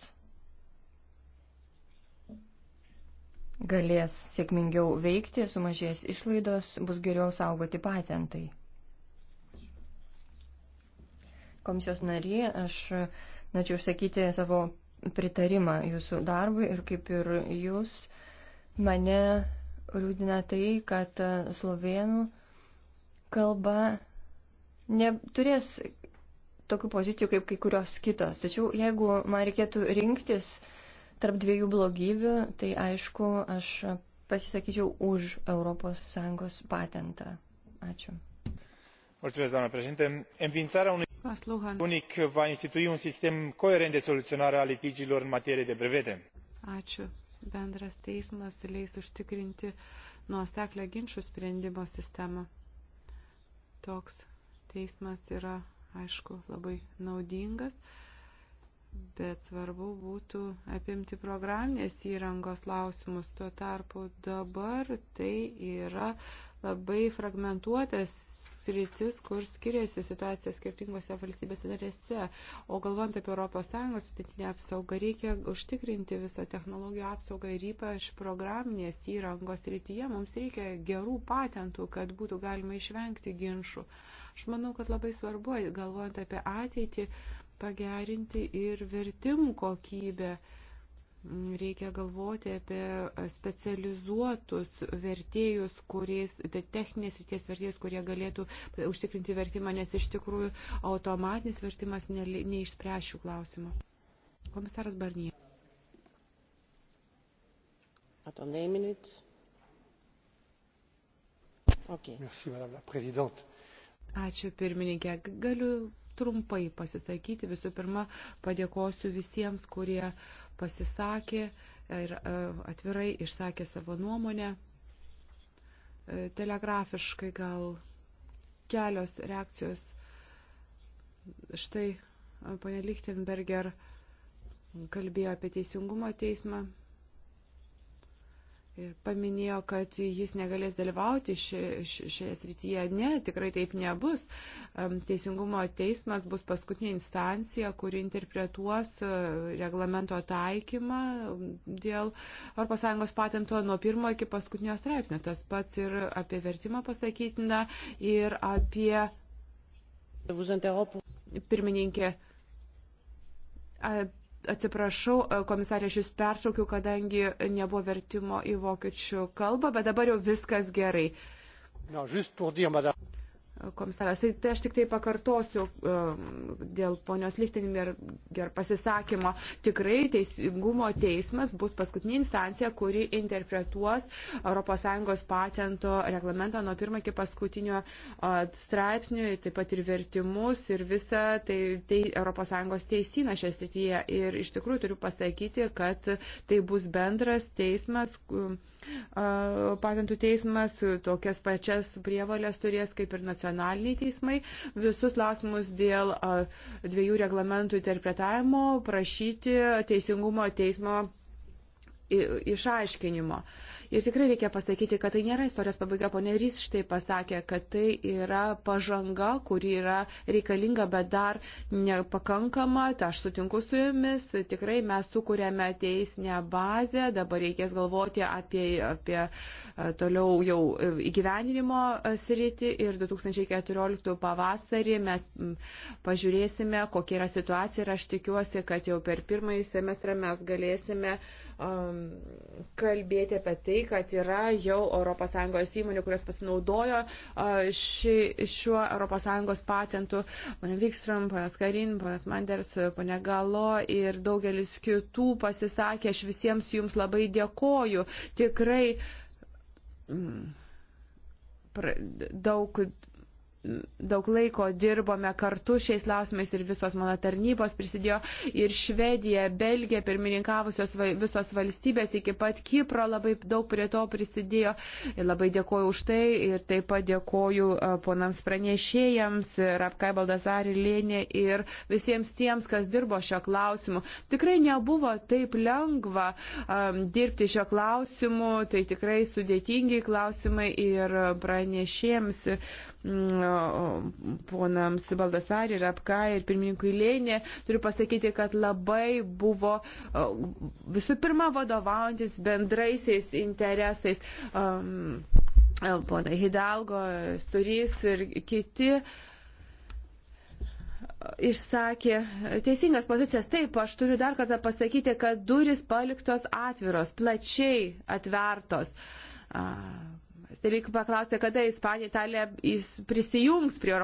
galės sėkmingiau veikti, sumažės išlaidos, bus geriau saugoti patentai. komisijos narė, aš norėčiau išsakyti savo pritarimą jūsų darbui ir kaip ir jūs mane liūdina tai, kad slovenų kalba neturės tokių pozicijų kaip kai kurios kitos. Tačiau jeigu man reikėtų rinktis tarp dviejų blogybių, tai aišku, aš pasisakyčiau už ES patentą. Ačiū. Mulțumesc, doamnă președinte. Înființarea unui unic va institui un sistem coerent de soluționare a litigiilor în materie de brevete. Ačiū. Bendras teismas leis užtikrinti nuoseklę ginčių sprendimo sistemą. Toks teismas yra, aišku, labai naudingas, bet svarbu būtų apimti programinės įrangos klausimus. Tuo tarpu dabar tai yra labai fragmentuotas sritis, kur skiriasi situacija skirtingose valstybėse narėse. O galvant apie ES sudėtinę apsaugą, reikia užtikrinti visą technologijų apsaugą ir ypač programinės įrangos srityje. Mums reikia gerų patentų, kad būtų galima išvengti ginčių. Aš manau, kad labai svarbu, galvojant apie ateitį, pagerinti ir vertimų kokybę. Reikia galvoti apie specializuotus vertėjus, kuriais, techninės ryties vertėjus, kurie galėtų užtikrinti vertimą, nes iš tikrųjų automatinis vertimas ne, neišspręs šių klausimų. Komisaras Barnie. Attendez une minute. Okay. Merci, Madame la Présidente. Ačiū pirmininkė. Galiu trumpai pasisakyti. Visų pirma, padėkosiu visiems, kurie uh, pasisakė ir e, atvirai išsakė savo nuomonę, e, telegrafiškai gal kelios reakcijos. Štai e, ponė Lichtenberger kalbėjo apie teisingumo teismą. Ir paminėjo, kad jis negalės dalyvauti šioje srityje. Ne, tikrai taip nebus. Teisingumo teismas bus paskutinė instancija, kuri interpretuos e, reglamento taikymą dėl ES patento nuo pirmo iki paskutinio straipsnio. Tas pats ir apie vertimą pasakytina ir apie. Pirmininkė, Atsiprašau, e, komisarė, aš jūs pertraukiu, kadangi nebuvo vertimo į vokiečių kalbą, bet dabar jau viskas gerai. Non, komisaras. Tai, tai aš tik tai pakartosiu um, dėl ponios Lichtenberger ger pasisakymo. Tikrai teisingumo teismas bus paskutinė instancija, kuri interpretuos ES patento reglamentą nuo pirmo iki paskutinio uh, straipsnių, taip pat ir vertimus ir visą tai, tai ES teisiną šią srityje. Ir iš tikrųjų turiu pasakyti, kad tai bus bendras teismas. Kur, patentų teismas tokias pačias prievalės turės kaip ir nacionaliniai teismai. Visus klausimus dėl dviejų reglamentų interpretavimo prašyti teisingumo teismo išaiškinimo. Ir tikrai reikia pasakyti, kad tai nėra istorijos pabaiga. Pone Rys štai pasakė, kad tai yra pažanga, kuri yra reikalinga, bet dar nepakankama. Ta, aš sutinku su jumis. Tikrai mes sukūrėme teisinę bazę. Dabar reikės galvoti apie, apie e, toliau jau įgyvenimo e, sritį. Ir 2014 pavasarį mes pažiūrėsime, kokia yra situacija. Ir aš tikiuosi, kad jau per pirmąjį semestrą mes galėsime um, kalbėti apie tai, tai, kad yra jau ES įmonių, kurios pasinaudojo ši, šiuo ES patentu. Pane Vikstram, panas Karin, panas Manders, pane Galo ir daugelis kitų pasisakė. Aš visiems jums labai dėkoju. Tikrai. Mm, daug daug laiko dirbome kartu šiais klausimais ir visos mano tarnybos prisidėjo ir Švedija, Belgija, pirmininkavusios visos valstybės iki pat Kipro labai daug prie to prisidėjo ir labai dėkoju už tai ir taip pat dėkoju e, ponams pranešėjams, Rapkai Baldazarį, Lėnė ir visiems tiems, kas dirbo šio klausimu. Tikrai nebuvo taip lengva um, dirbti šio klausimu, tai tikrai sudėtingi klausimai ir pranešėjams Mm, ponams Baldasarį ir Apką ir pirmininkui Lėnė, turiu pasakyti, kad labai buvo visų pirma vadovaujantis bendraisiais interesais. Um, e, Pona Hidalgo, Sturys ir kiti e, išsakė teisingas pozicijas. Taip, aš turiu dar kartą pasakyti, kad duris paliktos atviros, plačiai atvertos. Uh, Tai reikia paklausti, kada Ispanija, Italija prisijungs prie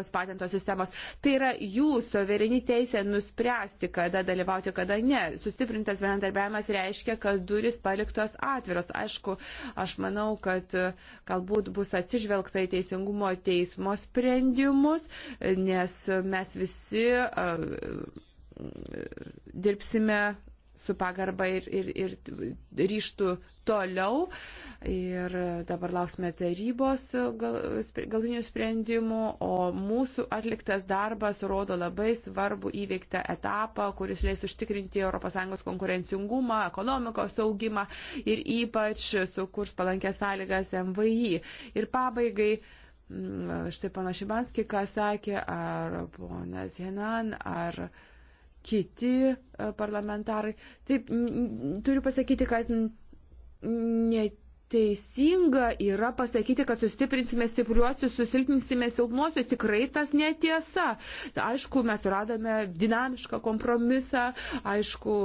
ES patento sistemos. Tai yra jų suvereni teisė nuspręsti, kada dalyvauti, kada ne. Sustiprintas bendradarbiavimas reiškia, kad duris paliktos atviros. Aišku, aš manau, kad e, galbūt bus atsižvelgta į teisingumo teismo sprendimus, nes mes visi e, dirbsime su pagarba ir, ir, ir ryštų toliau. Ir dabar lauksime tarybos gal, galutinių sprendimų, o mūsų atliktas darbas rodo labai svarbu įveiktą etapą, kuris leis užtikrinti ES konkurencingumą, ekonomikos augimą ir ypač sukurs palankės sąlygas MVI. Ir pabaigai mm, štai panašiai Banski, ką sakė, ar ponas Henan, ar kiti e, parlamentarai. Taip, turiu pasakyti, kad neteisinga yra pasakyti, kad sustiprinsime stipriuosius, susilpninsime silpnuosius. Tikrai tas netiesa. Aišku, mes suradome dinamišką kompromisą, aišku,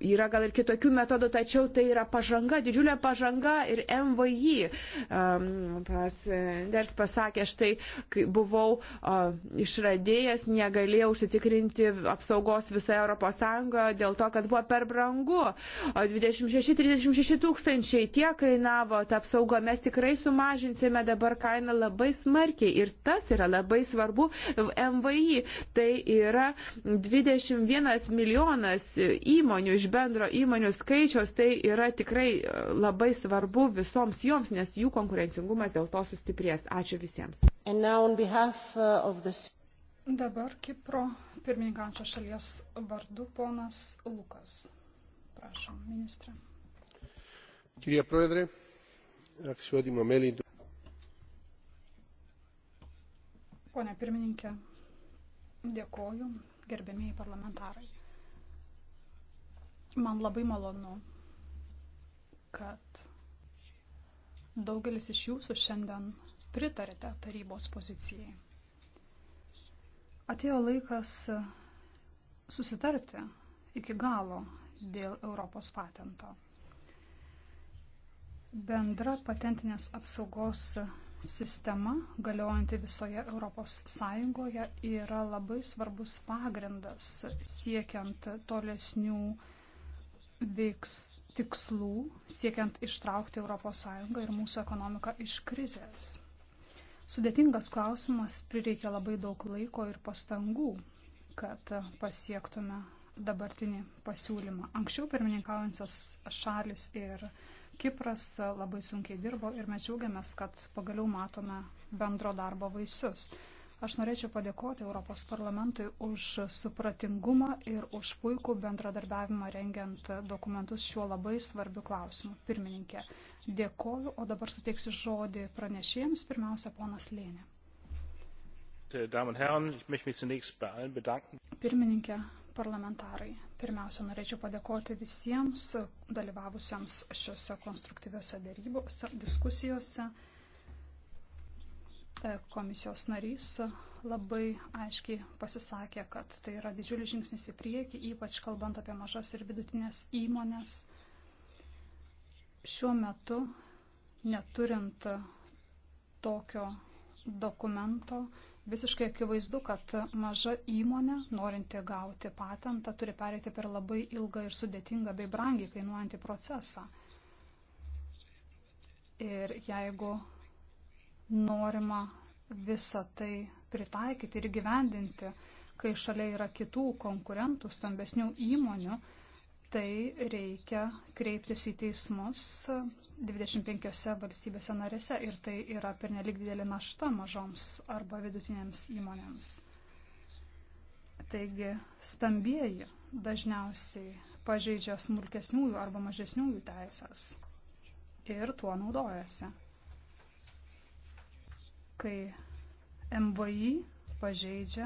Yra gal ir kitokių metodų, tačiau tai yra pažanga, didžiulė pažanga ir MVI. Um, pas Ders pasakė, štai buvau išradėjęs, negalėjau užsitikrinti apsaugos visoje Europos Sąjungoje dėl to, kad buvo per brangu. 26-36 tūkstančiai tiek kainavo ta apsauga. Mes tikrai sumažinsime dabar kainą labai smarkiai ir tas yra labai svarbu MVI. Tai yra 21 milijonas įmonių iš iš bendro įmonių skaičiaus, tai yra tikrai e, labai svarbu visoms joms, nes jų konkurencingumas dėl to sustiprės. Ačiū visiems. Uh, the... Dabar Kipro pirmininkančio šalies vardu ponas Lukas. Prašom, ministrė. Kyrie Proedrė, aksiuodimo mėlyndų. Pone pirmininkė, dėkoju gerbėmiai parlamentarai. Man labai malonu, kad daugelis iš jūsų šiandien pritarėte tarybos pozicijai. Atėjo laikas susitarti iki galo dėl Europos patento. Bendra patentinės apsaugos sistema, galiojanti visoje ES, yra labai svarbus pagrindas siekiant tolesnių veiks tikslų siekiant ištraukti ES ir mūsų ekonomiką iš krizės. Sudėtingas klausimas prireikia labai daug laiko ir pastangų, kad pasiektume dabartinį pasiūlymą. Anksčiau pirmininkaujančios šalis ir Kipras labai sunkiai dirbo ir mes džiaugiamės, kad pagaliau matome bendro darbo vaisius. Aš norėčiau padėkoti Europos parlamentui už supratingumą ir už puikų bendradarbiavimą rengiant dokumentus šiuo labai svarbiu klausimu. Pirmininkė, dėkoju, o dabar suteiksiu žodį pranešėjams. Pirmiausia, ponas Lėnė. Äh, Pirmininkė, parlamentarai. Pirmiausia, norėčiau padėkoti visiems dalyvavusiems šiuose konstruktyviuose darybose, diskusijose. E, komisijos narys labai aiškiai pasisakė, kad tai yra didžiulis žingsnis į priekį, ypač kalbant apie mažas ir vidutinės įmonės. Šiuo metu, neturint tokio dokumento, visiškai akivaizdu, kad maža įmonė, norinti gauti patentą, turi pereiti per labai ilgą ir sudėtingą bei brangiai kainuojantį procesą. Ir jeigu norima visą tai pritaikyti ir gyvendinti, kai šalia yra kitų konkurentų, stambesnių įmonių, tai reikia kreiptis į teismus 25 valstybėse narėse ir tai yra pernelik didelė našta mažoms arba vidutinėms įmonėms. Taigi stambieji dažniausiai pažeidžia smulkesniųjų arba mažesniųjų teisės ir tuo naudojasi. Kai MVI pažeidžia,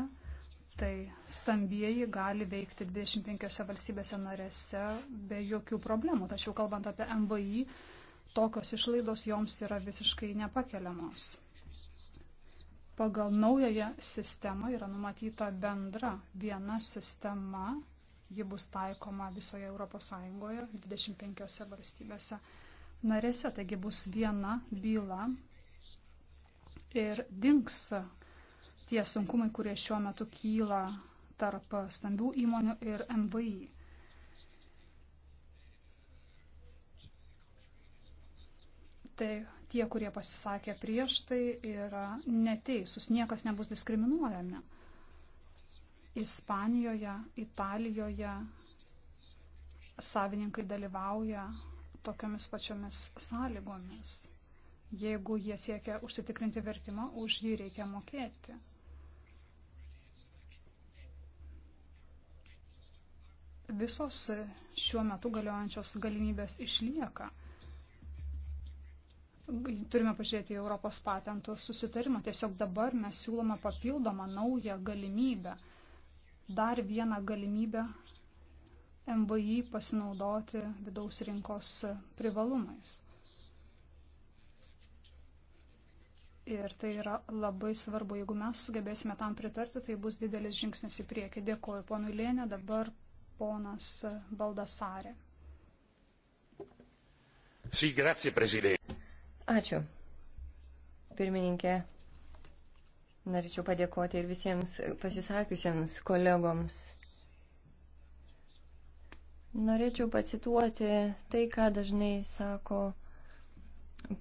tai stambieji gali veikti 25 valstybėse narėse be jokių problemų. Tačiau kalbant apie MVI, tokios išlaidos joms yra visiškai nepakeliamos. Pagal naująją sistemą yra numatyta bendra viena sistema, ji bus taikoma visoje ES 25 valstybėse narėse, taigi bus viena byla ir dinks tie sunkumai, kurie šiuo metu kyla tarp stambių įmonių ir MVI. Tai tie, kurie pasisakė prieš tai, yra neteisus, niekas nebus diskriminuojami. Ispanijoje, Italijoje savininkai dalyvauja tokiamis pačiomis sąlygomis. Jeigu jie siekia užsitikrinti vertimą, už jį reikia mokėti. Visos šiuo metu galiojančios galimybės išlieka. Turime pažiūrėti į Europos patentų susitarimą. Tiesiog dabar mes siūlome papildomą naują galimybę. Dar vieną galimybę MVI pasinaudoti vidaus rinkos privalumais. Ir tai yra labai svarbu. Jeigu mes sugebėsime tam pritarti, tai bus didelis žingsnis į priekį. Dėkoju ponui Lėnė, dabar ponas Baldasarė. Sì, grazie, Presidente. Ačiū. Pirmininkė, norėčiau padėkoti ir visiems pasisakiusiems kolegoms. Norėčiau pacituoti tai, ką dažnai sako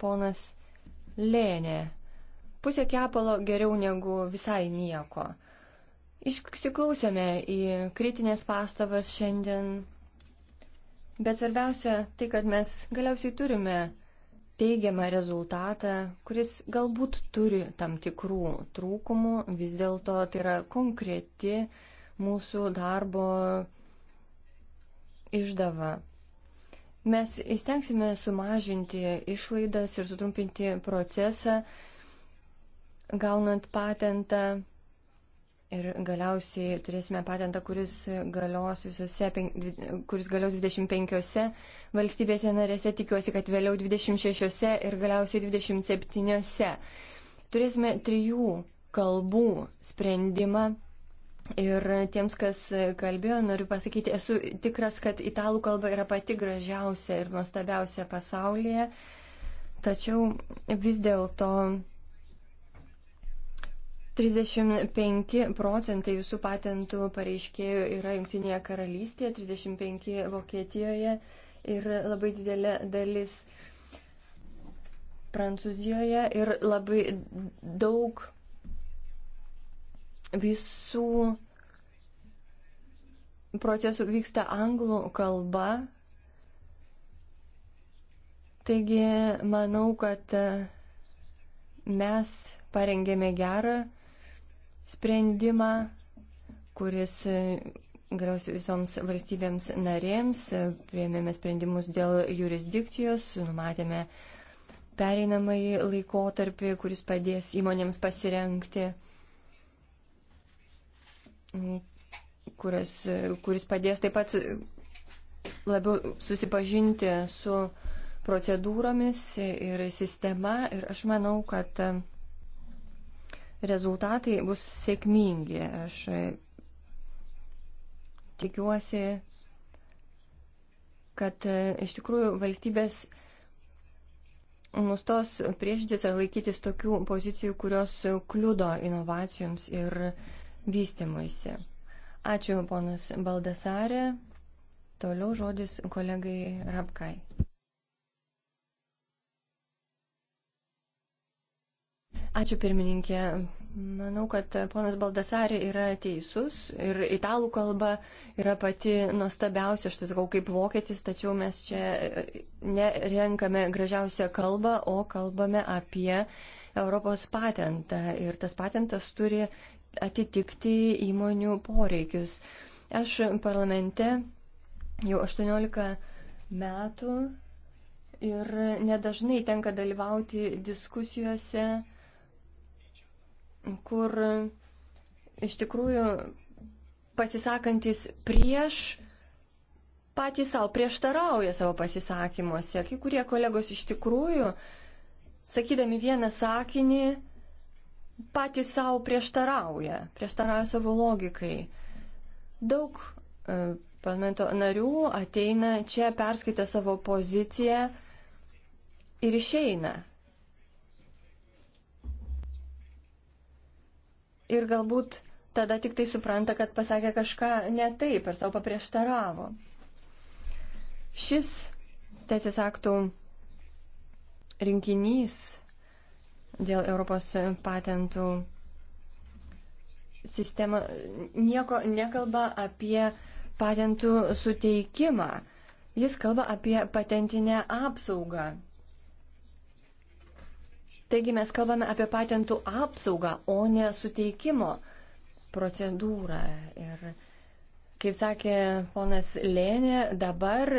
ponas Lėnė. Pusė kepalo geriau negu visai nieko. Išsiklausėme į kritinės pastabas šiandien, bet svarbiausia tai, kad mes galiausiai turime teigiamą rezultatą, kuris galbūt turi tam tikrų trūkumų, vis dėlto tai yra konkreti mūsų darbo išdava. Mes įstengsime sumažinti išlaidas ir sutrumpinti procesą, gaunant patentą ir galiausiai turėsime patentą, kuris galios, visose, kuris galios 25 valstybėse narėse, tikiuosi, kad vėliau 26 ir galiausiai 27. Turėsime trijų kalbų sprendimą. Ir tiems, kas kalbėjo, noriu pasakyti, esu tikras, kad italų kalba yra pati gražiausia ir nuostabiausia pasaulyje. Tačiau vis dėlto 35 procentai visų patentų pareiškėjų yra Junktinėje karalystėje, 35 Vokietijoje ir labai didelė dalis Prancūzijoje ir labai daug visų procesų vyksta anglų kalba. Taigi manau, kad mes parengėme gerą sprendimą, kuris e, galiausiai visoms valstybėms narėms e, prieimėme sprendimus dėl jurisdikcijos, numatėme pereinamąjį laikotarpį, kuris padės įmonėms pasirenkti, kuris, e, kuris padės taip pat labiau susipažinti su procedūromis ir sistema. Ir aš manau, kad rezultatai bus sėkmingi. Aš tikiuosi, kad e, iš tikrųjų valstybės nustos priešintis ar laikytis tokių pozicijų, kurios kliudo inovacijoms ir vystimuisi. Ačiū, ponas Baldasarė. Toliau žodis kolegai Rapkai. Ačiū pirmininkė. Manau, kad ponas Baldasari yra teisus ir italų kalba yra pati nuostabiausia, aš tai sakau, kaip vokietis, tačiau mes čia e, e, nerenkame gražiausią kalbą, o kalbame apie Europos patentą ir tas patentas turi atitikti įmonių poreikius. Aš parlamente jau 18 metų ir nedažnai tenka dalyvauti diskusijose kur iš tikrųjų pasisakantis prieš patys savo prieštarauja savo pasisakymuose. Kai kurie kolegos iš tikrųjų, sakydami vieną sakinį, patys savo prieštarauja, prieštarauja savo logikai. Daug e, parlamento narių ateina čia, perskaita savo poziciją ir išeina. ir galbūt tada tik tai supranta, kad pasakė kažką ne taip ir savo paprieštaravo. Šis teisės aktų rinkinys dėl Europos patentų sistema nieko nekalba apie patentų suteikimą. Jis kalba apie patentinę apsaugą Taigi mes kalbame apie patentų apsaugą, o ne suteikimo procedūrą. Ir kaip sakė ponas Lėnė, dabar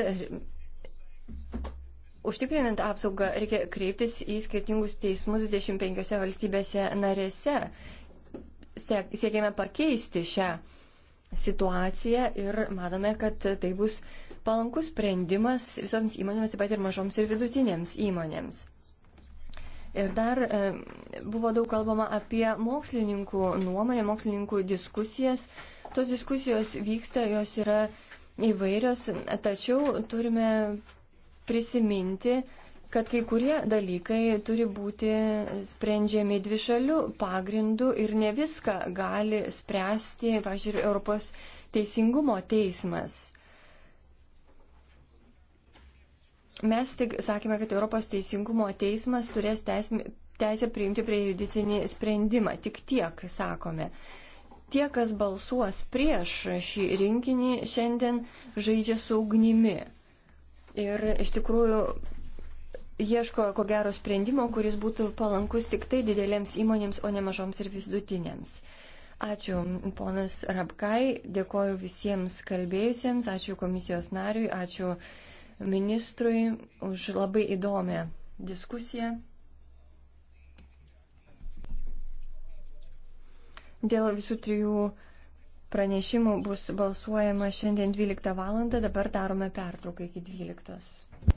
Užtikrinant apsaugą reikia kreiptis į skirtingus teismus 25 valstybėse narėse. Siekėme pakeisti šią situaciją ir manome, kad tai bus palankus sprendimas visoms įmonėms, taip pat ir mažoms ir vidutinėms įmonėms. Ir dar e, buvo daug kalbama apie mokslininkų nuomonę, mokslininkų diskusijas. Tos diskusijos vyksta, jos yra įvairios, tačiau turime prisiminti, kad kai kurie dalykai turi būti sprendžiami dvišalių pagrindų ir ne viską gali spręsti, pažiūrėjau, Europos teisingumo teismas. Mes tik sakėme, kad Europos teisingumo teismas turės teisę priimti prejudicinį sprendimą. Tik tiek sakome. Tie, kas balsuos prieš šį rinkinį, šiandien žaidžia su ugnimi. Ir iš tikrųjų ieško ko gero sprendimo, kuris būtų palankus tik tai didelėms įmonėms, o ne mažoms ir vidutinėms. Ačiū ponas Rabkai, dėkoju visiems kalbėjusiems, ačiū komisijos nariui, ačiū ministrui už labai įdomią diskusiją. Dėl visų trijų pranešimų bus balsuojama šiandien 12 val. Dabar darome pertrauką iki 12.